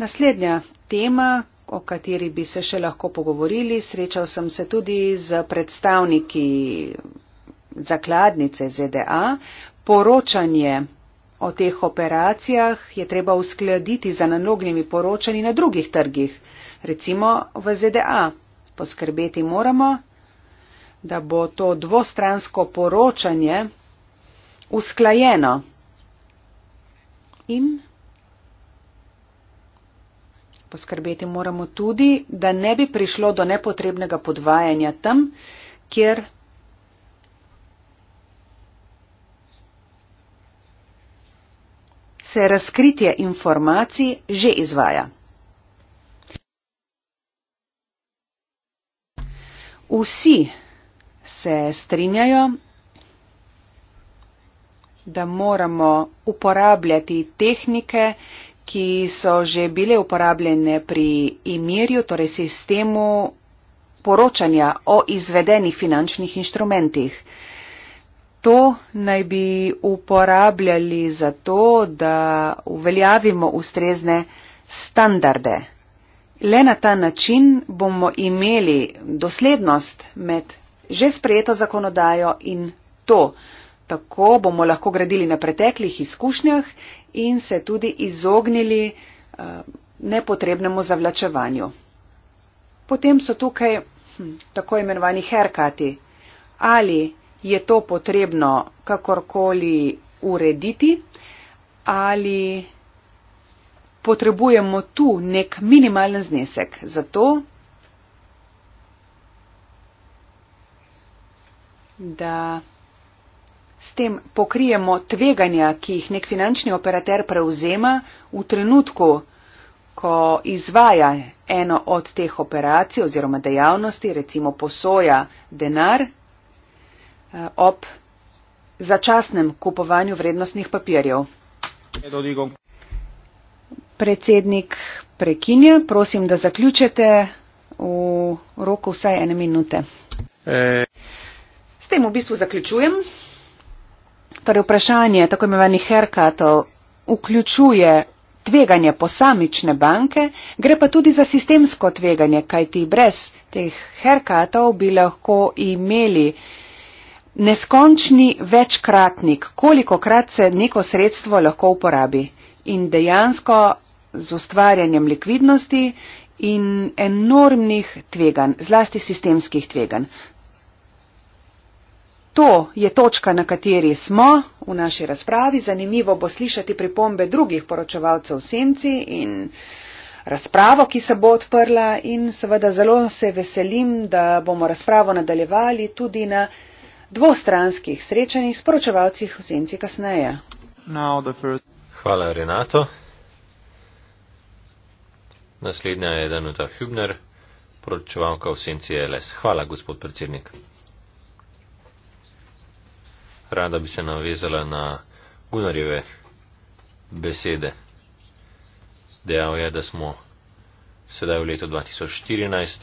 Naslednja tema, o kateri bi se še lahko pogovorili, srečal sem se tudi z predstavniki zakladnice ZDA. Poročanje o teh operacijah je treba uskladiti z analognimi poročanji na drugih trgih, recimo v ZDA poskrbeti moramo, da bo to dvostransko poročanje usklajeno in poskrbeti moramo tudi, da ne bi prišlo do nepotrebnega podvajanja tam, kjer se razkritje informacij že izvaja. vsi se strinjajo, da moramo uporabljati tehnike, ki so že bile uporabljene pri imirju, torej sistemu poročanja o izvedenih finančnih inštrumentih. To naj bi uporabljali za to, da uveljavimo ustrezne standarde. Le na ta način bomo imeli doslednost med že sprejeto zakonodajo in to. Tako bomo lahko gradili na preteklih izkušnjah in se tudi izognili eh, nepotrebnemu zavlačevanju. Potem so tukaj hm, tako imenovani herkati. Ali je to potrebno kakorkoli urediti ali potrebujemo tu nek minimalen znesek. Zato, da s tem pokrijemo tveganja, ki jih nek finančni operater prevzema v trenutku, ko izvaja eno od teh operacij oziroma dejavnosti, recimo posoja denar eh, ob začasnem kupovanju vrednostnih papirjev predsednik prekinja. Prosim, da zaključete v roku vsaj ene minute. E. S tem v bistvu zaključujem. Torej vprašanje tako imenovanih herkatov vključuje tveganje posamične banke, gre pa tudi za sistemsko tveganje, kajti brez teh herkatov bi lahko imeli neskončni večkratnik, koliko krat se neko sredstvo lahko uporabi. In dejansko z ustvarjanjem likvidnosti in enormnih tveganj, zlasti sistemskih tveganj. To je točka, na kateri smo v naši razpravi. Zanimivo bo slišati pripombe drugih poročevalcev v senci in razpravo, ki se bo odprla in seveda zelo se veselim, da bomo razpravo nadaljevali tudi na dvostranskih srečanjih s poročevalcih v senci kasneje. Hvala, Renato. Naslednja je Danuta Hübner, poročevalka v senci LS. Hvala, gospod predsednik. Rada bi se navezala na Gunarjeve besede. Dejal je, da smo sedaj v letu 2014,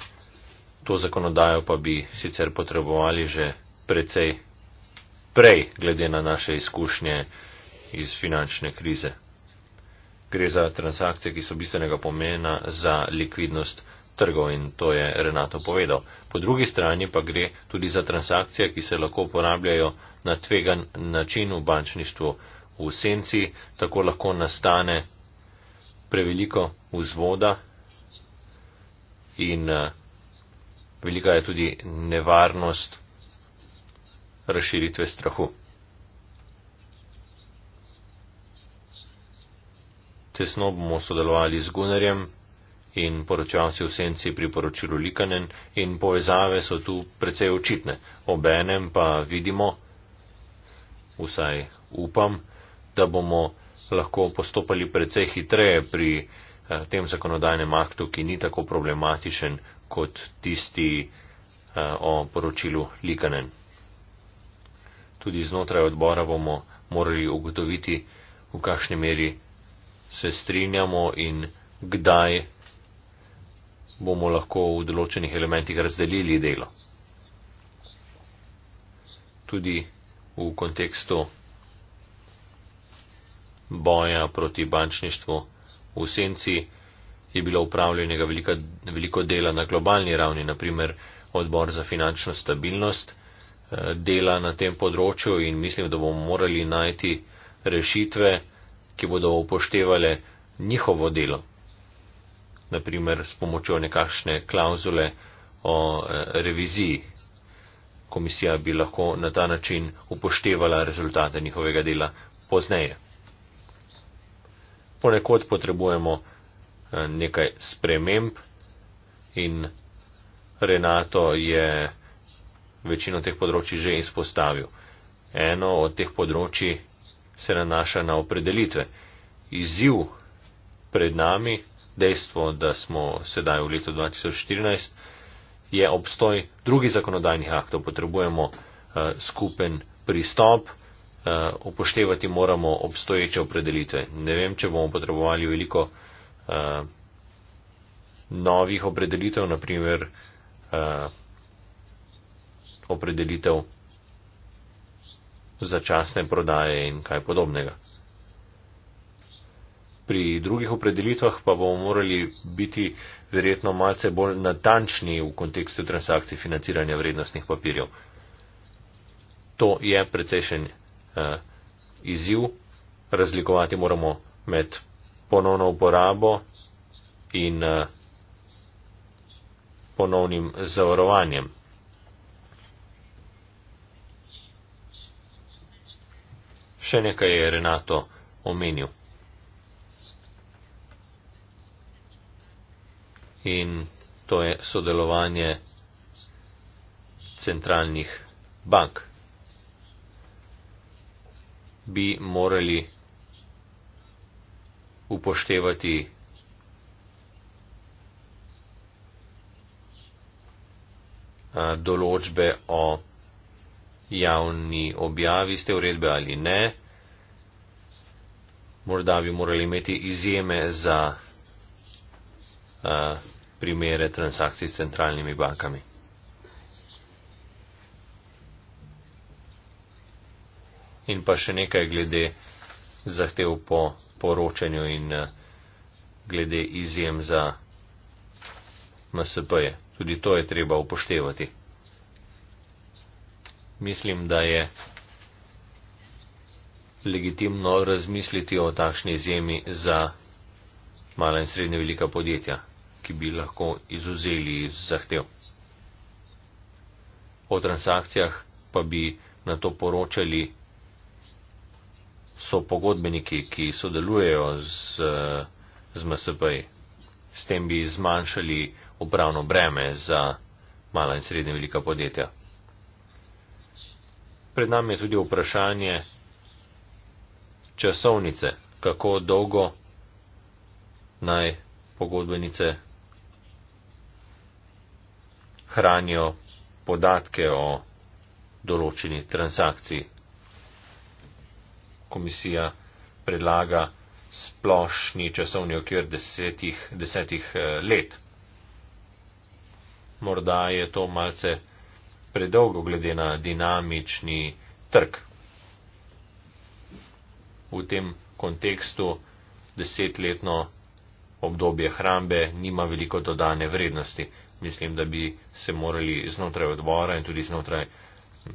to zakonodajo pa bi sicer potrebovali že precej prej, glede na naše izkušnje iz finančne krize gre za transakcije, ki so bistvenega pomena za likvidnost trgov in to je Renato povedal. Po drugi strani pa gre tudi za transakcije, ki se lahko uporabljajo na tvegan način v bančništvu v senci, tako lahko nastane preveliko vzvoda in eh, velika je tudi nevarnost razširitve strahu. tesno bomo sodelovali z Gunarjem in poročevalci v senci priporočilo Likanen in povezave so tu precej očitne. Obenem pa vidimo, vsaj upam, da bomo lahko postopali precej hitreje pri eh, tem zakonodajnem aktu, ki ni tako problematičen kot tisti eh, o poročilu Likanen. Tudi znotraj odbora bomo morali ugotoviti, v kakšni meri se strinjamo in kdaj bomo lahko v določenih elementih razdelili delo. Tudi v kontekstu boja proti bančništvu v senci je bilo upravljenega velika, veliko dela na globalni ravni, naprimer odbor za finančno stabilnost eh, dela na tem področju in mislim, da bomo morali najti rešitve, ki bodo upoštevale njihovo delo. Naprimer s pomočjo nekakšne klauzule o eh, reviziji. Komisija bi lahko na ta način upoštevala rezultate njihovega dela pozneje. Ponekod potrebujemo eh, nekaj sprememb in Renato je večino teh področji že izpostavil. Eno od teh področji se nanaša na opredelitve. Izziv pred nami, dejstvo, da smo sedaj v letu 2014, je obstoj drugih zakonodajnih aktov. Potrebujemo uh, skupen pristop, uh, upoštevati moramo obstoječe opredelitve. Ne vem, če bomo potrebovali veliko uh, novih opredelitev, naprimer uh, opredelitev začasne prodaje in kaj podobnega. Pri drugih opredelitvah pa bomo morali biti verjetno malce bolj natančni v kontekstu transakcij financiranja vrednostnih papirjev. To je precejšen eh, izziv. Razlikovati moramo med ponovno uporabo in eh, ponovnim zavarovanjem. Še nekaj je Renato omenil. In to je sodelovanje centralnih bank. Bi morali upoštevati določbe o javni objavi iz te uredbe ali ne. Morda bi morali imeti izjeme za uh, primere transakcij s centralnimi bankami. In pa še nekaj glede zahtev po poročanju in uh, glede izjem za MSP-je. Tudi to je treba upoštevati mislim, da je legitimno razmisliti o takšni izjemi za mala in srednje velika podjetja, ki bi lahko izuzeli iz zahtev. O transakcijah pa bi na to poročali so pogodbeniki, ki sodelujejo z, z MSP. S tem bi zmanjšali upravno breme za mala in srednje velika podjetja. Pred nami je tudi vprašanje časovnice, kako dolgo naj pogodbenice hranijo podatke o določeni transakciji. Komisija predlaga splošni časovni okvir desetih, desetih eh, let. Morda je to malce predolgo glede na dinamični trg. V tem kontekstu desetletno obdobje hrambe nima veliko dodane vrednosti. Mislim, da bi se morali znotraj odbora in tudi znotraj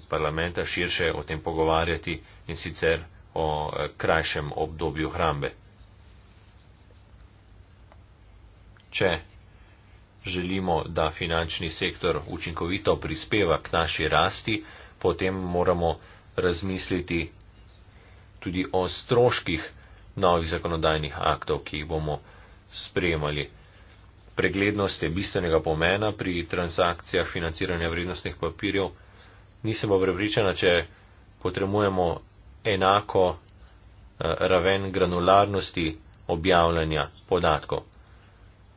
parlamenta širše o tem pogovarjati in sicer o eh, krajšem obdobju hrambe. Če želimo, da finančni sektor učinkovito prispeva k naši rasti, potem moramo razmisliti tudi o stroških novih zakonodajnih aktov, ki jih bomo sprejemali. Preglednost je bistvenega pomena pri transakcijah financiranja vrednostnih papirjev. Nisem pa prepričana, če potrebujemo enako eh, raven granularnosti objavljanja podatkov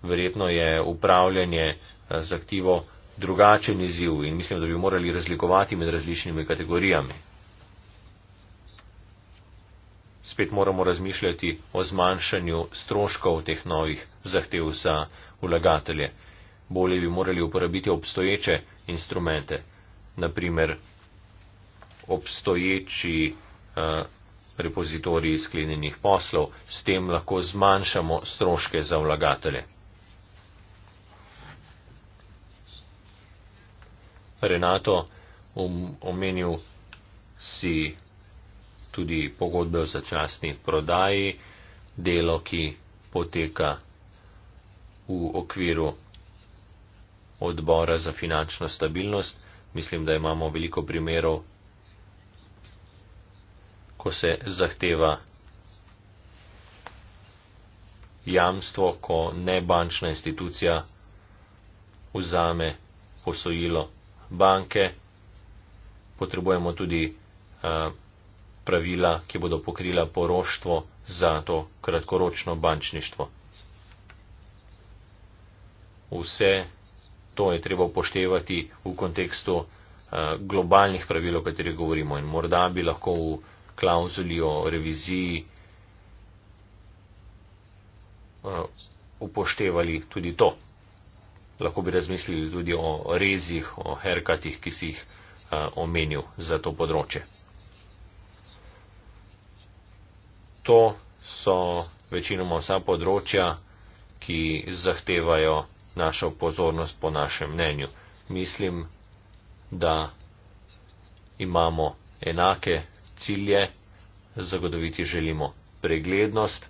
verjetno je upravljanje eh, z aktivo drugačen izziv in mislim, da bi morali razlikovati med različnimi kategorijami. Spet moramo razmišljati o zmanjšanju stroškov teh novih zahtev za vlagatelje. Bolje bi morali uporabiti obstoječe instrumente, naprimer obstoječi uh, eh, repozitoriji sklenjenih poslov, s tem lahko zmanjšamo stroške za vlagatelje. Renato, omenil si tudi pogodbe o začasni prodaji, delo, ki poteka v okviru odbora za finančno stabilnost. Mislim, da imamo veliko primerov, ko se zahteva jamstvo, ko ne bančna institucija vzame posojilo banke, potrebujemo tudi eh, pravila, ki bodo pokrila poroštvo za to kratkoročno bančništvo. Vse to je treba upoštevati v kontekstu eh, globalnih pravil, o katerih govorimo in morda bi lahko v klauzuli o reviziji eh, upoštevali tudi to lahko bi razmislili tudi o rezih, o herkatih, ki si jih eh, omenil za to področje. To so večinoma vsa področja, ki zahtevajo našo pozornost po našem mnenju. Mislim, da imamo enake cilje, zagotoviti želimo preglednost.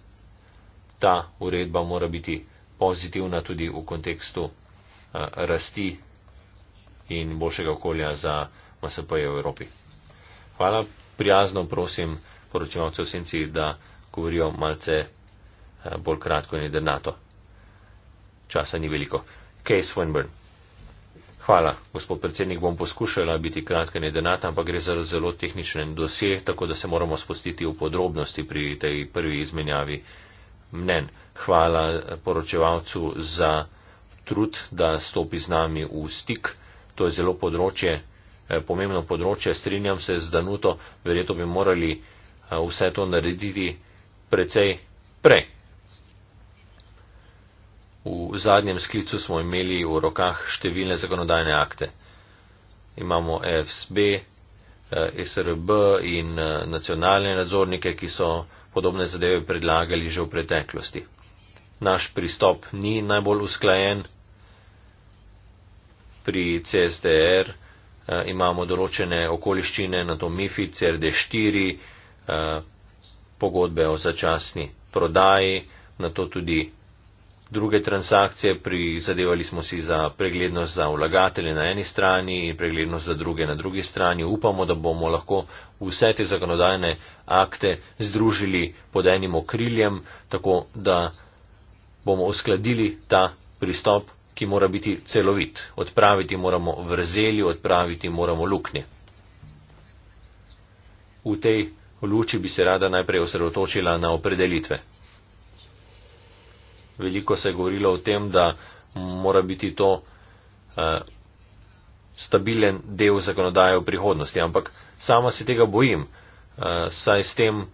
Ta uredba mora biti pozitivna tudi v kontekstu rasti in boljšega okolja za MSP v Evropi. Hvala, prijazno prosim poročevalce v senci, da govorijo malce bolj kratko in jedrnato. Časa ni veliko. Kay Swinburne. Hvala, gospod predsednik, bom poskušala biti kratka in jedrnata, ampak gre za zelo tehnične dosje, tako da se moramo spustiti v podrobnosti pri tej prvi izmenjavi mnen. Hvala poročevalcu za trud, da stopi z nami v stik. To je zelo področje, eh, pomembno področje, strinjam se z Danuto, verjetno bi morali eh, vse to narediti precej prej. V zadnjem sklicu smo imeli v rokah številne zakonodajne akte. Imamo FSB, eh, SRB in nacionalne nadzornike, ki so podobne zadeve predlagali že v preteklosti. Naš pristop ni najbolj usklajen pri CSDR eh, imamo določene okoliščine, na to MIFID, CRD4, eh, pogodbe o začasni prodaji, na to tudi druge transakcije, prizadevali smo si za preglednost za vlagatelje na eni strani in preglednost za druge na drugi strani. Upamo, da bomo lahko vse te zakonodajne akte združili pod enim okriljem, tako da bomo uskladili ta pristop ki mora biti celovit. Odpraviti moramo vrzeli, odpraviti moramo luknje. V tej luči bi se rada najprej osredotočila na opredelitve. Veliko se je govorilo o tem, da mora biti to uh, stabilen del zakonodaje v prihodnosti, ampak sama se tega bojim, uh, saj s tem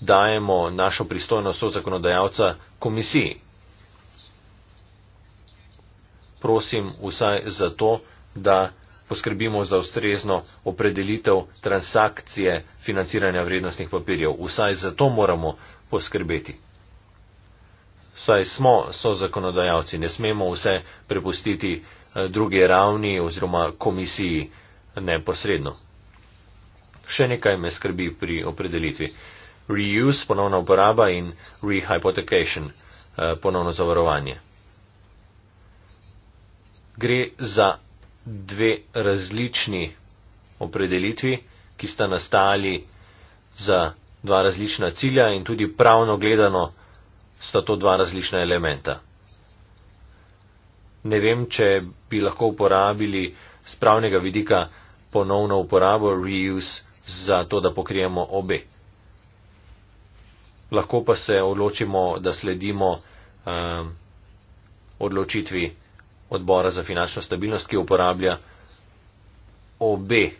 dajemo našo pristojnost od zakonodajalca komisiji, prosim vsaj za to, da poskrbimo za ustrezno opredelitev transakcije financiranja vrednostnih papirjev. Vsaj za to moramo poskrbeti. Vsaj smo, so zakonodajalci, ne smemo vse prepustiti eh, drugi ravni oziroma komisiji neposredno. Še nekaj me skrbi pri opredelitvi. Reuse, ponovna uporaba in rehypothecation, eh, ponovno zavarovanje gre za dve različni opredelitvi, ki sta nastali za dva različna cilja in tudi pravno gledano sta to dva različna elementa. Ne vem, če bi lahko uporabili z pravnega vidika ponovno uporabo reuse za to, da pokrijemo obe. Lahko pa se odločimo, da sledimo um, odločitvi odbora za finančno stabilnost, ki uporablja obe.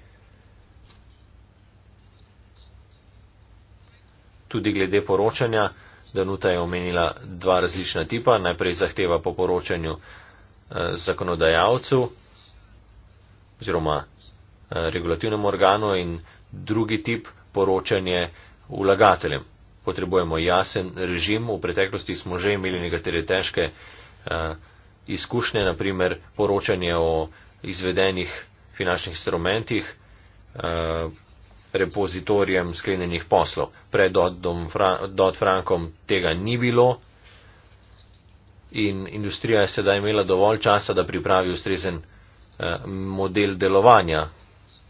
Tudi glede poročanja, Danuta je omenila dva različna tipa. Najprej zahteva po poročanju eh, zakonodajalcu oziroma eh, regulativnemu organu in drugi tip poročanje vlagateljem. Potrebujemo jasen režim. V preteklosti smo že imeli nekatere težke eh, izkušnje, naprimer poročanje o izvedenih finančnih instrumentih, eh, repozitorijem sklenjenih poslov. Pred Dot Frankom tega ni bilo in industrija je sedaj imela dovolj časa, da pripravi ustrezen eh, model delovanja,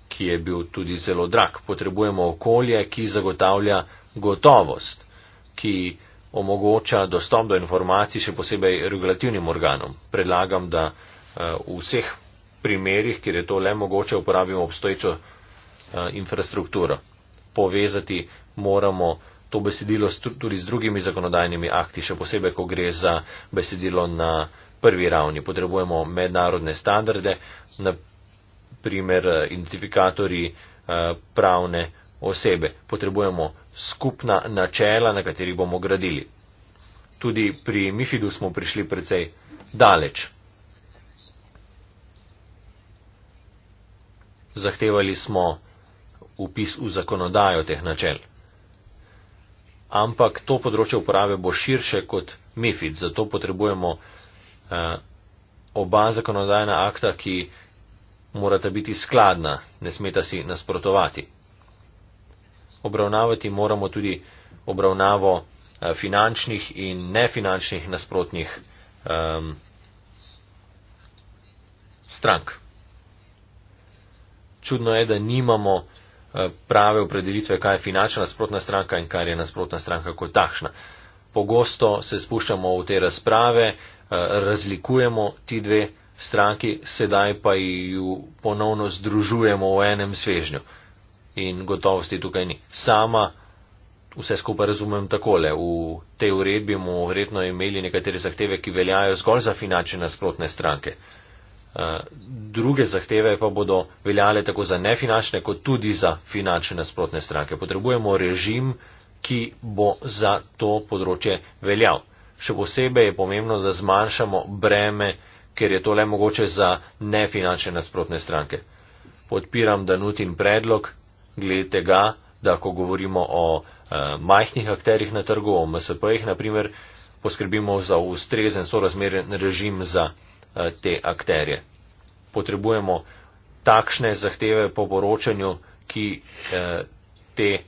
ki je bil tudi zelo drag. Potrebujemo okolje, ki zagotavlja gotovost, ki omogoča dostop do informacij še posebej regulativnim organom. Predlagam, da eh, v vseh primerjih, kjer je to le mogoče, uporabimo obstoječo eh, infrastrukturo. Povezati moramo to besedilo tudi z drugimi zakonodajnimi akti, še posebej, ko gre za besedilo na prvi ravni. Potrebujemo mednarodne standarde, naprimer eh, identifikatori pravne osebe, potrebujemo skupna načela, na katerih bomo gradili. Tudi pri Mifidu smo prišli precej daleč. Zahtevali smo upis v zakonodajo teh načel. Ampak to področje uporabe bo širše kot Mifid, zato potrebujemo eh, oba zakonodajna akta, ki morata biti skladna, ne smeta si nasprotovati obravnavati moramo tudi obravnavo eh, finančnih in nefinančnih nasprotnih um, strank. Čudno je, da nimamo eh, prave opredelitve, kaj je finančna nasprotna stranka in kaj je nasprotna stranka kot takšna. Pogosto se spuščamo v te razprave, eh, razlikujemo ti dve stranki, sedaj pa ju ponovno združujemo v enem svežnju in gotovosti tukaj ni. Sama vse skupaj razumem takole. V tej uredbi bomo verjetno imeli nekatere zahteve, ki veljajo zgolj za finančne nasprotne stranke. Eh, druge zahteve pa bodo veljale tako za nefinančne, kot tudi za finančne nasprotne stranke. Potrebujemo režim, ki bo za to področje veljal. Še posebej je pomembno, da zmanjšamo breme, ker je to le mogoče za nefinančne nasprotne stranke. Podpiram Danutin predlog, glede tega, da ko govorimo o eh, majhnih akterjih na trgu, o MSP-jih, naprimer, poskrbimo za ustrezen sorazmeren režim za eh, te akterje. Potrebujemo takšne zahteve po poročanju, ki eh, te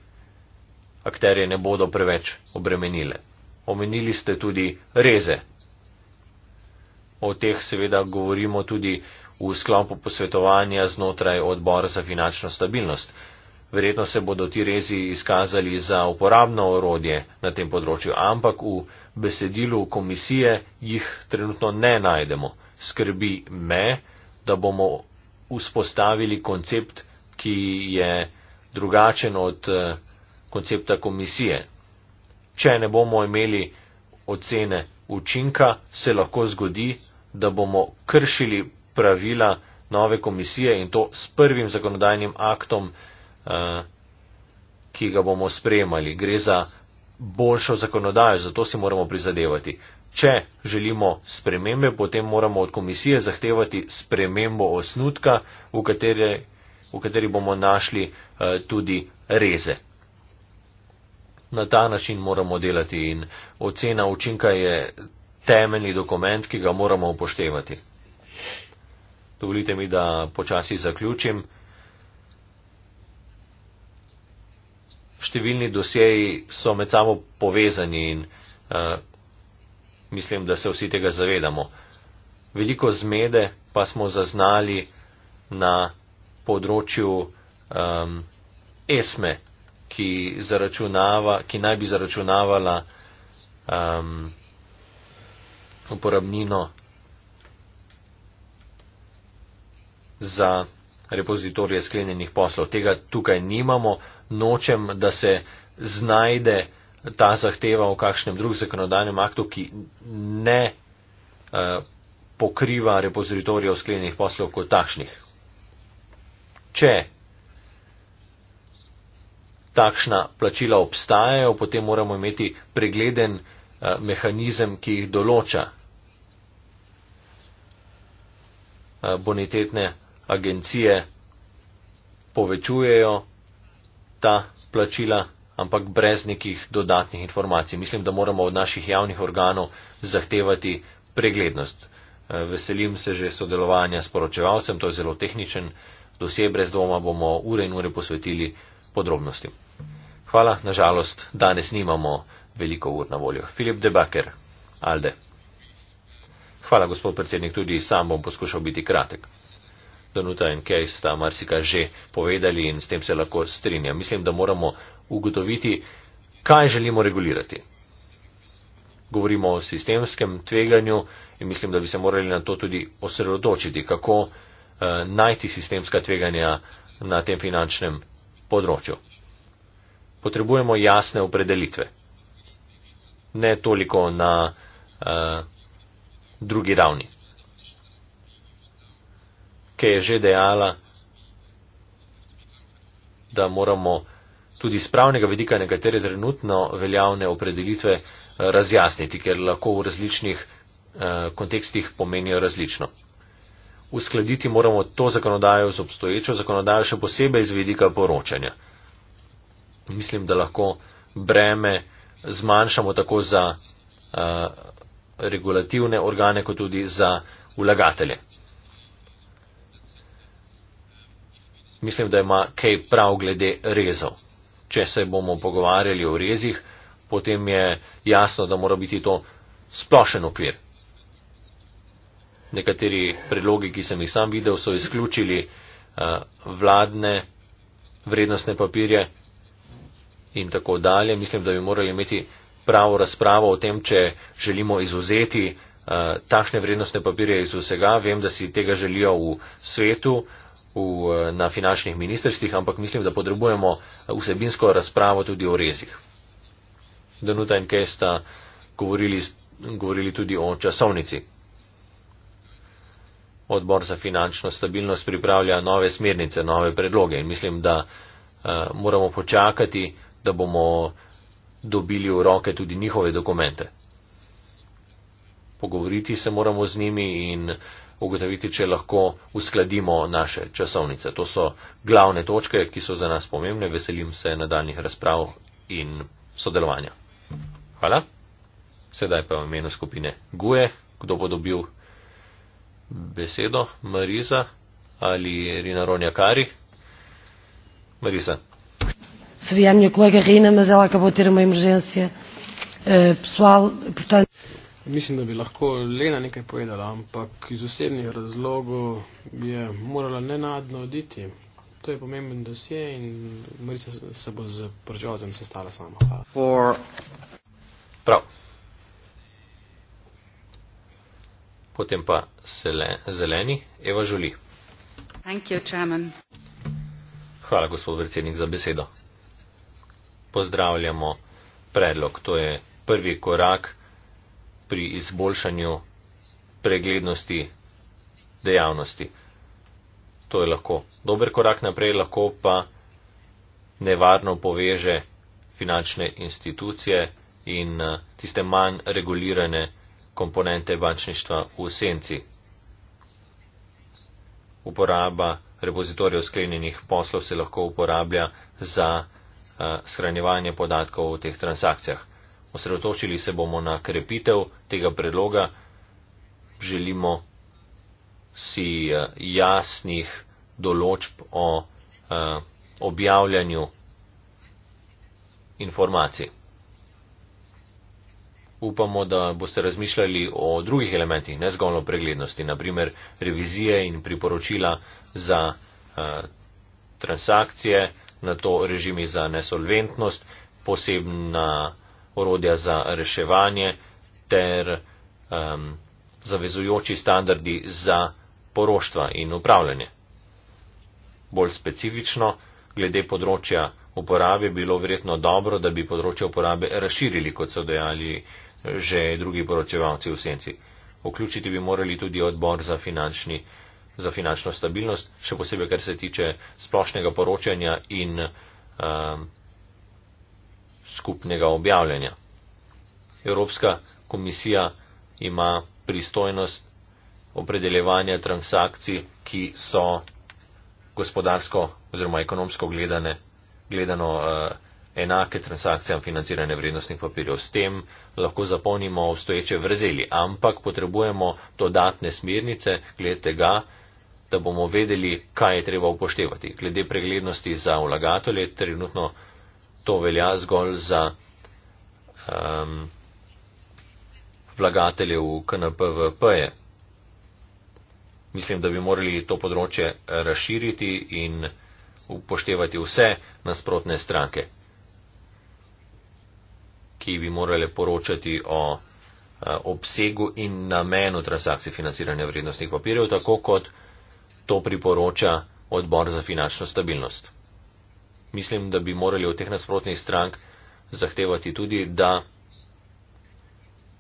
akterje ne bodo preveč obremenile. Omenili ste tudi reze. O teh seveda govorimo tudi v sklopu posvetovanja znotraj odbora za finančno stabilnost. Eh, Verjetno se bodo ti rezi izkazali za uporabno orodje na tem področju, ampak v besedilu komisije jih trenutno ne najdemo. Skrbi me, da bomo vzpostavili koncept, ki je drugačen od eh, koncepta komisije. Če ne bomo imeli ocene učinka, se lahko zgodi, da bomo kršili pravila nove komisije in to s prvim zakonodajnim aktom, Eh, ki ga bomo spremali. Gre za boljšo zakonodajo, zato si moramo prizadevati. Če želimo spremembe, potem moramo od komisije zahtevati spremembo osnutka, v kateri, v kateri bomo našli eh, tudi reze. Na ta način moramo delati in ocena učinka je temeljni dokument, ki ga moramo upoštevati. Dovolite mi, da počasi zaključim. številni dosjeji so med samo povezani in uh, mislim, da se vsi tega zavedamo. Veliko zmede pa smo zaznali na področju um, esme, ki, ki naj bi zaračunavala um, uporabnino za repozitorije sklenjenih poslov. Tega tukaj nimamo, nočem, da se znajde ta zahteva v kakšnem drugem zakonodajnem aktu, ki ne uh, pokriva repozitorije sklenjenih poslov kot takšnih. Če takšna plačila obstajajo, potem moramo imeti pregleden uh, mehanizem, ki jih določa eh, bonitetne agencije povečujejo ta plačila, ampak brez nekih dodatnih informacij. Mislim, da moramo od naših javnih organov zahtevati preglednost. Eh, veselim se že sodelovanja s poročevalcem, to je zelo tehničen dosje, brez doma bomo ure in ure posvetili podrobnosti. Hvala, nažalost, danes nimamo veliko ur na voljo. Filip Debaker, Alde. Hvala, gospod predsednik, tudi sam bom poskušal biti kratek. Danuta in Kej sta marsikaj že povedali in s tem se lahko strinjam. Mislim, da moramo ugotoviti, kaj želimo regulirati. Govorimo o sistemskem tveganju in mislim, da bi se morali na to tudi osredotočiti, kako eh, najti sistemska tveganja na tem finančnem področju. Potrebujemo jasne opredelitve. Ne toliko na eh, drugi ravni ki je že dejala, da moramo tudi z pravnega vidika nekatere trenutno veljavne opredelitve eh, razjasniti, ker lahko v različnih eh, kontekstih pomenijo različno. Uskladiti moramo to zakonodajo z obstoječo zakonodajo, še posebej z vidika poročanja. Mislim, da lahko breme zmanjšamo tako za uh, regulativne organe, kot tudi za vlagatelje. mislim, da ima kaj prav glede rezov. Če se bomo pogovarjali o rezih, potem je jasno, da mora biti to splošen okvir. Nekateri predlogi, ki sem jih sam videl, so izključili uh, vladne vrednostne papirje in tako dalje. Mislim, da bi morali imeti pravo razpravo o tem, če želimo izuzeti uh, takšne vrednostne papirje iz vsega. Vem, da si tega želijo v svetu, uh, v, na finančnih ministrstvih, ampak mislim, da potrebujemo vsebinsko razpravo tudi o rezih. Danuta in Kej sta govorili, govorili tudi o časovnici. Odbor za finančno stabilnost pripravlja nove smernice, nove predloge in mislim, da uh, moramo počakati, da bomo dobili v roke tudi njihove dokumente pogovoriti se moramo z njimi in ugotoviti, če lahko uskladimo naše časovnice. To so glavne točke, ki so za nas pomembne. Veselim se nadaljnih razprav in sodelovanja. Hvala. Sedaj pa v imenu skupine Guje, kdo bo dobil besedo? Mariza ali Rina Ronja Kari? Mariza. Seria a minha colega Rina, mas ela acabou de ter uma emergência uh, pessoal, portanto. Mislim, da bi lahko Lena nekaj povedala, ampak iz osebnih razlogov je morala nenadno oditi. To je pomemben dosje in Marica se bo z poročevalcem sestala sama. Hvala. For... Prav. Potem pa zeleni Eva Žuli. Thank you, chairman. Hvala, gospod predsednik, za besedo. Pozdravljamo predlog. To je prvi korak pri izboljšanju preglednosti dejavnosti. To je lahko dober korak naprej, lahko pa nevarno poveže finančne institucije in eh, tiste manj regulirane komponente bančništva v senci. Uporaba repozitorijev sklenjenih poslov se lahko uporablja za uh, shranjevanje podatkov o teh transakcijah osredotočili se bomo na krepitev tega predloga, želimo si eh, jasnih določb o eh, objavljanju informacij. Upamo, da boste razmišljali o drugih elementih, ne zgolj o preglednosti, naprimer revizije in priporočila za eh, transakcije, na to režimi za nesolventnost, posebna orodja za reševanje ter um, zavezujoči standardi za poroštva in upravljanje. Bolj specifično, glede področja uporabe bilo verjetno dobro, da bi področje uporabe razširili, kot so dejali eh, že drugi poročevalci v senci. Vključiti bi morali tudi odbor za, finančni, za finančno stabilnost, še posebej, ker se tiče splošnega poročanja in um, skupnega objavljanja. Evropska komisija ima pristojnost opredeljevanja transakcij, ki so gospodarsko oziroma ekonomsko gledane, gledano eh, enake transakcijam financiranja vrednostnih papirjev. S tem lahko zapolnimo obstoječe vrzeli, ampak potrebujemo dodatne smernice glede tega, da bomo vedeli, kaj je treba upoštevati. Glede preglednosti za vlagatelje trenutno to velja zgolj za um, vlagatelje v KNPVP-je. Mislim, da bi morali to področje razširiti in upoštevati vse nasprotne stranke, ki bi morale poročati o eh, obsegu in namenu transakcij financiranja vrednostnih papirjev, tako kot to priporoča odbor za finančno stabilnost mislim, da bi morali od teh nasprotnih strank zahtevati tudi, da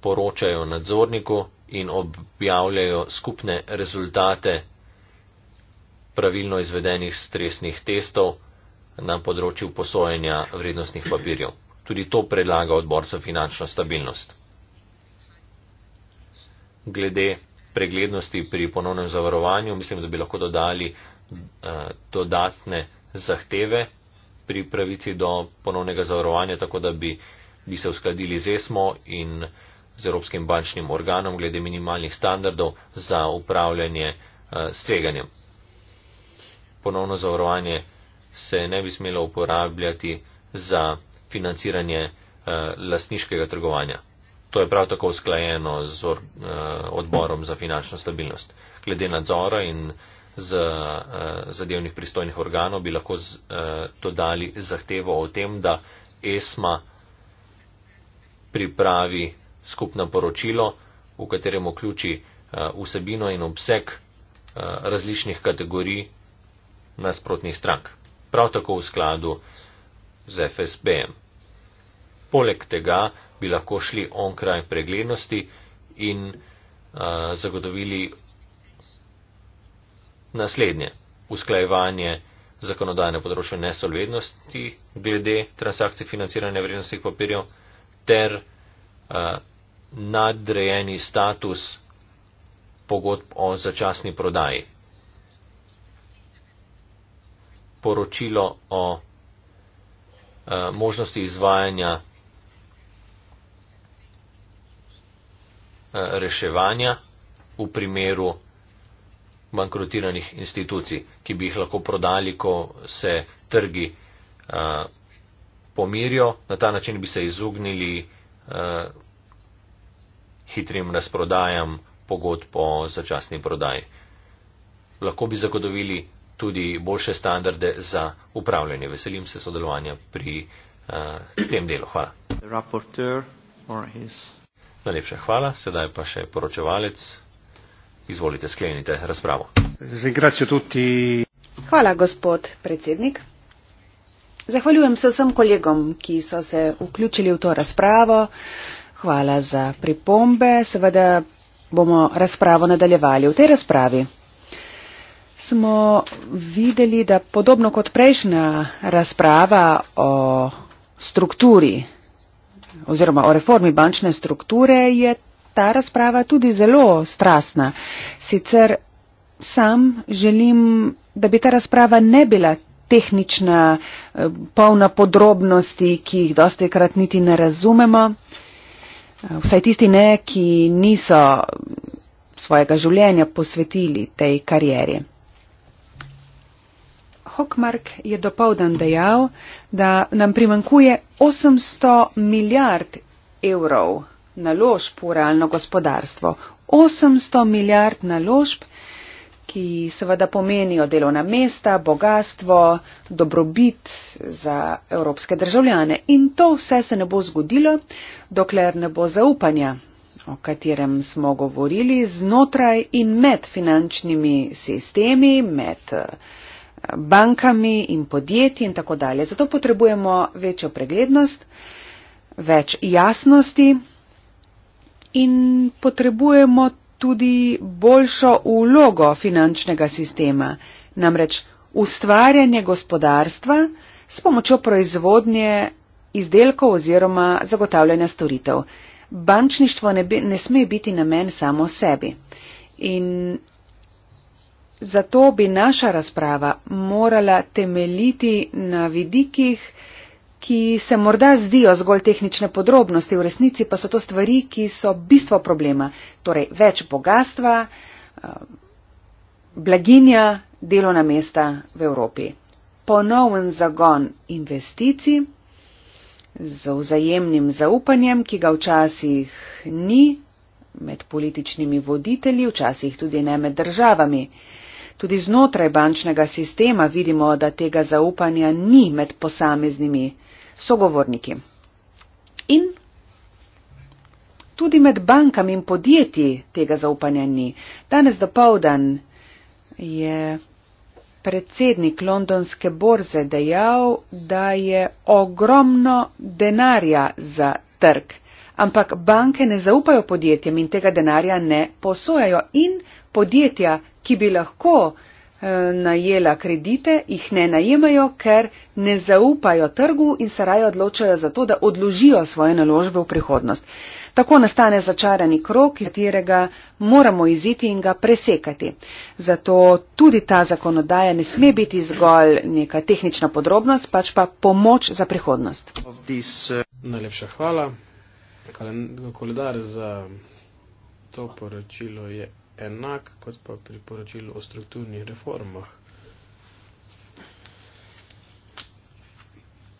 poročajo nadzorniku in objavljajo skupne rezultate pravilno izvedenih stresnih testov na področju posojanja vrednostnih papirjev. Tudi to predlaga odbor za finančno stabilnost. Glede preglednosti pri ponovnem zavarovanju, mislim, da bi lahko dodali uh, dodatne zahteve pri pravici do ponovnega zavarovanja, tako da bi, bi se uskladili z ESMO in z Evropskim bančnim organom glede minimalnih standardov za upravljanje uh, s tveganjem. Ponovno zavarovanje se ne bi smelo uporabljati za financiranje uh, lastniškega trgovanja. To je prav tako usklajeno z or, uh, odborom za finančno stabilnost. Glede nadzora in uh, z eh, zadevnih pristojnih organov, bi lahko z, eh, to dali zahtevo o tem, da ESMA pripravi skupno poročilo, v katerem vključi eh, vsebino in obseg različnih kategorij nasprotnih strank. Prav tako v skladu z FSB-em. Poleg tega bi lahko šli onkraj preglednosti in uh, zagotovili naslednje. Usklajevanje zakonodajne področje nesolvednosti glede transakcij financiranja vrednostnih papirjev ter uh, nadrejeni status pogodb o začasni prodaji. Poročilo o uh, možnosti izvajanja uh, reševanja v primeru bankrotiranih institucij, ki bi jih lahko prodali, ko se trgi a, pomirijo. Na ta način bi se izognili hitrim razprodajam pogod po začasni prodaji. Lahko bi zagotovili tudi boljše standarde za upravljanje. Veselim se sodelovanja pri a, tem delu. Hvala. Najlepša hvala, sedaj pa še poročevalec. Izvolite, sklenite razpravo. Hvala, gospod predsednik. Zahvaljujem se vsem kolegom, ki so se vključili v to razpravo. Hvala za pripombe. Seveda bomo razpravo nadaljevali v tej razpravi. Smo videli, da podobno kot prejšnja razprava o strukturi oziroma o reformi bančne strukture je ta razprava tudi zelo strastna. Sicer sam želim, da bi ta razprava ne bila tehnična, eh, polna podrobnosti, ki jih dosti krat niti ne razumemo, eh, vsaj tisti ne, ki niso svojega življenja posvetili tej karieri. Hokmark je dopovdan dejal, da nam primankuje 800 milijard evrov naložb v realno gospodarstvo. 800 milijard naložb, ki seveda pomenijo delovna mesta, bogatstvo, dobrobit za evropske državljane. In to vse se ne bo zgodilo, dokler ne bo zaupanja, o katerem smo govorili, znotraj in med finančnimi sistemi, med eh, bankami in podjetji in tako dalje. Zato potrebujemo večjo preglednost, več jasnosti, in potrebujemo tudi boljšo vlogo finančnega sistema, namreč ustvarjanje gospodarstva s pomočjo proizvodnje izdelkov oziroma zagotavljanja storitev. Bančništvo ne, bi, ne sme biti namen samo sebi. In zato bi naša razprava morala temeljiti na vidikih, ki se morda zdijo zgolj tehnične podrobnosti, v resnici pa so to stvari, ki so bistvo problema. Torej, več bogatstva, eh, blaginja, delovna mesta v Evropi. Ponoven zagon investicij z vzajemnim zaupanjem, ki ga včasih ni med političnimi voditelji, včasih tudi ne med državami. Tudi znotraj bančnega sistema vidimo, da tega zaupanja ni med posameznimi sogovorniki. In tudi med bankami in podjetji tega zaupanja ni. Danes dopovdan je predsednik londonske borze dejal, da je ogromno denarja za trg, ampak banke ne zaupajo podjetjem in tega denarja ne posojajo in podjetja, ki bi lahko Eh, najela kredite, jih ne najemajo, ker ne zaupajo trgu in se raje odločajo za to, da odložijo svoje naložbe v prihodnost. Tako nastane začarani krok, iz katerega moramo iziti in ga presekati. Zato tudi ta zakonodaja ne sme biti zgolj neka tehnična podrobnost, pač pa pomoč za prihodnost. Najlepša hvala. Koledar za to poročilo je enak kot pa priporočil o strukturnih reformah.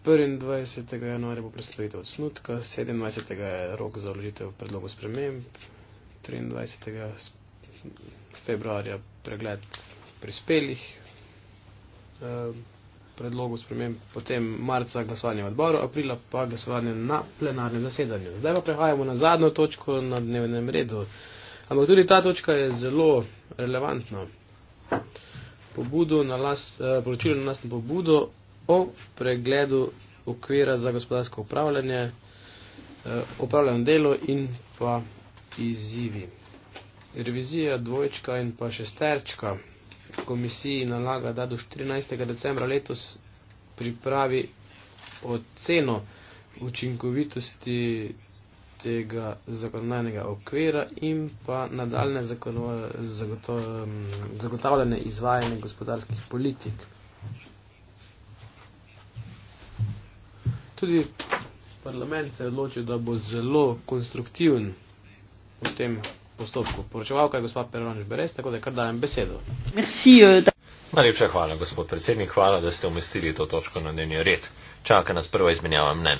21. januarja bo predstavitev odsnutka, 27. je rok za vložitev predlogov sprememb, 23. februarja pregled prispelih eh, predlogov sprememb, potem marca glasovanje v odboru, aprila pa glasovanje na plenarnem zasedanju. Zdaj pa prehajamo na zadnjo točko na dnevnem redu. Ampak tudi ta točka je zelo relevantna. Eh, poročilo na lastno pobudo o pregledu okvira za gospodarsko upravljanje, upravljanje eh, delo in pa izzivi. Revizija dvojčka in pa šesterčka komisiji nalaga, da do 14. decembra letos pripravi oceno učinkovitosti tega zakonodajnega okvira in pa nadaljne zagotavljanje izvajanja gospodarskih politik. Tudi parlament se je odločil, da bo zelo konstruktiven v tem postopku. Poročevalka je gospod Peronič Beres, tako da kar dajem besedo. Merci, euh, Najlepša hvala, gospod predsednik. Hvala, da ste umestili to točko na dnevni red. Čaka nas prva izmenjava mnen.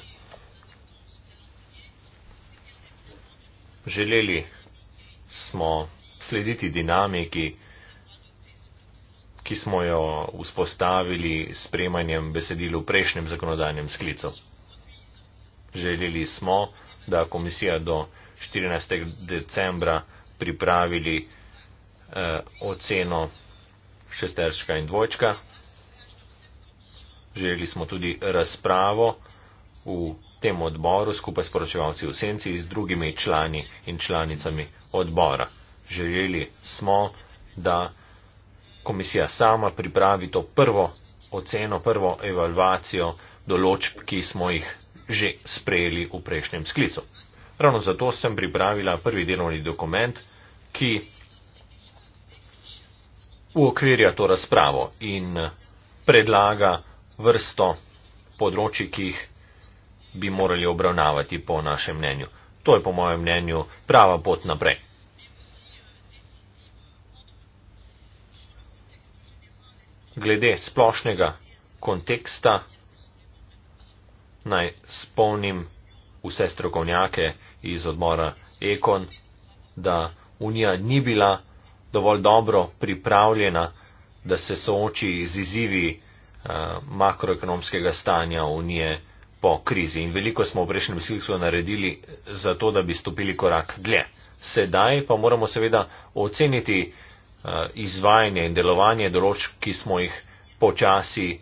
Želeli smo slediti dinamiki, ki smo jo vzpostavili s premanjem besedil v prejšnjem zakonodajnem sklicu. Želeli smo, da komisija do 14. decembra pripravili eh, oceno šesterčka in dvojčka. Želeli smo tudi razpravo v tem odboru skupaj s poročevalci v senci in z drugimi člani in članicami odbora. Želeli smo, da komisija sama pripravi to prvo oceno, prvo evalvacijo določb, ki smo jih že sprejeli v prejšnjem sklicu. Ravno zato sem pripravila prvi delovni dokument, ki uokvirja to razpravo in predlaga vrsto področji, ki jih bi morali obravnavati po našem mnenju. To je po mojem mnenju prava pot naprej. Glede splošnega konteksta naj spomnim vse strokovnjake iz odmora Ekon, da Unija ni bila dovolj dobro pripravljena, da se sooči z izzivi uh, makroekonomskega stanja Unije po krizi in veliko smo v prejšnjem ciklu naredili za to, da bi stopili korak dlje. Sedaj pa moramo seveda oceniti eh, izvajanje in delovanje določb, ki smo jih počasi eh,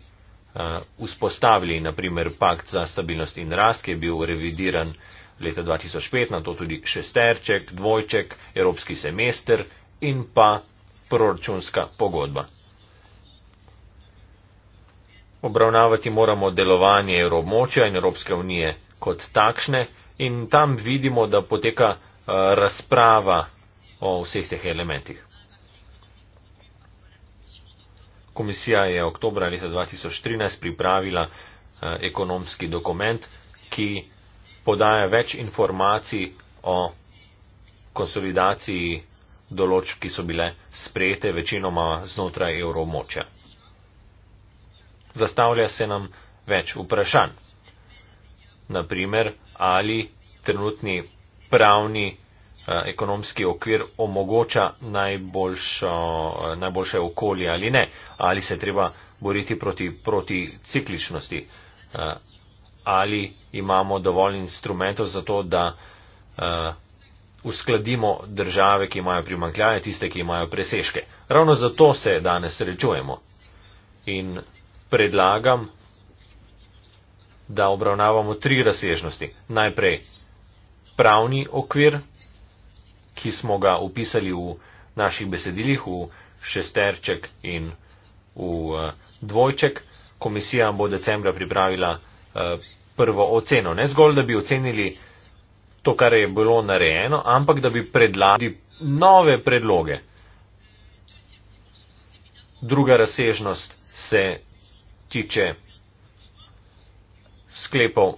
vzpostavili, naprimer pakt za stabilnost in rast, ki je bil revidiran leta 2005, na to tudi šesterček, dvojček, evropski semester in pa proračunska pogodba. Obravnavati moramo delovanje evromočja in Evropske unije kot takšne in tam vidimo, da poteka eh, razprava o vseh teh elementih. Komisija je oktobra leta 2013 pripravila eh, ekonomski dokument, ki podaja več informacij o konsolidaciji določb, ki so bile sprejete večinoma znotraj evromočja zastavlja se nam več vprašanj. Naprimer, ali trenutni pravni eh, ekonomski okvir omogoča najboljšo, eh, najboljše okolje ali ne, ali se treba boriti proti, proti cikličnosti, eh, ali imamo dovolj instrumentov za to, da uskladimo države, ki imajo primankljaje, tiste, ki imajo preseške. Ravno zato se danes srečujemo. In predlagam, da obravnavamo tri razsežnosti. Najprej pravni okvir, ki smo ga upisali v naših besedilih, v šesterček in v eh, dvojček. Komisija bo decembra pripravila eh, prvo oceno. Ne zgolj, da bi ocenili to, kar je bilo narejeno, ampak da bi predlagali nove predloge. Druga razsežnost se tiče sklepov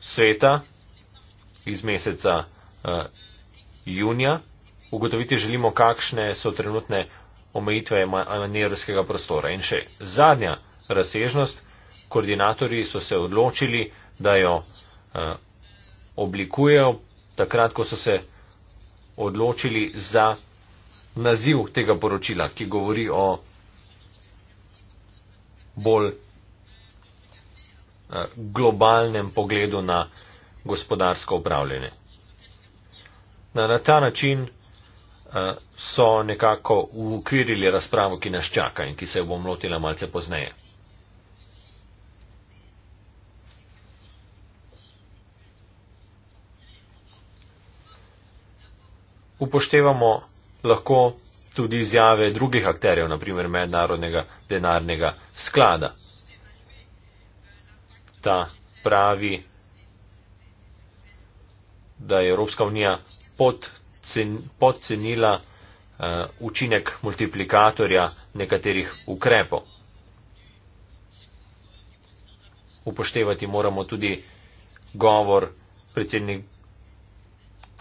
sveta iz meseca eh, junija. Ugotoviti želimo, kakšne so trenutne omejitve manevrskega prostora. In še zadnja razsežnost, koordinatori so se odločili, da jo eh, oblikujejo takrat, ko so se odločili za naziv tega poročila, ki govori o bolj eh, globalnem pogledu na gospodarsko upravljanje. Na, na ta način eh, so nekako ukvirili razpravo, ki nas čaka in ki se bom lotila malce pozneje. Upoštevamo lahko tudi izjave drugih akterjev, naprimer mednarodnega denarnega sklada. Ta pravi, da je Evropska unija podcen, podcenila uh, učinek multiplikatorja nekaterih ukrepov. Upoštevati moramo tudi govor predsednika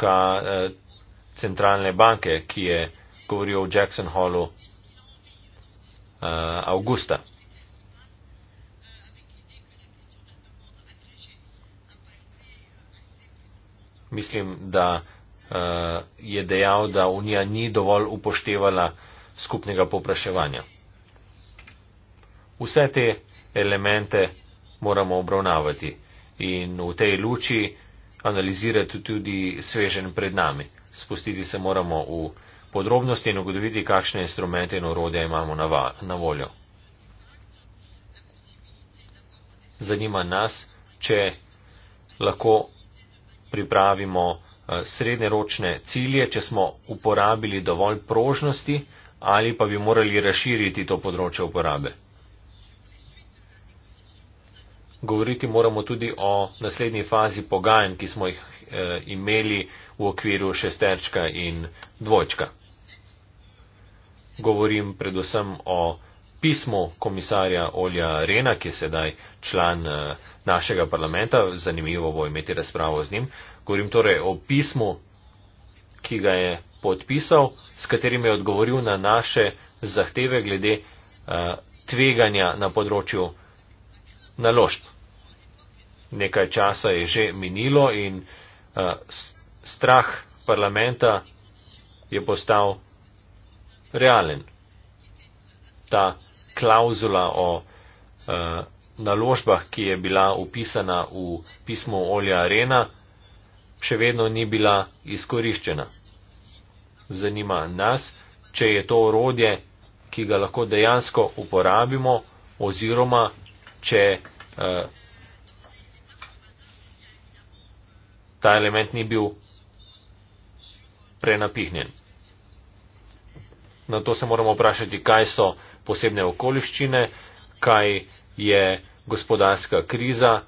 uh, centralne banke, ki je govorijo v Jackson Hallu uh, avgusta. Mislim, da uh, je dejal, da Unija ni dovolj upoštevala skupnega popraševanja. Vse te elemente moramo obravnavati in v tej luči analizirati tudi svežen pred nami. Spustiti se moramo v podrobnosti in ugotoviti, kakšne instrumente in orodje imamo na, na voljo. Zanima nas, če lahko pripravimo eh, srednjeročne cilje, če smo uporabili dovolj prožnosti ali pa bi morali razširiti to področje uporabe. Govoriti moramo tudi o naslednji fazi pogajanj, ki smo jih e, imeli v okviru šesterčka in dvojčka govorim predvsem o pismu komisarja Olja Rena, ki je sedaj član eh, našega parlamenta, zanimivo bo imeti razpravo z njim. Govorim torej o pismu, ki ga je podpisal, s katerim je odgovoril na naše zahteve glede eh, tveganja na področju naložb. Nekaj časa je že minilo in uh, strah parlamenta je postal realen. Ta klauzula o uh, naložbah, ki je bila upisana v pismo Olja Arena, še vedno ni bila izkoriščena. Zanima nas, če je to orodje, ki ga lahko dejansko uporabimo, oziroma če uh, ta element ni bil prenapihnjen na to se moramo vprašati, kaj so posebne okoliščine, kaj je gospodarska kriza,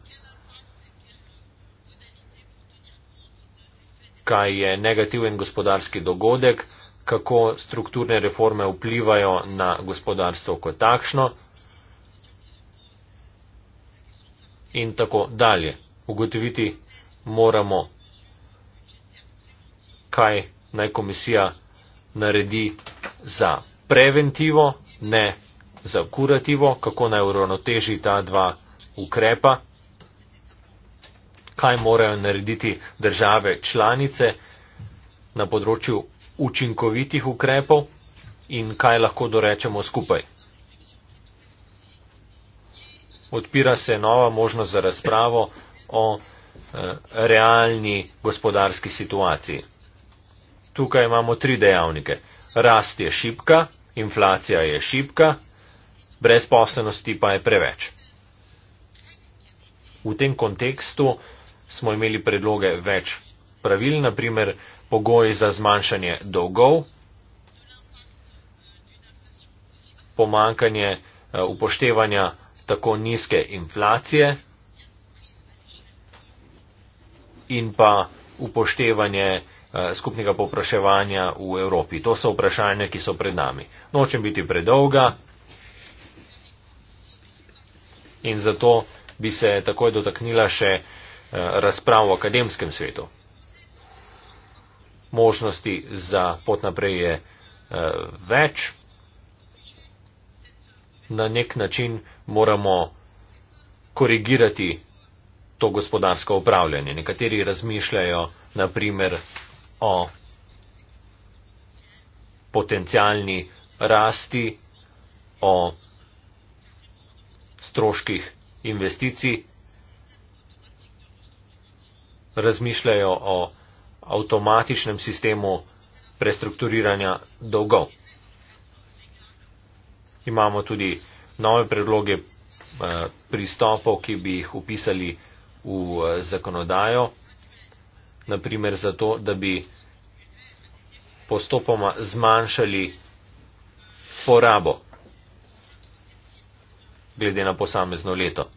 kaj je negativen gospodarski dogodek, kako strukturne reforme vplivajo na gospodarstvo kot takšno in tako dalje. Ugotoviti moramo, kaj naj komisija naredi za preventivo, ne za kurativo, kako naj uravnoteži ta dva ukrepa, kaj morajo narediti države članice na področju učinkovitih ukrepov in kaj lahko dorečemo skupaj. Odpira se nova možnost za razpravo o e, realni gospodarski situaciji. Tukaj imamo tri dejavnike rast je šipka, inflacija je šipka, brezposlenosti pa je preveč. V tem kontekstu smo imeli predloge več pravil, naprimer pogoji za zmanjšanje dolgov, pomankanje eh, upoštevanja tako nizke inflacije in pa upoštevanje Eh, skupnega popraševanja v Evropi. To so vprašanja, ki so pred nami. Nočem biti predolga in zato bi se takoj dotaknila še eh, razprav v akademskem svetu. Možnosti za pot naprej je eh, več. Na nek način moramo korigirati to gospodarsko upravljanje. Nekateri razmišljajo, naprimer, o potencijalni rasti, o stroških investicij, razmišljajo o avtomatičnem sistemu prestrukturiranja dolgov. Imamo tudi nove predloge eh, pristopov, ki bi jih upisali v eh, zakonodajo naprimer zato, da bi postopoma zmanjšali porabo glede na posamezno leto.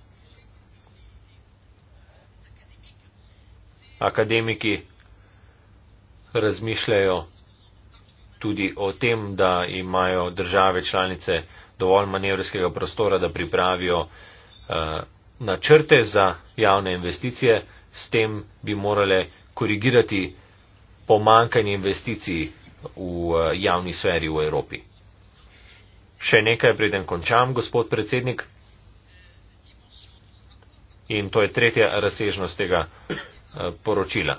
Akademiki razmišljajo tudi o tem, da imajo države članice dovolj manevrskega prostora, da pripravijo uh, načrte za javne investicije, s tem bi morale korigirati pomankanje investicij v eh, javni sferi v Evropi. Še nekaj preden končam, gospod predsednik. In to je tretja razsežnost tega eh, poročila.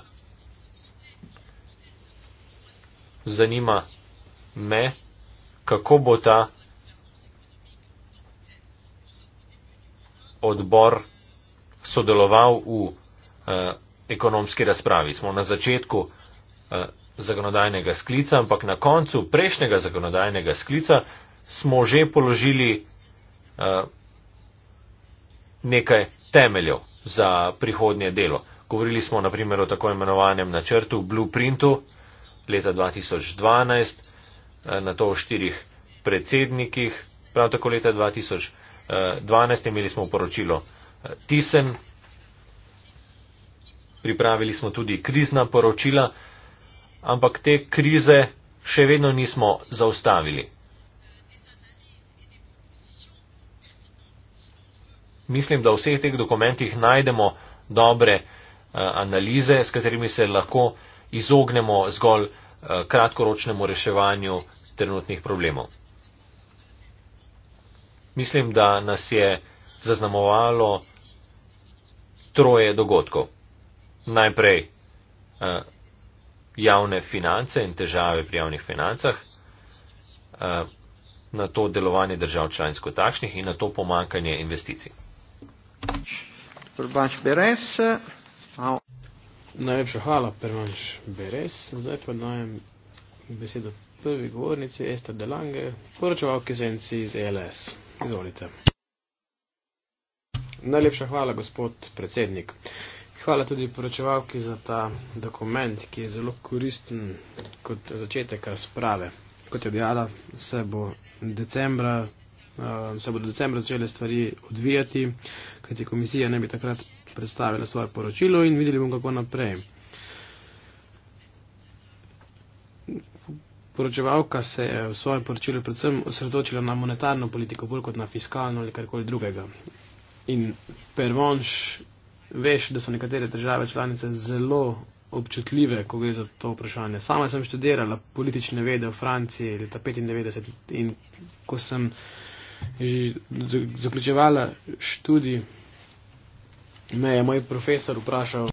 Zanima me, kako bo ta odbor sodeloval v eh, ekonomski razpravi. Smo na začetku eh, zakonodajnega sklica, ampak na koncu prejšnjega zakonodajnega sklica smo že položili eh, nekaj temeljev za prihodnje delo. Govorili smo naprimer o tako imenovanem načrtu Blueprintu leta 2012, eh, na to o štirih predsednikih, prav tako leta 2012 imeli smo poročilo Tisen, pripravili smo tudi krizna poročila, ampak te krize še vedno nismo zaustavili. Mislim, da v vseh teh dokumentih najdemo dobre eh, analize, s katerimi se lahko izognemo zgolj eh, kratkoročnemu reševanju trenutnih problemov. Mislim, da nas je zaznamovalo troje dogodkov najprej uh, javne finance in težave pri javnih financah, uh, na to delovanje držav člansko takšnih in na to pomankanje investicij. Eh, Najlepša hvala, Permanš Beres. Zdaj pa dajem besedo prvi govornici Ester Delange, poročevalki Zenci iz ELS. Izvolite. Najlepša hvala, gospod predsednik. Uh, Hvala tudi poročevalki za ta dokument, ki je zelo koristen kot začetek razprave. Kot je objavila, se, se bo eh, decembra začele stvari odvijati, kajti komisija ne bi takrat predstavila svoje poročilo in videli bomo, kako naprej. Poročevalka se je v svojem poročilu predvsem osredotočila na monetarno politiko, bolj kot na fiskalno ali karkoli drugega. In pervonš veš, da so nekatere države članice zelo občutljive, ko gre za to vprašanje. Sama sem študirala politične vede v Franciji leta 1995 in ko sem že zaključevala študij, me je moj profesor vprašal,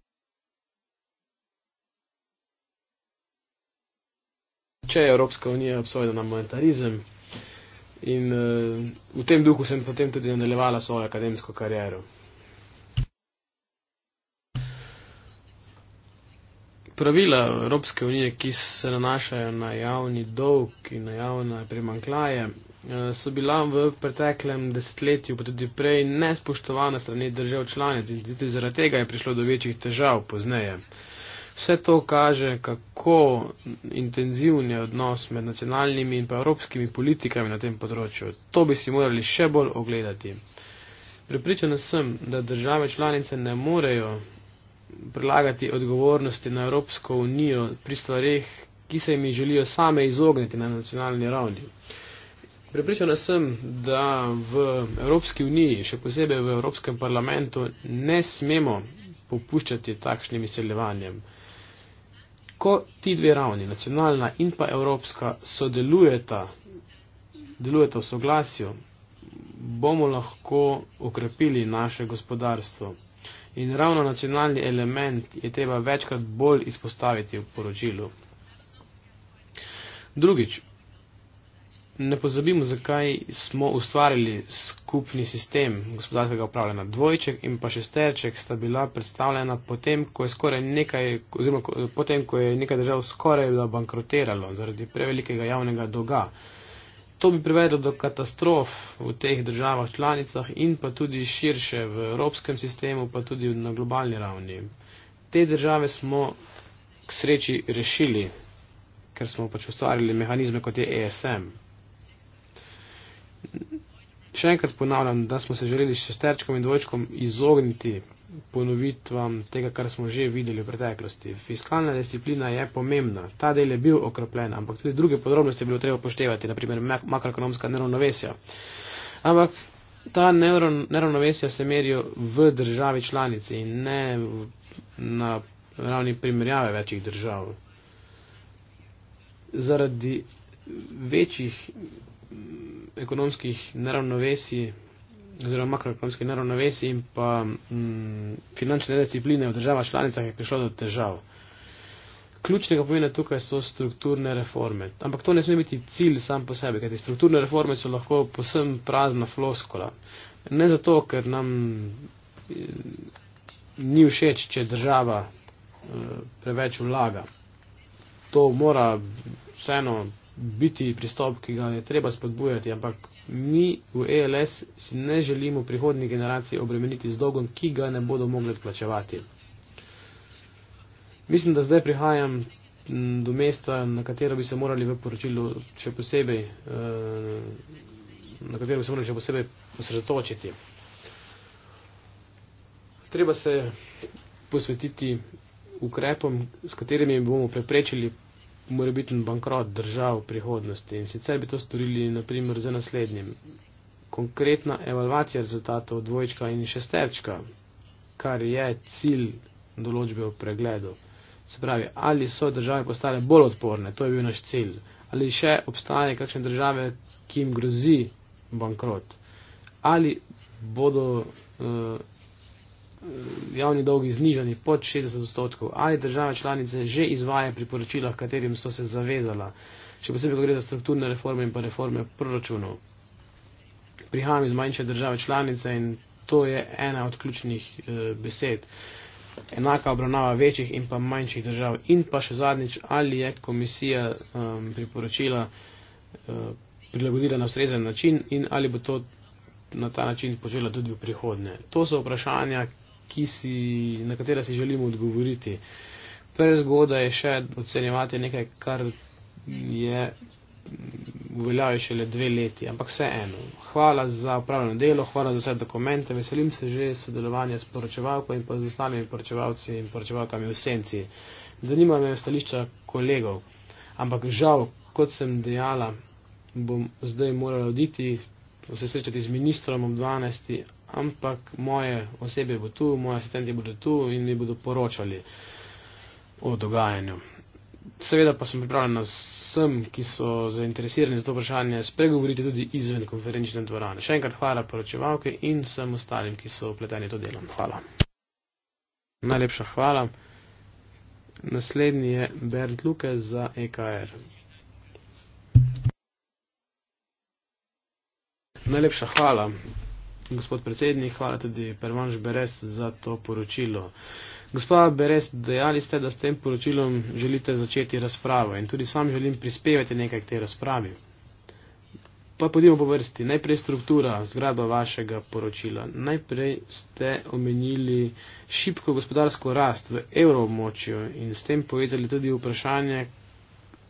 če je Evropska unija obsojena na monetarizem. In uh, v tem duhu sem potem tudi nadaljevala svojo akademsko kariero. pravila Evropske unije, ki se nanašajo na javni dolg in na javne primankljaje, eh, so bila v preteklem desetletju, pa tudi prej, nespoštovana strani držav članic in tudi zaradi tega je prišlo do večjih težav pozneje. Vse to kaže, kako intenziven je odnos med nacionalnimi in pa evropskimi politikami na tem področju. To bi si morali še bolj ogledati. Pripričana sem, da države članice ne morejo prelagati odgovornosti na Evropsko unijo pri stvarih, ki se jim želijo same izogniti na nacionalni ravni. Prepričana sem, da v Evropski uniji, še posebej v Evropskem parlamentu, ne smemo popuščati takšnim izseljevanjem. Ko ti dve ravni, nacionalna in pa evropska, sodelujeta, delujeta v soglasju, bomo lahko okrepili naše gospodarstvo. In ravno nacionalni element je treba večkrat bolj izpostaviti v poročilu. Drugič, ne pozabimo, zakaj smo ustvarili skupni sistem gospodarskega upravljanja. Dvojček in pa šesterček sta bila predstavljena potem, ko je, nekaj, oziroma, potem, ko je nekaj držav skoraj bankrotiralo zaradi prevelikega javnega dolga. To bi privedlo do katastrof v teh državah članicah in pa tudi širše v evropskem sistemu, pa tudi na globalni ravni. Te države smo k sreči rešili, ker smo pač ustvarili mehanizme kot je ESM še enkrat ponavljam, da smo se želeli s šesterčkom in dvojčkom izogniti ponovitvam tega, kar smo že videli v preteklosti. Fiskalna disciplina je pomembna, ta del je bil okrepljen, ampak tudi druge podrobnosti je bilo treba poštevati, naprimer makroekonomska neravnovesja. Ampak ta neravnovesja se merijo v državi članici in ne na ravni primerjave večjih držav. Zaradi večjih ekonomskih neravnovesij oziroma makroekonomskih neravnovesij in pa mm, finančne discipline v državah članicah je prišlo do težav. Ključnega pomena tukaj so strukturne reforme. Ampak to ne sme biti cilj sam po sebi, kajti strukturne reforme so lahko posem prazna floskola. Ne zato, ker nam eh, ni všeč, če država eh, preveč vlaga. To mora vseeno biti pristop, ki ga je treba spodbujati, ampak mi v ELS si ne želimo prihodni generaciji obremeniti z dolgom, ki ga ne bodo mogli plačevati. Mislim, da zdaj prihajam do mesta, na katero bi se morali v poročilu še posebej, eh, na katero bi se morali še posebej posredotočiti. Treba se posvetiti ukrepom, s katerimi bomo preprečili mora biti bankrot držav v prihodnosti in sicer bi to storili naprimer za naslednjim. Konkretna evalvacija rezultatov dvojčka in šesterčka, kar je cilj določbe v pregledu. Se pravi, ali so države postale bolj odporne, to je bil naš cilj, ali še obstajajo kakšne države, ki jim grozi bankrot, ali bodo uh, javni dolgi znižani pod 60 odstotkov, ali države članice že izvaja priporočila, katerim so se zavezala, še posebej, ko gre za strukturne reforme in pa reforme proračunov. Prihajam iz manjše države članice in to je ena od ključnih e, besed. Enaka obravnava večjih in pa manjših držav. In pa še zadnjič, ali je komisija um, priporočila um, prilagodila na ustrezen način in ali bo to na ta način počela tudi v prihodnje. To so vprašanja, ki si, na katera si želimo odgovoriti. Prezgodaj je še ocenjevati nekaj, kar je uveljavi šele dve leti, ampak vse eno. Hvala za upravljeno delo, hvala za vse dokumente, veselim se že sodelovanja s poročevalko in pa z ostalimi poročevalci in poročevalkami v senci. Zanima me stališča kolegov, ampak žal, kot sem dejala, bom zdaj morala oditi, se srečati z ministrom ob 12 ampak moje osebe bo tu, moje asistenti bodo tu in mi bodo poročali o dogajanju. Seveda pa sem pripravljen na vsem, ki so zainteresirani za to vprašanje, spregovoriti tudi izven konferenčne dvorane. Še enkrat hvala poročevalke in vsem ostalim, ki so vpleteni to delo. Hvala. Najlepša hvala. Naslednji je Bernd Luke za EKR. Najlepša hvala gospod predsednik, hvala tudi Pervanš Beres za to poročilo. Gospa Beres, dejali ste, da s tem poročilom želite začeti razpravo in tudi sam želim prispevati nekaj k tej razpravi. Pa podimo po vrsti. Najprej struktura, zgradba vašega poročila. Najprej ste omenili šibko gospodarsko rast v evromočju in s tem povezali tudi vprašanje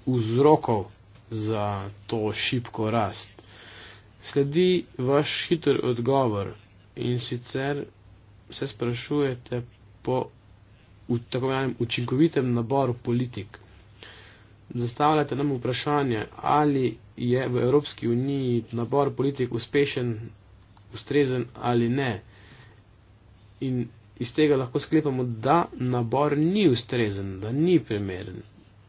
vzrokov za to šibko rast sledi vaš hiter odgovor in sicer se sprašujete po v, tako imenem učinkovitem naboru politik. Zastavljate nam vprašanje, ali je v Evropski uniji nabor politik uspešen, ustrezen ali ne. In iz tega lahko sklepamo, da nabor ni ustrezen, da ni primeren,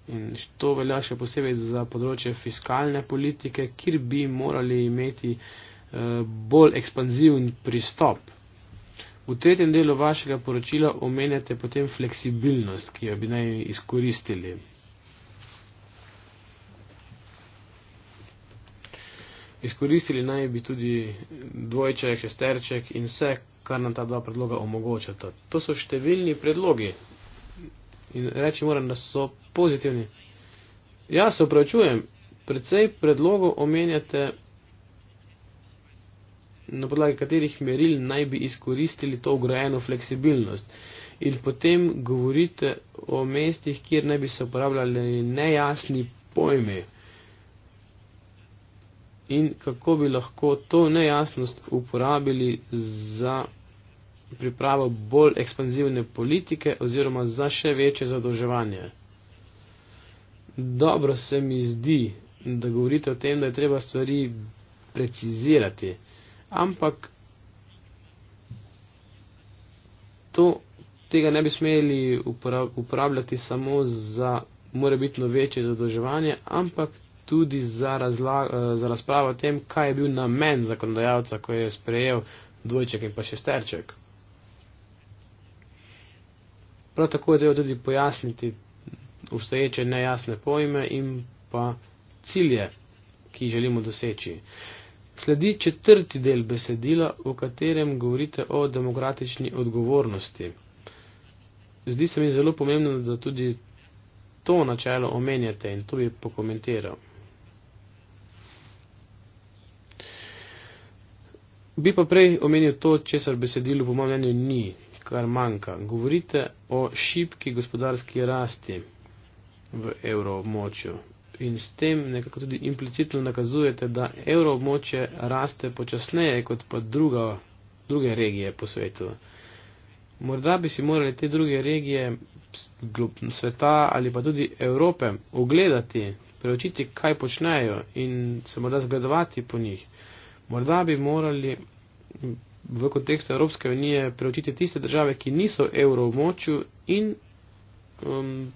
In to velja še posebej za področje fiskalne politike, kjer bi morali imeti eh, bolj ekspanzivni pristop. V tretjem delu vašega poročila omenjate potem fleksibilnost, ki jo bi naj izkoristili. Izkoristili naj bi tudi dvojček, šesterček in vse, kar nam ta dva predloga omogočata. To so številni predlogi, in reči moram, da so pozitivni. Ja, se upravičujem, predvsej predlogov omenjate, na podlagi katerih meril naj bi izkoristili to ugrajeno fleksibilnost. In potem govorite o mestih, kjer naj bi se uporabljali nejasni pojmi. In kako bi lahko to nejasnost uporabili za pripravo bolj ekspanzivne politike oziroma za še večje zadolževanje. Dobro se mi zdi, da govorite o tem, da je treba stvari precizirati, ampak to, tega ne bi smeli uporabljati samo za morebitno večje zadolževanje, ampak tudi za, za razpravo o tem, kaj je bil namen zakonodajalca, ko je sprejel dvojček in pa šesterček. Prav tako je treba tudi pojasniti obstoječe nejasne pojme in pa cilje, ki jih želimo doseči. Sledi četrti del besedila, v katerem govorite o demokratični odgovornosti. Zdi se mi zelo pomembno, da tudi to načelo omenjate in to bi pokomentiral. Bi pa prej omenil to, česar besedilo po mojem mnenju ni, kar manjka. Govorite o šibki gospodarski rasti v evroobmočju in s tem nekako tudi implicitno nakazujete, da evroobmočje raste počasneje kot pa druga, druge regije po svetu. Morda bi si morali te druge regije sveta ali pa tudi Evrope ogledati, preučiti, kaj počnejo in se morda zgledovati po njih. Morda bi morali v kontekstu Evropske unije preučiti tiste države, ki niso evro v moču in um,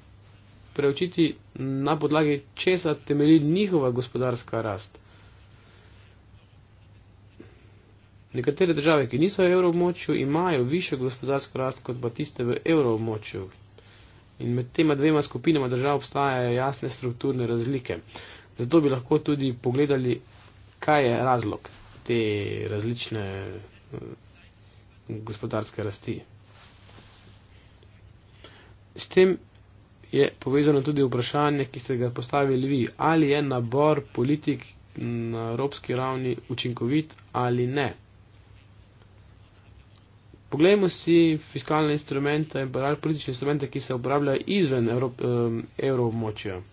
preučiti na podlagi česa temelji njihova gospodarska rast. Nekatere države, ki niso evro v moču, imajo više gospodarsko rast kot pa tiste v evro v moču. In med tema dvema skupinama držav obstajajo jasne strukturne razlike. Zato bi lahko tudi pogledali, kaj je razlog te različne Eh, gospodarske rasti. S tem je povezano tudi vprašanje, ki ste ga postavili vi, ali je nabor politik na evropski ravni učinkovit ali ne. Poglejmo si fiskalne instrumente, ali politične instrumente, ki se uporabljajo izven eh, evroobmočja. Evro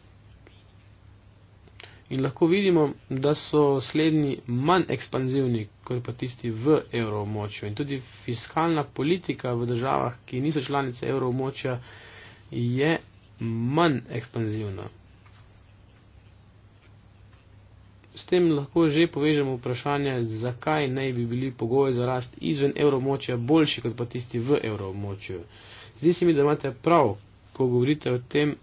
In lahko vidimo, da so slednji manj ekspanzivni, kot pa tisti v evromočju. In tudi fiskalna politika v državah, ki niso članice evromočja, je manj ekspanzivna. S tem lahko že povežemo vprašanje, zakaj naj bi bili pogoji za rast izven evromočja boljši, kot pa tisti v evromočju. Zdi se mi, da imate prav, ko govorite o tem,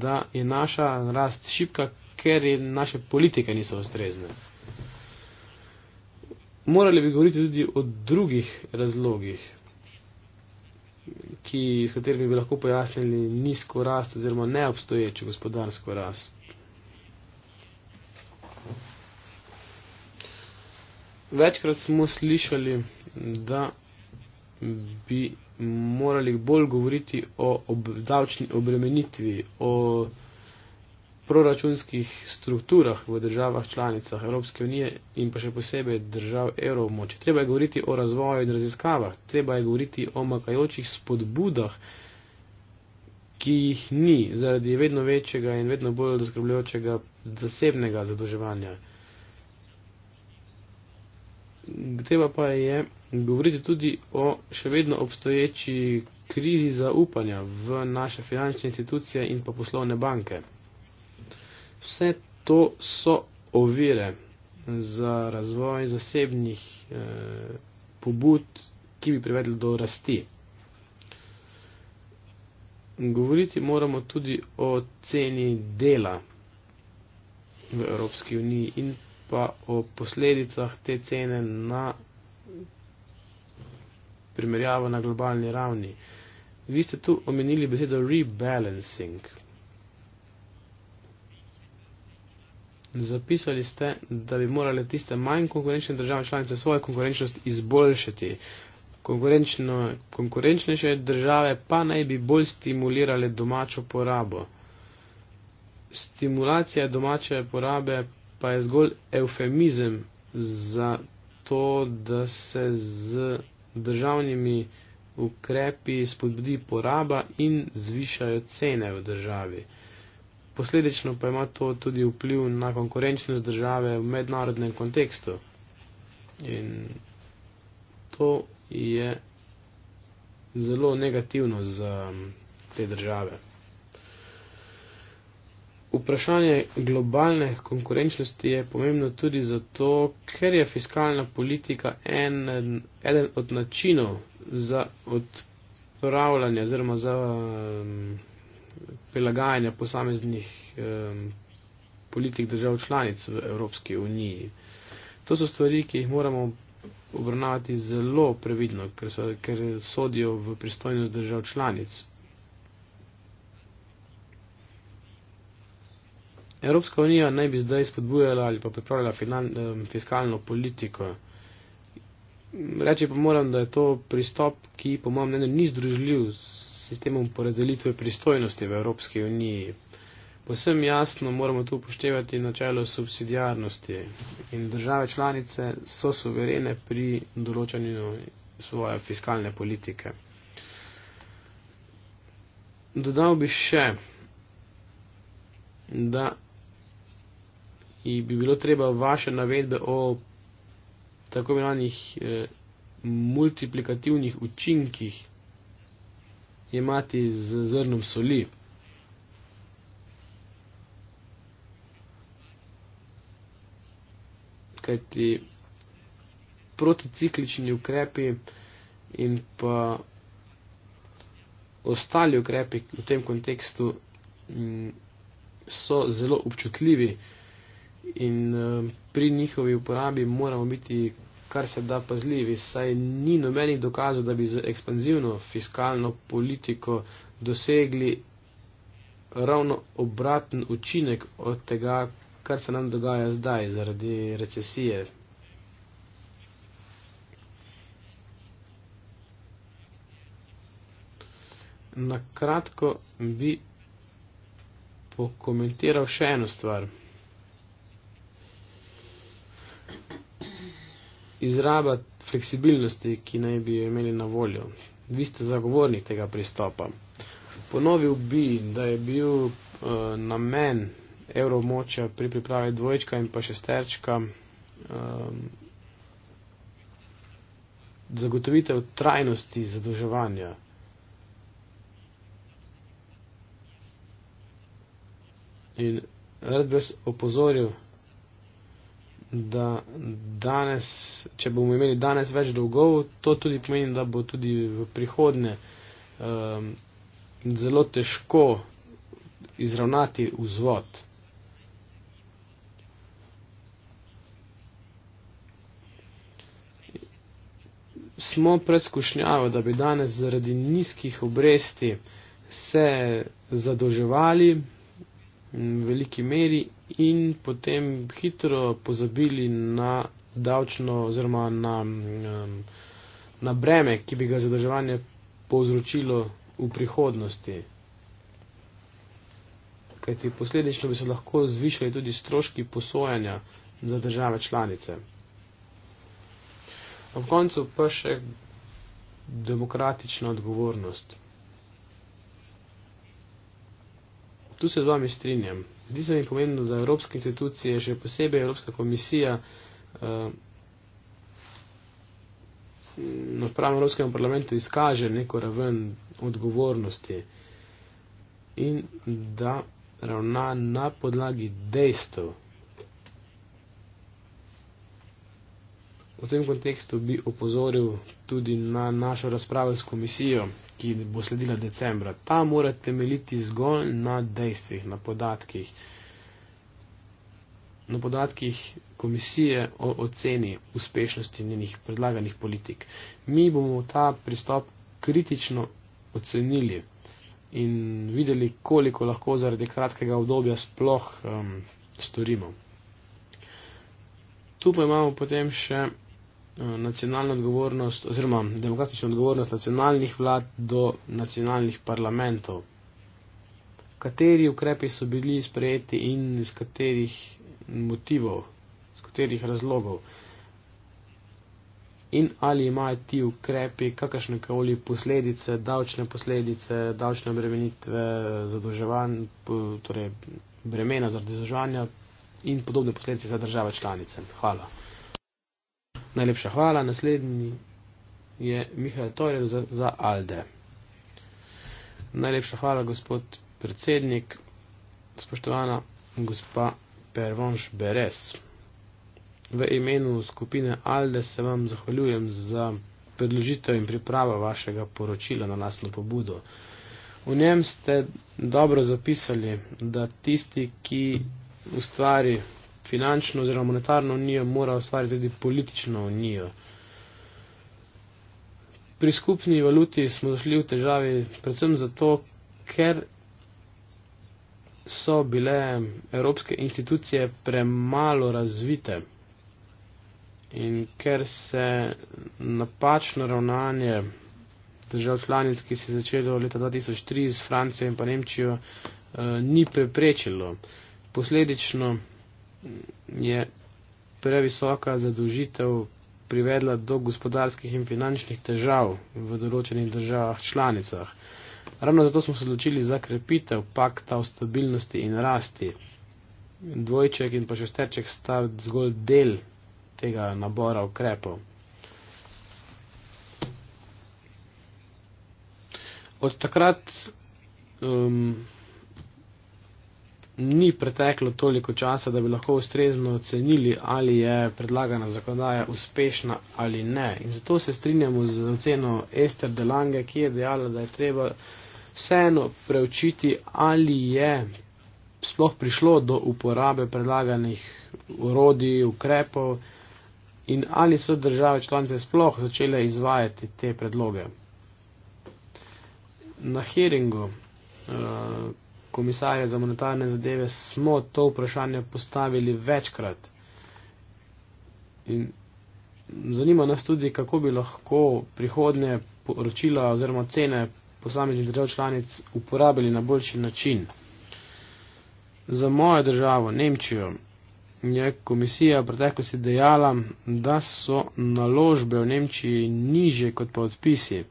da je naša rast šipka, ker jim naše politike niso ustrezne. Morali bi govoriti tudi o drugih razlogih, ki, s katerimi bi lahko pojasnili nizko rast oziroma neobstoječo gospodarsko rast. Večkrat smo slišali, da bi morali bolj govoriti o obdavčni obremenitvi, o proračunskih strukturah v državah članicah Evropske unije in pa še posebej držav evroobmoč. Treba je govoriti o razvoju in raziskavah, treba je govoriti o makajočih spodbudah, ki jih ni zaradi vedno večjega in vedno bolj zaskrbljujočega zasebnega zadolževanja. Treba pa je govoriti tudi o še vedno obstoječi krizi zaupanja v naše finančne institucije in pa poslovne banke vse to so ovire za razvoj zasebnih eh, pobud, ki bi privedli do rasti. Govoriti moramo tudi o ceni dela v Evropski uniji in pa o posledicah te cene na primerjavo na globalni ravni. Vi ste tu omenili besedo rebalancing. Eh, Zapisali ste, da bi morale tiste manj konkurenčne države članice svojo konkurenčnost izboljšati. Konkurenčnejše države pa naj bi bolj stimulirale domačo porabo. Stimulacija domače porabe pa je zgolj eufemizem za to, da se z državnimi ukrepi spodbudi poraba in zvišajo cene v državi posledično pa ima to tudi vpliv na konkurenčnost države v mednarodnem kontekstu. In to je zelo negativno za te države. Vprašanje globalne konkurenčnosti je pomembno tudi zato, ker je fiskalna politika en, eden od načinov za odpravljanje oziroma za um, prilagajanja posameznih um, politik držav članic v Evropski uniji. To so stvari, ki jih moramo obravnavati zelo previdno, ker, so, ker sodijo v pristojnost držav članic. Evropska unija naj bi zdaj spodbujala ali pa pripravljala fiskalno politiko. Reči pa moram, da je to pristop, ki po mojem mnenju ni združljiv sistemom porazdelitve pristojnosti v Evropski uniji. Posem jasno moramo tu upoštevati načelo subsidijarnosti in države članice so suverene pri določanju svoje fiskalne politike. Dodal bi še, da bi bilo treba vaše navedbe o tako imenovanih eh, multiplikativnih učinkih jemati z zrnom soli. Kajti proticiklični ukrepi in pa ostali ukrepi v tem kontekstu mm, so zelo občutljivi in eh, pri njihovi uporabi moramo biti kar se da pazljivi, saj ni nobenih dokazov, da bi z ekspanzivno fiskalno politiko dosegli ravno obraten učinek od tega, kar se nam dogaja zdaj zaradi recesije. Na kratko bi pokomentiral še eno stvar. izraba fleksibilnosti, ki naj bi jo imeli na voljo. Vi ste zagovornik tega pristopa. Ponovil bi, da je bil uh, namen evromoča pri pripravi dvojčka in pa šesterčka um, zagotovitev trajnosti zadolževanja. In rad bi vas opozoril, da danes, če bomo imeli danes več dolgov, to tudi pomeni, da bo tudi v prihodnje um, zelo težko izravnati vzvod. Smo preskušnjavo, da bi danes zaradi nizkih obresti se zadolževali v veliki meri in potem hitro pozabili na davčno oziroma na, na breme, ki bi ga zadrževanje povzročilo v prihodnosti. Kajti posledično bi se lahko zvišali tudi stroški posojanja za države članice. Ob koncu pa še demokratična odgovornost. Tu se z vami strinjam. Zdi se mi pomembno, da evropske institucije, še posebej Evropska komisija, eh, na pravem Evropskem parlamentu izkaže neko raven odgovornosti in da ravna na podlagi dejstev. V tem kontekstu bi opozoril tudi na našo razpravo s komisijo, ki bo sledila decembra. Ta mora temeljiti zgolj na dejstvih, na podatkih, na podatkih komisije o oceni uspešnosti njenih predlaganih politik. Mi bomo ta pristop kritično ocenili in videli, koliko lahko zaradi kratkega obdobja sploh um, storimo. Tu pa imamo potem še Eh, nacionalno odgovornost oziroma demokratično odgovornost nacionalnih vlad do nacionalnih parlamentov. Kateri ukrepi so bili sprejeti in iz katerih motivov, iz katerih razlogov? In ali imajo ti ukrepi kakršne koli posledice, davčne posledice, davčne obremenitve, zadolževanje, torej bremena zaradi zadolževanja in podobne posledice za države članice? Hvala. Najlepša hvala. Naslednji je Mihael Torjev za, za Alde. Najlepša hvala, gospod predsednik, spoštovana gospa Pervonš Beres. V imenu skupine Alde se vam zahvaljujem za predložitev in pripravo vašega poročila na lastno pobudo. V njem ste dobro zapisali, da tisti, ki ustvari finančno oziroma monetarno unijo, mora ustvariti tudi politično unijo. Pri skupni valuti smo zašli v težavi predvsem zato, ker so bile evropske institucije premalo razvite in ker se napačno ravnanje držav članic, ki se je začelo leta 2003 s Francijo in pa Nemčijo, eh, ni preprečilo. Posledično je previsoka zadožitev privedla do gospodarskih in finančnih težav v določenih državah članicah. Ravno zato smo se odločili za krepitev pakta o stabilnosti in rasti. Dvojček in pa šesterček sta zgolj del tega nabora ukrepov. Od takrat um, ni preteklo toliko časa, da bi lahko ustrezno ocenili, ali je predlagana zakonodaja uspešna ali ne. In zato se strinjamo z oceno Ester Delange, ki je dejala, da je treba vseeno preučiti, ali je sploh prišlo do uporabe predlaganih urodij, ukrepov in ali so države članice sploh začele izvajati te predloge. Na hearingu uh, komisarja za monetarne zadeve, smo to vprašanje postavili večkrat. In zanima nas tudi, kako bi lahko prihodnje poročila oziroma cene posameznih držav članic uporabili na boljši način. Za mojo državo, Nemčijo, je komisija v preteklosti dejala, da so naložbe v Nemčiji niže kot pa odpisi.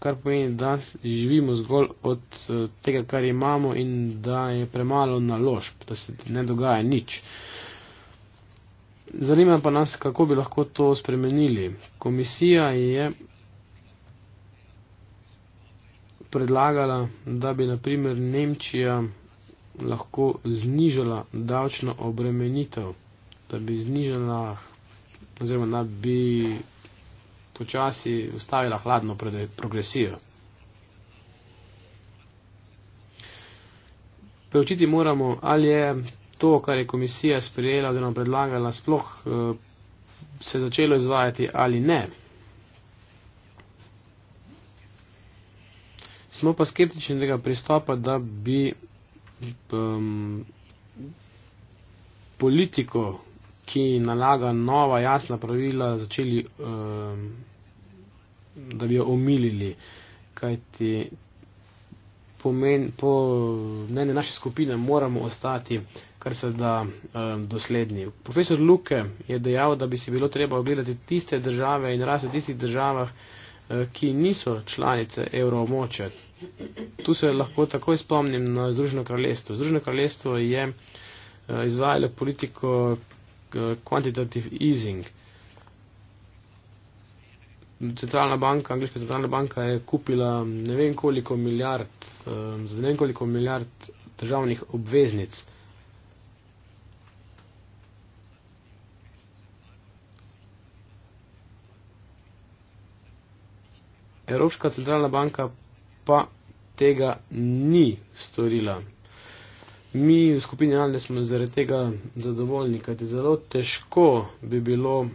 kar pomeni, da živimo zgolj od eh, tega, kar imamo in da je premalo naložb, da se ne dogaja nič. Zanima pa nas, kako bi lahko to spremenili. Komisija je predlagala, da bi naprimer Nemčija lahko znižala davčno obremenitev, da bi znižala oziroma da bi počasi ustavila hladno progresijo. Preučiti moramo, ali je to, kar je komisija sprejela oziroma predlagala, sploh eh, se začelo izvajati ali ne. Smo pa skeptični tega pristopa, da bi um, politiko, ki nalaga nova jasna pravila, začeli um, da bi jo omilili, kajti po, men, po mnenju naše skupine moramo ostati kar se da um, dosledni. Profesor Luke je dejal, da bi se bilo treba ogledati tiste države in rase v tistih državah, eh, ki niso članice evroomoče. Tu se lahko takoj spomnim na Združeno kraljestvo. Združeno kraljestvo je uh, izvajalo politiko uh, quantitative easing. Uh, centralna banka, angliška centralna banka je kupila ne vem koliko milijard, za ne vem koliko milijard državnih obveznic. Evropska centralna banka pa tega ni storila. Mi v skupini Alde smo zaradi tega zadovoljni, kajti zelo težko bi bilo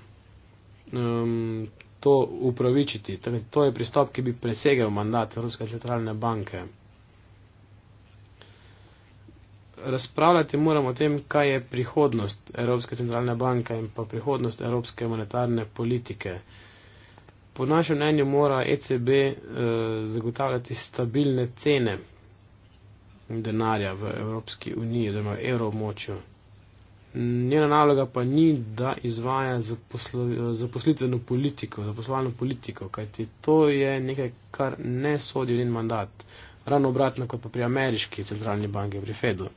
um, to upravičiti. Torej, to je pristop, ki bi presegel mandat Evropske centralne banke. Razpravljati moramo o tem, kaj je prihodnost Evropske centralne banke in pa prihodnost Evropske monetarne politike. Po našem mnenju mora ECB eh, zagotavljati stabilne cene denarja v Evropski uniji oziroma evromočju njena naloga pa ni, da izvaja zaposlo, zaposlitveno politiko, zaposlovalno politiko, kajti to je nekaj, kar ne sodi v njen mandat. Ravno obratno kot pa pri ameriški centralni banki, pri Fedu.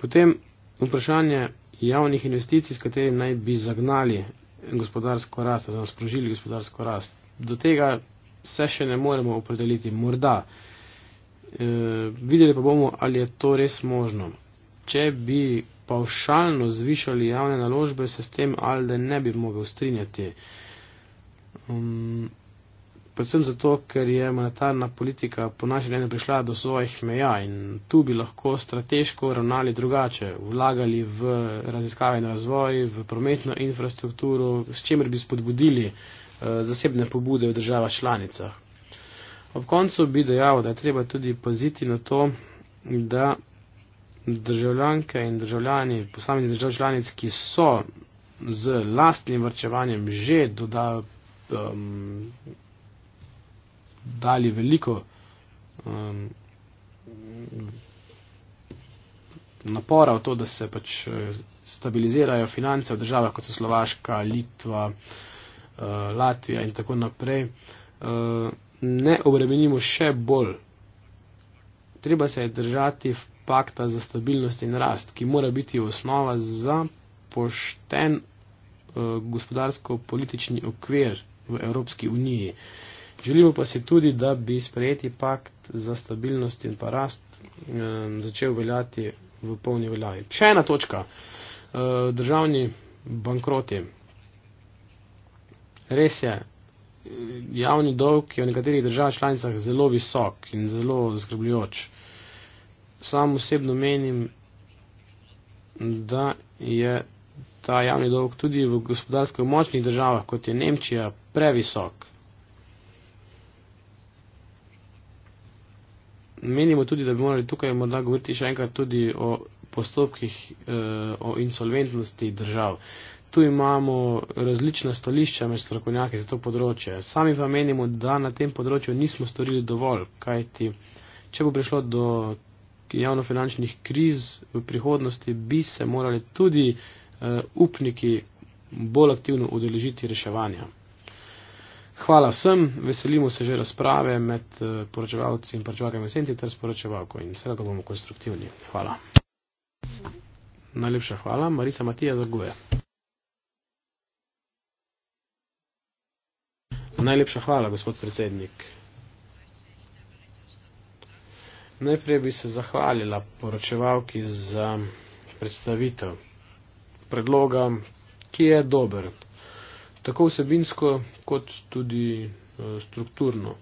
Potem vprašanje javnih investicij, s katerimi naj bi zagnali gospodarsko rast, oziroma sprožili gospodarsko rast. Do tega se še ne moremo opredeliti, morda. E, videli pa bomo, ali je to res možno če bi pavšalno zvišali javne naložbe, se s tem Alde ne bi mogel strinjati. Um, predvsem zato, ker je monetarna politika po našem mnenju prišla do svojih meja in tu bi lahko strateško ravnali drugače, vlagali v raziskave in razvoj, v prometno infrastrukturo, s čimer bi spodbudili uh, zasebne pobude v državah članicah. Ob koncu bi dejal, da je treba tudi paziti na to, da državljanke in državljani, posamezni držav članic, ki so z lastnim vrčevanjem že doda, um, dali veliko um, napora v to, da se pač eh, stabilizirajo finance v državah, kot so Slovaška, Litva, uh, Latvija in tako naprej, uh, ne obremenimo še bolj. Treba se je držati pakta za stabilnost in rast, ki mora biti osnova za pošten uh, gospodarsko-politični okvir v Evropski uniji. Želimo pa si tudi, da bi sprejeti pakt za stabilnost in pa rast um, začel veljati v polni veljavi. Še ena točka. Uh, državni bankroti. Res je, javni dolg je v nekaterih državah članicah zelo visok in zelo zgrbljujoč. Uh, sam osebno menim, da je ta javni dolg tudi v gospodarsko močnih državah, kot je Nemčija, previsok. Menimo tudi, da bi morali tukaj morda govoriti še enkrat tudi o postopkih eh, o insolventnosti držav. Tu imamo različna stališča med strokovnjaki za to področje. Sami pa menimo, da na tem področju nismo storili dovolj, kajti če bo prišlo do javnofinančnih kriz v prihodnosti, bi se morali tudi uh, upniki bolj aktivno udeležiti reševanja. Hvala vsem, veselimo se že razprave med eh, poročevalci in poročevalkami v senci ter sporočevalko in seveda bomo konstruktivni. Hvala. Najlepša hvala. Marisa Matija Zaguje. Najlepša hvala, gospod predsednik. Najprej bi se zahvalila poročevalki za predstavitev predloga, ki je dober, tako vsebinsko kot tudi eh, strukturno.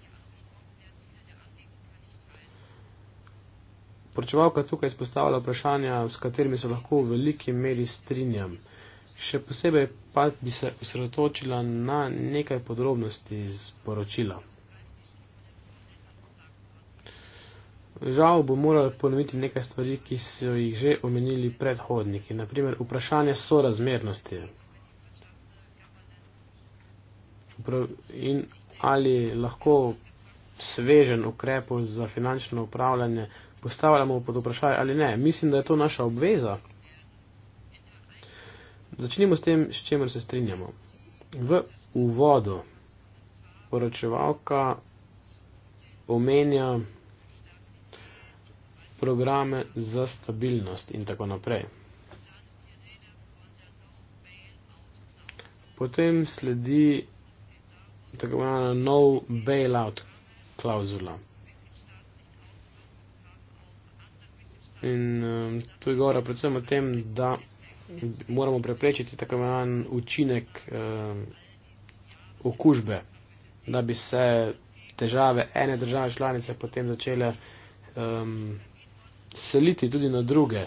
Poročevalka tukaj izpostavlja vprašanja, s katerimi se lahko v veliki meri strinjam. Še posebej pa bi se osredotočila na nekaj podrobnosti iz poročila. Žal bo moral ponoviti nekaj stvari, ki so jih že omenili predhodniki, naprimer vprašanje sorazmernosti in ali lahko svežen ukrepov za finančno upravljanje postavljamo pod vprašanje ali ne. Mislim, da je to naša obveza. Začnimo s tem, s čemer se strinjamo. V uvodu poročevalka omenja programe za stabilnost in tako naprej. Potem sledi tako imenovana no bailout klauzula. In um, to je govora predvsem o tem, da moramo preprečiti tako imenovan učinek um, okužbe, da bi se težave ene države članice potem začele um, seliti tudi na druge.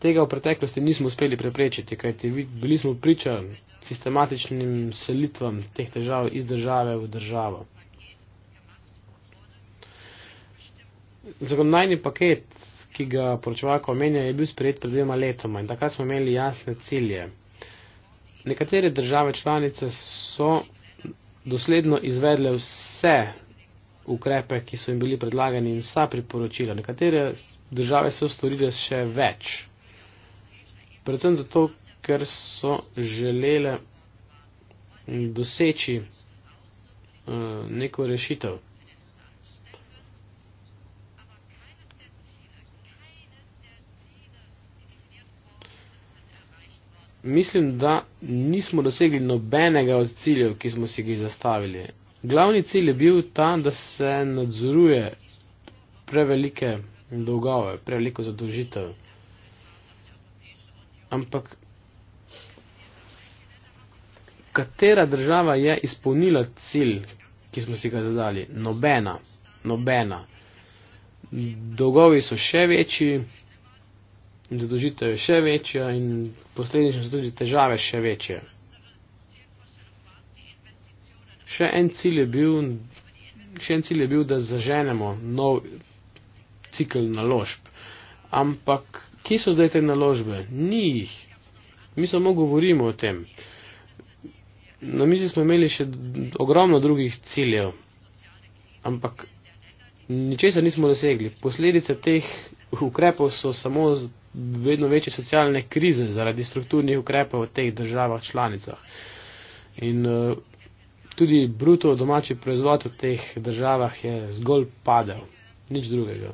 Tega v preteklosti nismo uspeli preprečiti, kajti bili smo priča sistematičnim selitvam teh težav iz države v državo. Zakonodajni paket, ki ga poročevalka omenja, je bil sprejet pred dvema letoma in takrat smo imeli jasne cilje. Nekatere države članice so dosledno izvedle vse ukrepe, ki so jim bili predlagani in vsa priporočila. Nekatere države so storile še več. Predvsem zato, ker so želele doseči uh, neko rešitev. Mislim, da nismo dosegli nobenega od ciljev, ki smo si jih zastavili. Glavni cilj je bil ta, da se nadzoruje prevelike dolgove, preveliko zadolžitev. Ampak katera država je izpolnila cilj, ki smo si ga zadali? Nobena, nobena. Dolgovi so še večji, zadolžitev je še večja in posledično so tudi težave še večje. Še en cilj je bil, še en cilj je bil, da zaženemo nov cikl naložb. Ampak kje so zdaj te naložbe? Ni jih. Mi samo govorimo o tem. Na mizi smo imeli še ogromno drugih ciljev, ampak ničesar nismo dosegli. Posledice teh ukrepov so samo vedno večje socialne krize zaradi strukturnih ukrepov v teh državah članicah. In eh, tudi bruto domači proizvod v teh državah je zgolj padel, nič drugega.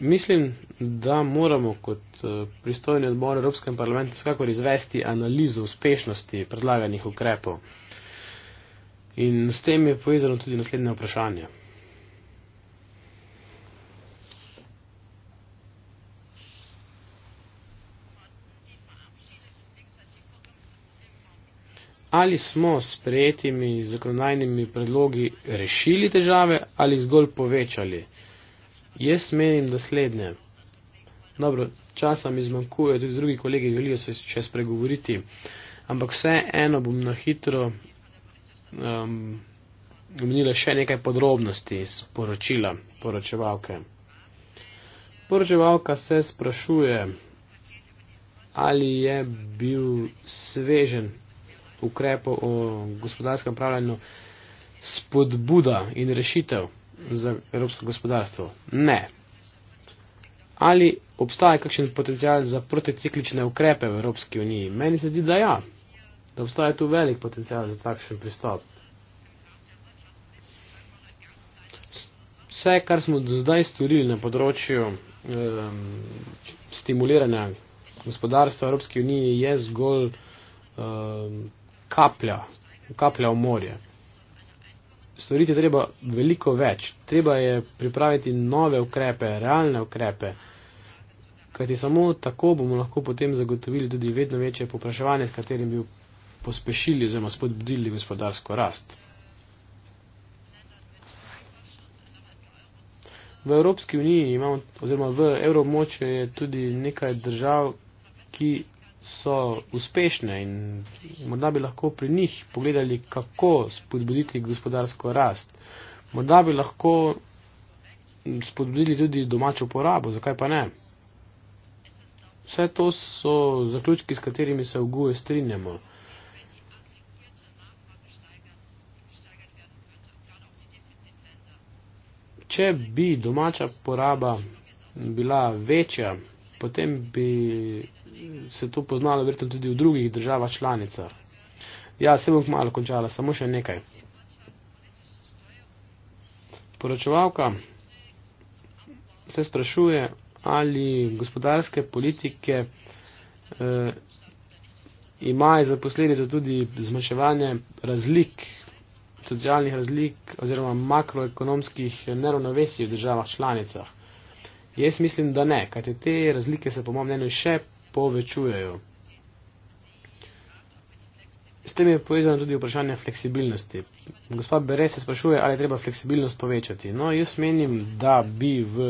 Mislim, da moramo kot eh, pristojni odbor Evropskem parlamentu vsekakor izvesti analizo uspešnosti predlaganih ukrepov. In s tem je povezano tudi naslednje vprašanje. ali smo s prejetimi zakonodajnimi predlogi rešili težave ali zgolj povečali. Jaz menim, da slednje. Dobro, časa mi zmanjkuje, tudi drugi kolegi želijo se še spregovoriti, ampak vse eno bom na hitro um, omenila še nekaj podrobnosti iz poročila poročevalke. Poročevalka se sprašuje, ali je bil svežen ukrepov o gospodarskem upravljanju spodbuda in rešitev za evropsko gospodarstvo? Ne. Ali obstaja kakšen potencial za proticiklične ukrepe v Evropski uniji? Meni se zdi, da ja. Da obstaja tu velik potencial za takšen pristop. Vse, kar smo do zdaj storili na področju um, stimuliranja gospodarstva v Evropski uniji, je zgolj um, kaplja, kaplja v morje. Storiti je treba veliko več, treba je pripraviti nove ukrepe, realne ukrepe, kajti samo tako bomo lahko potem zagotovili tudi vedno večje popraševanje, s katerim bi pospešili oziroma spodbudili gospodarsko rast. V Evropski uniji imamo, oziroma v evromočju je tudi nekaj držav, ki so uspešne in morda bi lahko pri njih pogledali, kako spodbuditi gospodarsko rast. Morda bi lahko spodbudili tudi domačo porabo, zakaj pa ne. Vse to so zaključki, s katerimi se v GUE strinjamo. Če bi domača poraba bila večja, potem bi se to poznalo verjetno tudi v drugih državah članicah. Ja, se bom kmalo končala, samo še nekaj. Poročevalka se sprašuje, ali gospodarske politike eh, imajo za posledico tudi zmanjševanje razlik, socialnih razlik oziroma makroekonomskih neravnovesij v državah članicah. Jaz mislim, da ne, kajte te razlike se po mojem mnenju še povečujejo. S tem je povezano tudi vprašanje fleksibilnosti. Gospa Bere se sprašuje, ali je treba fleksibilnost povečati. No, jaz menim, da bi v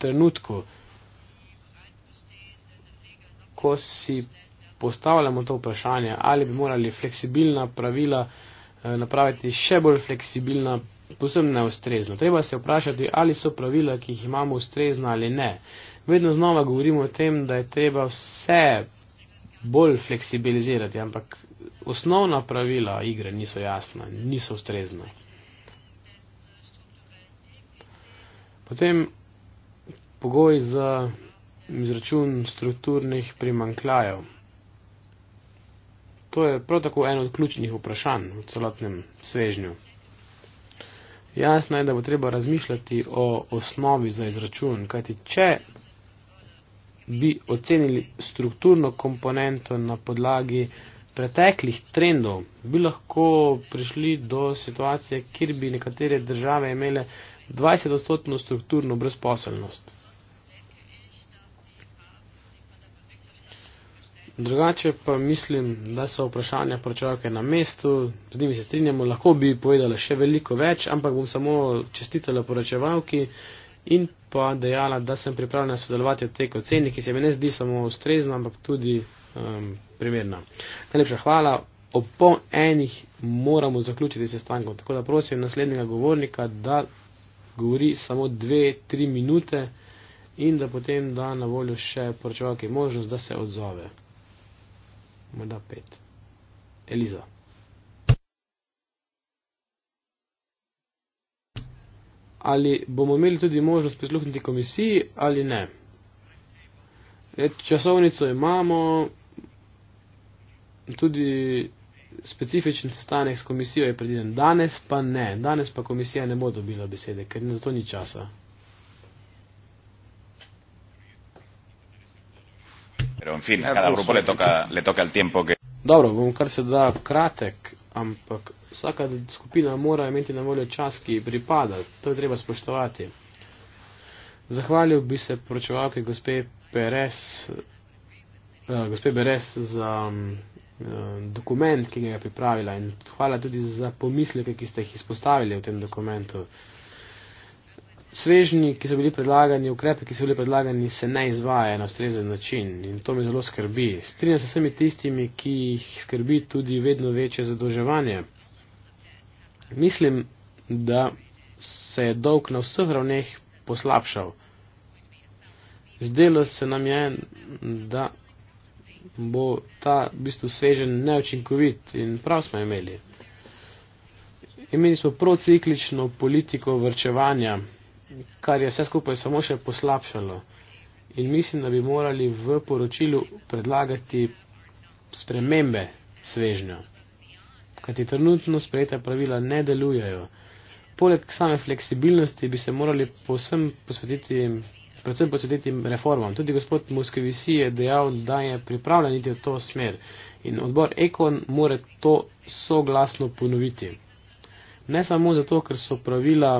trenutku, ko si postavljamo to vprašanje, ali bi morali fleksibilna pravila eh, napraviti še bolj fleksibilna posebno neustrezno. Treba se vprašati, ali so pravila, ki jih imamo, ustrezna ali ne. Vedno znova govorimo o tem, da je treba vse bolj fleksibilizirati, ampak osnovna pravila igre niso jasna, niso ustrezna. Potem pogoj za izračun strukturnih primankljajev. To je prav tako eno od ključnih vprašanj v celotnem svežnju. Jasno je, da bo treba razmišljati o osnovi za izračun, kajti če bi ocenili strukturno komponento na podlagi preteklih trendov, bi lahko prišli do situacije, kjer bi nekatere države imele 20-odstotno strukturno brezposelnost. Drugače pa mislim, da so vprašanja pročevalke na mestu, z njimi se strinjamo, lahko bi povedala še veliko več, ampak bom samo čestitela poročevalki in pa dejala, da sem pripravljena sodelovati v tej oceni, ki se mi ne zdi samo ustrezna, ampak tudi um, primerna. Najlepša hvala. Ob po enih moramo zaključiti sestankov, tako da prosim naslednjega govornika, da govori samo dve, tri minute in da potem da na voljo še poročevalki možnost, da se odzove. Mada 5. Eliza. Ali bomo imeli tudi možnost prisluhniti komisiji ali ne? E, časovnico imamo, tudi specifičen sestanek s komisijo je predviden. Danes pa ne, danes pa komisija ne bo dobila besede, ker za to ni časa. Pero en fin, a cada grupo le toka, le toka el tiempo que. Dobro, bom kar se da kratek, ampak vsaka skupina mora imeti na voljo čas, ki ji pripada. To je treba spoštovati. Zahvalil bi se poročevalki gospe Perez, uh, gospe Perez za um, dokument, ki ga je pripravila in hvala tudi za pomisleke, ki ste jih izpostavili v tem dokumentu. Uh, svežnji, ki so bili predlagani, ukrepe, ki so bili predlagani, se ne izvaja na ustrezen način in to me zelo skrbi. Strinjam se s vsemi tistimi, ki jih skrbi tudi vedno večje zadolževanje. Mislim, da se je dolg na vseh ravneh poslabšal. Zdelo se nam je, da bo ta v bistvu svežen neočinkovit in prav smo imeli. Imeli smo prociklično politiko vrčevanja kar je vse skupaj samo še poslabšalo. In mislim, da bi morali v poročilu predlagati spremembe svežnjo, kajti trenutno sprejeta pravila ne delujejo. Poleg same fleksibilnosti bi se morali posem posvetiti, predvsem posvetiti reformam. Tudi gospod Moskvisi je dejal, da je pripravljen iti v to smer in odbor Ekon more to soglasno ponoviti. Ne samo zato, ker so pravila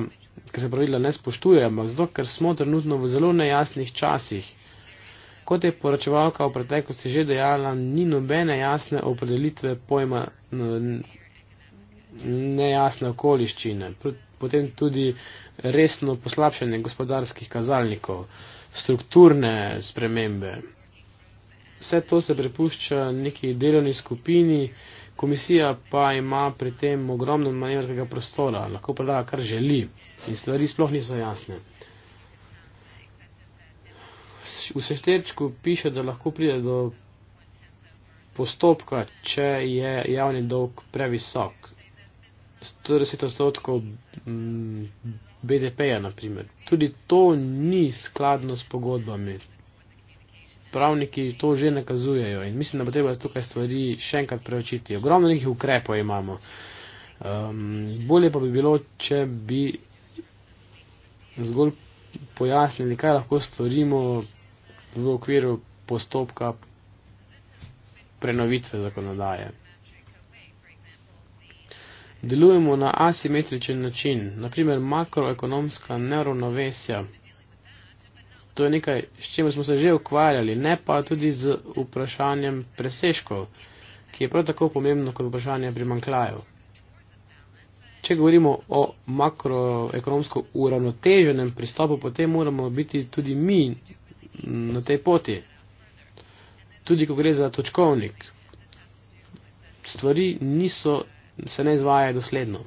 ker se pravila ne spoštujejo, ampak zato, ker smo trenutno v zelo nejasnih časih. Kot je poročevalka v preteklosti že dejala, ni nobene jasne opredelitve pojma nejasne okoliščine, potem tudi resno poslabšanje gospodarskih kazalnikov, strukturne spremembe. Vse to se prepušča neki delovni skupini, Komisija pa ima pri tem ogromno manevrskega prostora, lahko predlaga, kar želi in stvari sploh niso jasne. V seštečku piše, da lahko pride do postopka, če je javni dolg previsok. 140 odstotkov mm, BDP-ja, naprimer. Tudi to ni skladno s pogodbami pravniki to že nakazujejo in mislim, da bo treba tukaj stvari še enkrat preočiti. Ogromno nekih ukrepov imamo. Um, bolje pa bi bilo, če bi zgolj pojasnili, kaj lahko storimo v okviru postopka prenovitve zakonodaje. Delujemo na asimetričen način, naprimer makroekonomska neravnovesja to je nekaj, s čimer smo se že ukvarjali, ne pa tudi z vprašanjem preseškov, ki je prav tako pomembno kot vprašanje primankljajev. Če govorimo o makroekonomsko uravnoteženem pristopu, potem moramo biti tudi mi na tej poti. Tudi ko gre za točkovnik, stvari niso, se ne izvajajo dosledno.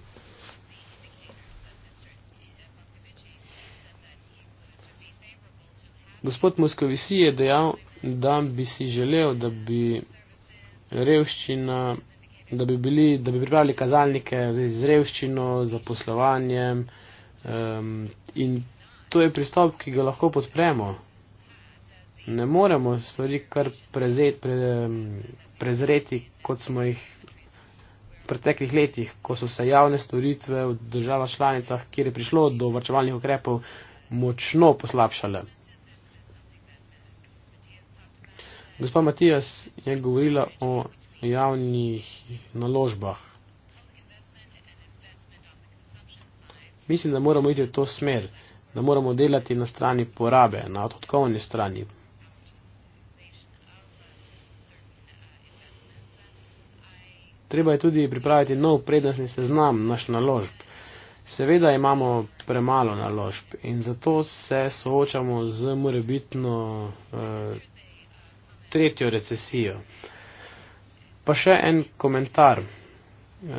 Gospod Moskovisi je dejal, da bi si želel, da bi revščina, da bi, bili, da bi pripravili kazalnike z revščino, za poslovanjem um, in to je pristop, ki ga lahko podpremo. Ne moremo stvari kar prezeti, pre, prezreti, kot smo jih v preteklih letih, ko so se javne storitve v državah članicah, kjer je prišlo do vrčevalnih ukrepov, močno poslabšale. Gospa Matijas je govorila o javnih naložbah. Mislim, da moramo iti v to smer, da moramo delati na strani porabe, na odhodkovni strani. Treba je tudi pripraviti nov prednostni seznam naš naložb. Seveda imamo premalo naložb in zato se soočamo z morebitno eh, tretjo recesijo. Pa še en komentar eh,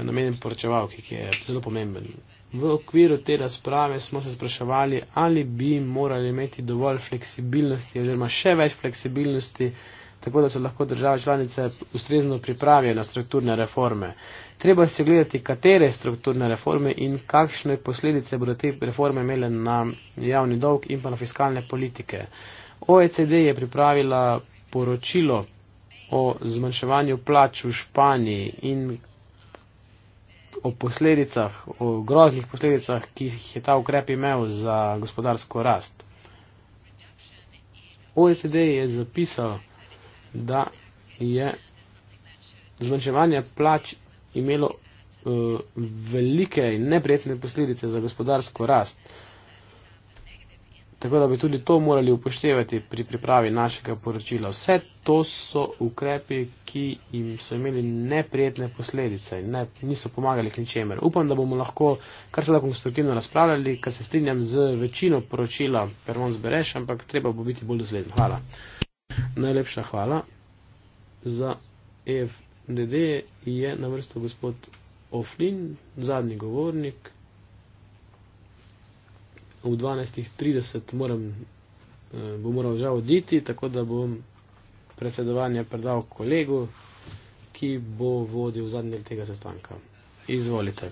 na menem poročevalki, ki je zelo pomemben. V okviru te razprave smo se spraševali, ali bi morali imeti dovolj fleksibilnosti oziroma še več fleksibilnosti, tako da se lahko države članice ustrezno pripravijo na strukturne reforme. Treba se gledati, katere strukturne reforme in kakšne posledice bodo te reforme imele na javni dolg in pa na fiskalne politike. OECD je pripravila poročilo o zmanjševanju plač v Španiji in o posledicah, o groznih posledicah, ki jih je ta ukrep imel za gospodarsko rast. OECD je zapisal, da je zmanjševanje plač imelo uh, velike in neprijetne posledice za gospodarsko rast. Uh, Tako da bi tudi to morali upoštevati pri pripravi našega poročila. Vse to so ukrepi, ki jim so imeli neprijetne posledice in ne, niso pomagali k ničemer. Upam, da bomo lahko kar se da konstruktivno razpravljali, kar se strinjam z večino poročila, kar vam zbereš, ampak treba bo biti bolj dosleden. Hvala. Najlepša hvala za EFDD je na vrsto gospod Oflin, zadnji govornik ob 12.30 moram, eh, bo moral žal oditi, tako da bom predsedovanje predal kolegu, ki bo vodil zadnji del tega sestanka. Izvolite.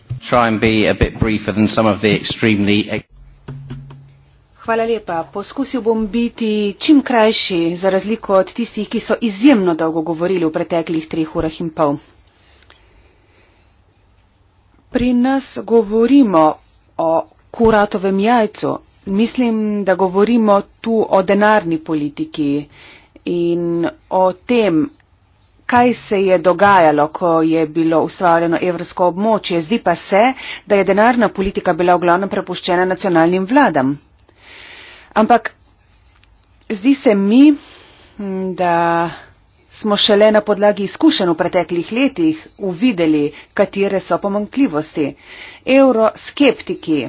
Hvala lepa. Poskusil bom biti čim krajši, za razliko od tistih, ki so izjemno dolgo govorili v preteklih treh urah in pol. Pri nas govorimo o kuratovem jajcu. Mislim, da govorimo tu o denarni politiki in o tem, kaj se je dogajalo, ko je bilo ustvarjeno evrsko območje. Zdi pa se, da je denarna politika bila v glavnem prepuščena nacionalnim vladam. Ampak zdi se mi, da smo šele na podlagi izkušenj v preteklih letih uvideli, katere so pomankljivosti. Euroskeptiki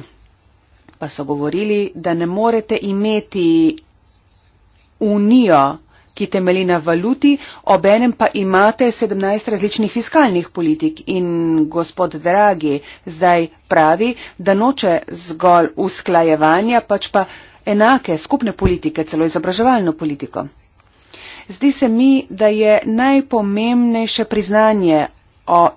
pa so govorili, da ne morete imeti unijo, ki temeli na valuti, obenem pa imate 17 različnih fiskalnih politik. In gospod Dragi zdaj pravi, da noče zgolj usklajevanja, pač pa enake skupne politike, celo izobraževalno politiko. Zdi se mi, da je najpomembnejše priznanje o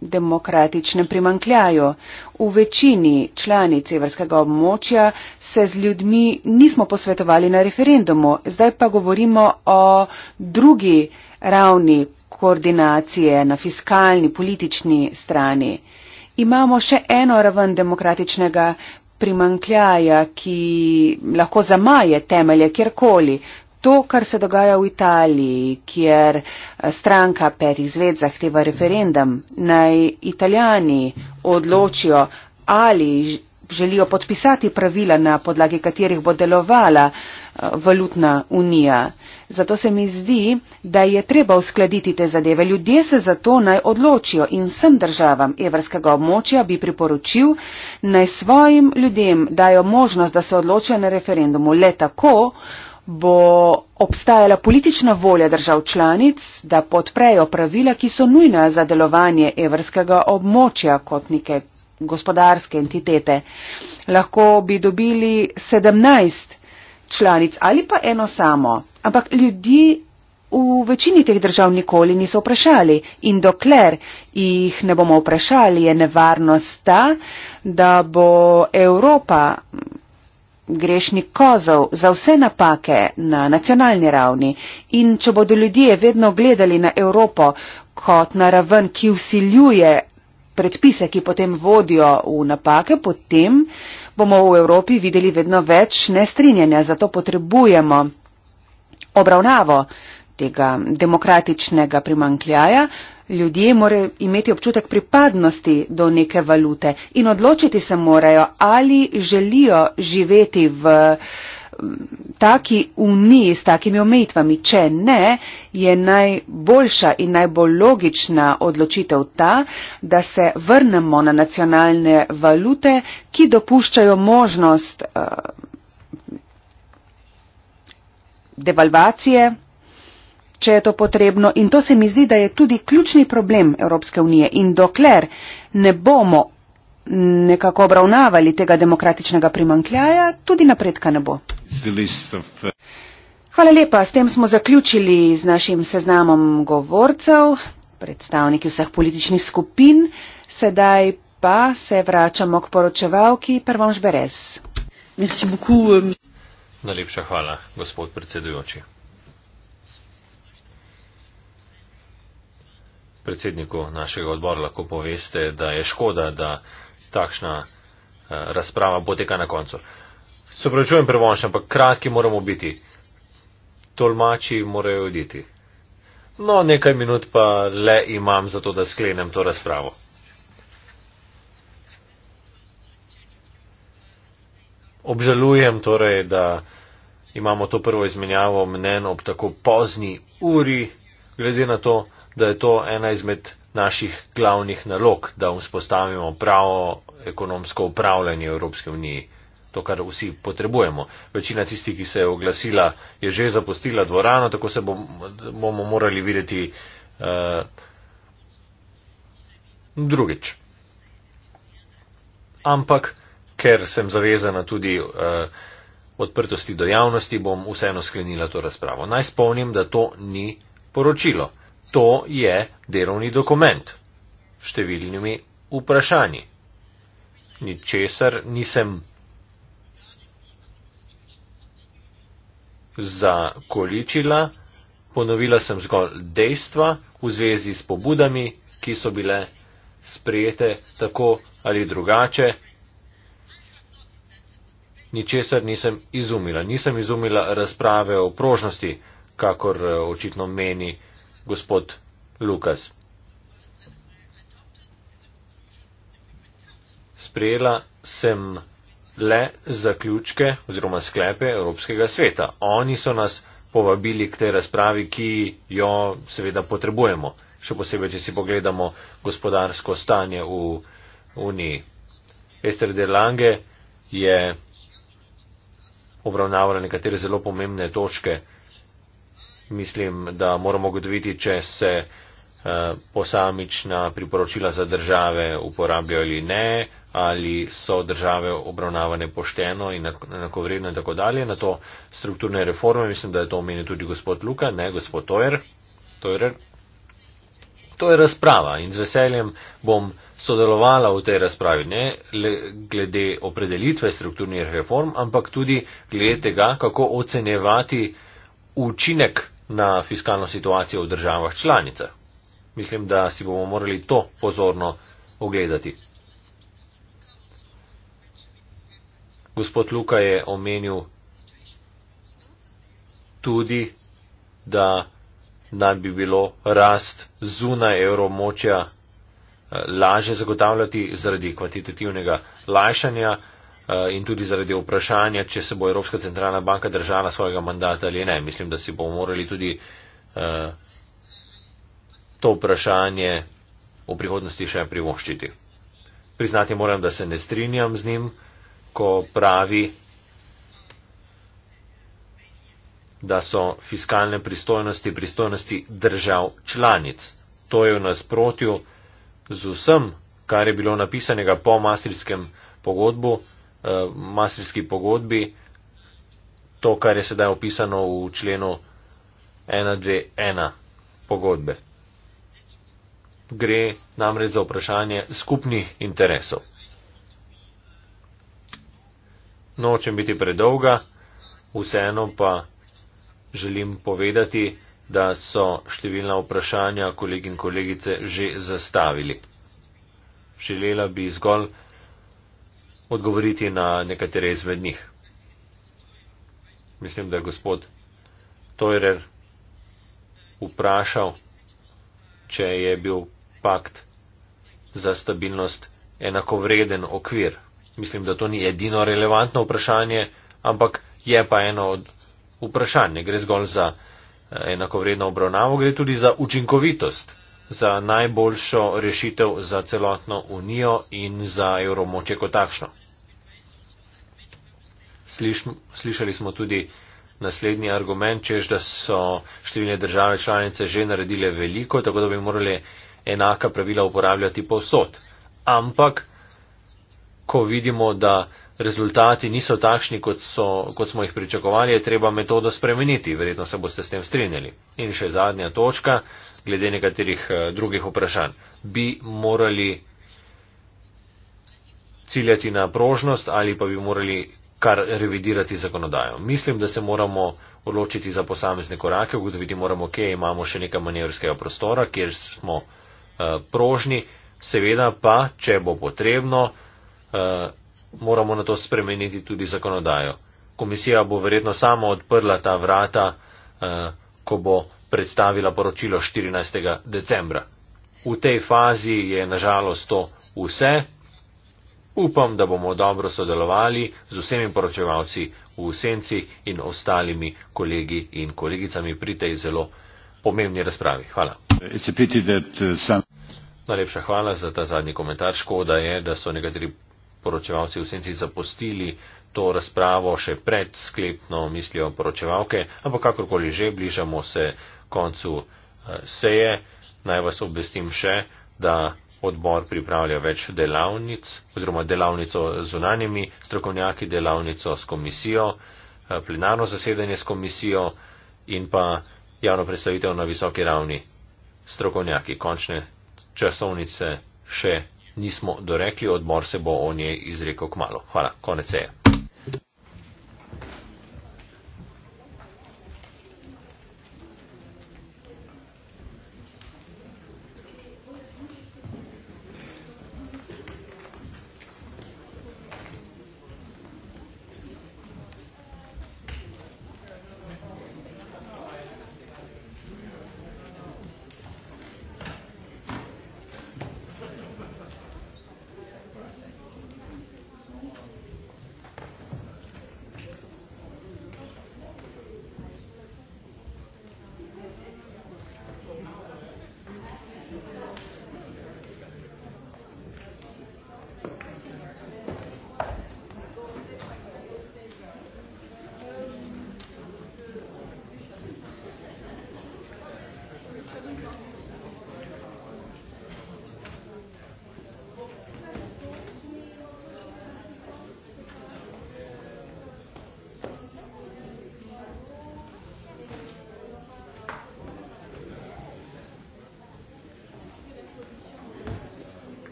demokratičnem primankljaju. V večini članic evrskega območja se z ljudmi nismo posvetovali na referendumu, zdaj pa govorimo o drugi ravni koordinacije na fiskalni, politični strani. Imamo še eno raven demokratičnega primankljaja, ki lahko zamaje temelje kjerkoli, to, kar se dogaja v Italiji, kjer eh, stranka petih zved zahteva referendum, naj italijani odločijo, ali želijo podpisati pravila, na podlagi katerih bo delovala eh, valutna unija. Zato se mi zdi, da je treba uskladiti te zadeve. Ljudje se zato naj odločijo in vsem državam evrskega območja bi priporočil, naj svojim ljudem dajo možnost, da se odločijo na referendumu. Le tako bo obstajala politična volja držav članic, da podprejo pravila, ki so nujna za delovanje evrskega območja kot neke gospodarske entitete. Lahko bi dobili 17 članic ali pa eno samo, ampak ljudi v večini teh držav nikoli niso vprašali in dokler jih ne bomo vprašali, je nevarnost ta, da bo Evropa grešni kozov za vse napake na nacionalni ravni in če bodo ljudje vedno gledali na Evropo kot na raven, ki usiljuje predpise, ki potem vodijo v napake, potem bomo v Evropi videli vedno več nestrinjanja. Zato potrebujemo obravnavo tega demokratičnega primankljaja. Ljudje morajo imeti občutek pripadnosti do neke valute in odločiti se morajo, ali želijo živeti v taki uniji s takimi omejitvami. Če ne, je najboljša in najbolj logična odločitev ta, da se vrnemo na nacionalne valute, ki dopuščajo možnost uh, devalvacije če je to potrebno. In to se mi zdi, da je tudi ključni problem Evropske unije. In dokler ne bomo nekako obravnavali tega demokratičnega primankljaja, tudi napredka ne bo. Hvala lepa. S tem smo zaključili z našim seznamom govorcev, predstavniki vseh političnih skupin. Sedaj pa se vračamo k poročevalki Prvonž Berez. Euh, Najlepša hvala, gospod predsedujoči. predsedniku našega odbora lahko poveste, da je škoda, da takšna eh, razprava poteka na koncu. Se pravičujem prvonš, ampak kratki moramo biti. Tolmači morajo oditi. No, nekaj minut pa le imam za to, da sklenem to razpravo. Obžalujem torej, da imamo to prvo izmenjavo mnen ob tako pozni uri, glede na to, da je to ena izmed naših glavnih nalog, da vzpostavimo pravo ekonomsko upravljanje Evropske unije, to, kar vsi potrebujemo. Večina tistih, ki se je oglasila, je že zapustila dvorano, tako se bom, bomo morali videti uh, drugič. Ampak, ker sem zavezana tudi uh, odprtosti do javnosti, bom vseeno sklenila to razpravo. Naj spomnim, da to ni poročilo to je delovni dokument s številnimi vprašanji. Ničesar nisem zakoličila, ponovila sem zgolj dejstva v zvezi s pobudami, ki so bile sprejete tako ali drugače. Ničesar nisem izumila, nisem izumila razprave o prožnosti, kakor eh, očitno meni gospod Lukas. Sprejela sem le zaključke oziroma sklepe Evropskega sveta. Oni so nas povabili k tej razpravi, ki jo seveda potrebujemo, še posebej, če si pogledamo gospodarsko stanje v Uniji. Ester de Lange je obravnavala nekatere zelo pomembne točke mislim, da moramo ugotoviti, če se eh, posamična priporočila za države uporabljajo ali ne, ali so države obravnavane pošteno in enakovredno in tako dalje. Na to strukturne reforme mislim, da je to omenil tudi gospod Luka, ne gospod Tojer. Tojer. To je razprava in z veseljem bom sodelovala v tej razpravi, ne le glede opredelitve strukturnih reform, ampak tudi glede tega, kako ocenevati učinek na fiskalno situacijo v državah članicah. Mislim, da si bomo morali to pozorno ogledati. Gospod Luka je omenil tudi, da naj bi bilo rast zunaj evromočja eh, lažje zagotavljati zaradi kvantitativnega lajšanja. Eh, in tudi zaradi vprašanja, če se bo Evropska centralna banka držala svojega mandata ali ne. Mislim, da si bomo morali tudi eh, to vprašanje v prihodnosti še privoščiti. Priznati moram, da se ne strinjam z njim, ko pravi, da so fiskalne pristojnosti pristojnosti držav članic. To je v nasprotju z vsem, kar je bilo napisanega po Maastrichtskem pogodbu, uh, eh, masterski pogodbi, to, kar je sedaj opisano v členu 1.2.1 pogodbe. Gre namreč za vprašanje skupnih interesov. Nočem biti predolga, vseeno pa želim povedati, da so številna vprašanja kolegi in kolegice že zastavili. Želela bi zgolj odgovoriti na nekatere izmed njih. Mislim, da je gospod Toirer vprašal, če je bil pakt za stabilnost enakovreden okvir. Mislim, da to ni edino relevantno vprašanje, ampak je pa eno od vprašanj. Ne gre zgolj za eh, enakovredno obravnavo, gre tudi za učinkovitost za najboljšo rešitev za celotno unijo in za evromoče kot takšno. Sliš, slišali smo tudi naslednji argument, čež da so številne države članice že naredile veliko, tako da bi morali enaka pravila uporabljati povsod. Ampak, ko vidimo, da rezultati niso takšni, kot, so, kot smo jih pričakovali, je treba metodo spremeniti. Verjetno se boste s tem strinjali. In še zadnja točka glede nekaterih eh, drugih vprašanj. Bi morali ciljati na prožnost ali pa bi morali kar revidirati zakonodajo. Mislim, da se moramo odločiti za posamezne korake, ugotoviti moramo, kje okay, imamo še nekaj manevrskega prostora, kjer smo uh, prožni, seveda pa, če bo potrebno, uh, moramo na to spremeniti tudi zakonodajo. Komisija bo verjetno sama odprla ta vrata, uh, ko bo predstavila poročilo 14. decembra. V tej fazi je nažalost to vse. Upam, da bomo dobro sodelovali z vsemi poročevalci v Senci in ostalimi kolegi in kolegicami pri tej zelo pomembni razpravi. Hvala. Uh, Najlepša hvala za ta zadnji komentar. Škoda je, da so nekateri poročevalci v Senci zapustili to razpravo še pred sklepno mislijo poročevalke, ampak kakorkoli že bližamo se koncu eh, seje. Naj vas obvestim še, da odbor pripravlja več delavnic oziroma delavnico z unanjimi strokovnjaki, delavnico s komisijo, eh, plenarno zasedanje s komisijo in pa javno predstavitev na visoki ravni strokovnjaki. Končne časovnice še nismo dorekli, odbor se bo o njej izrekel k malu. Hvala, konec seje.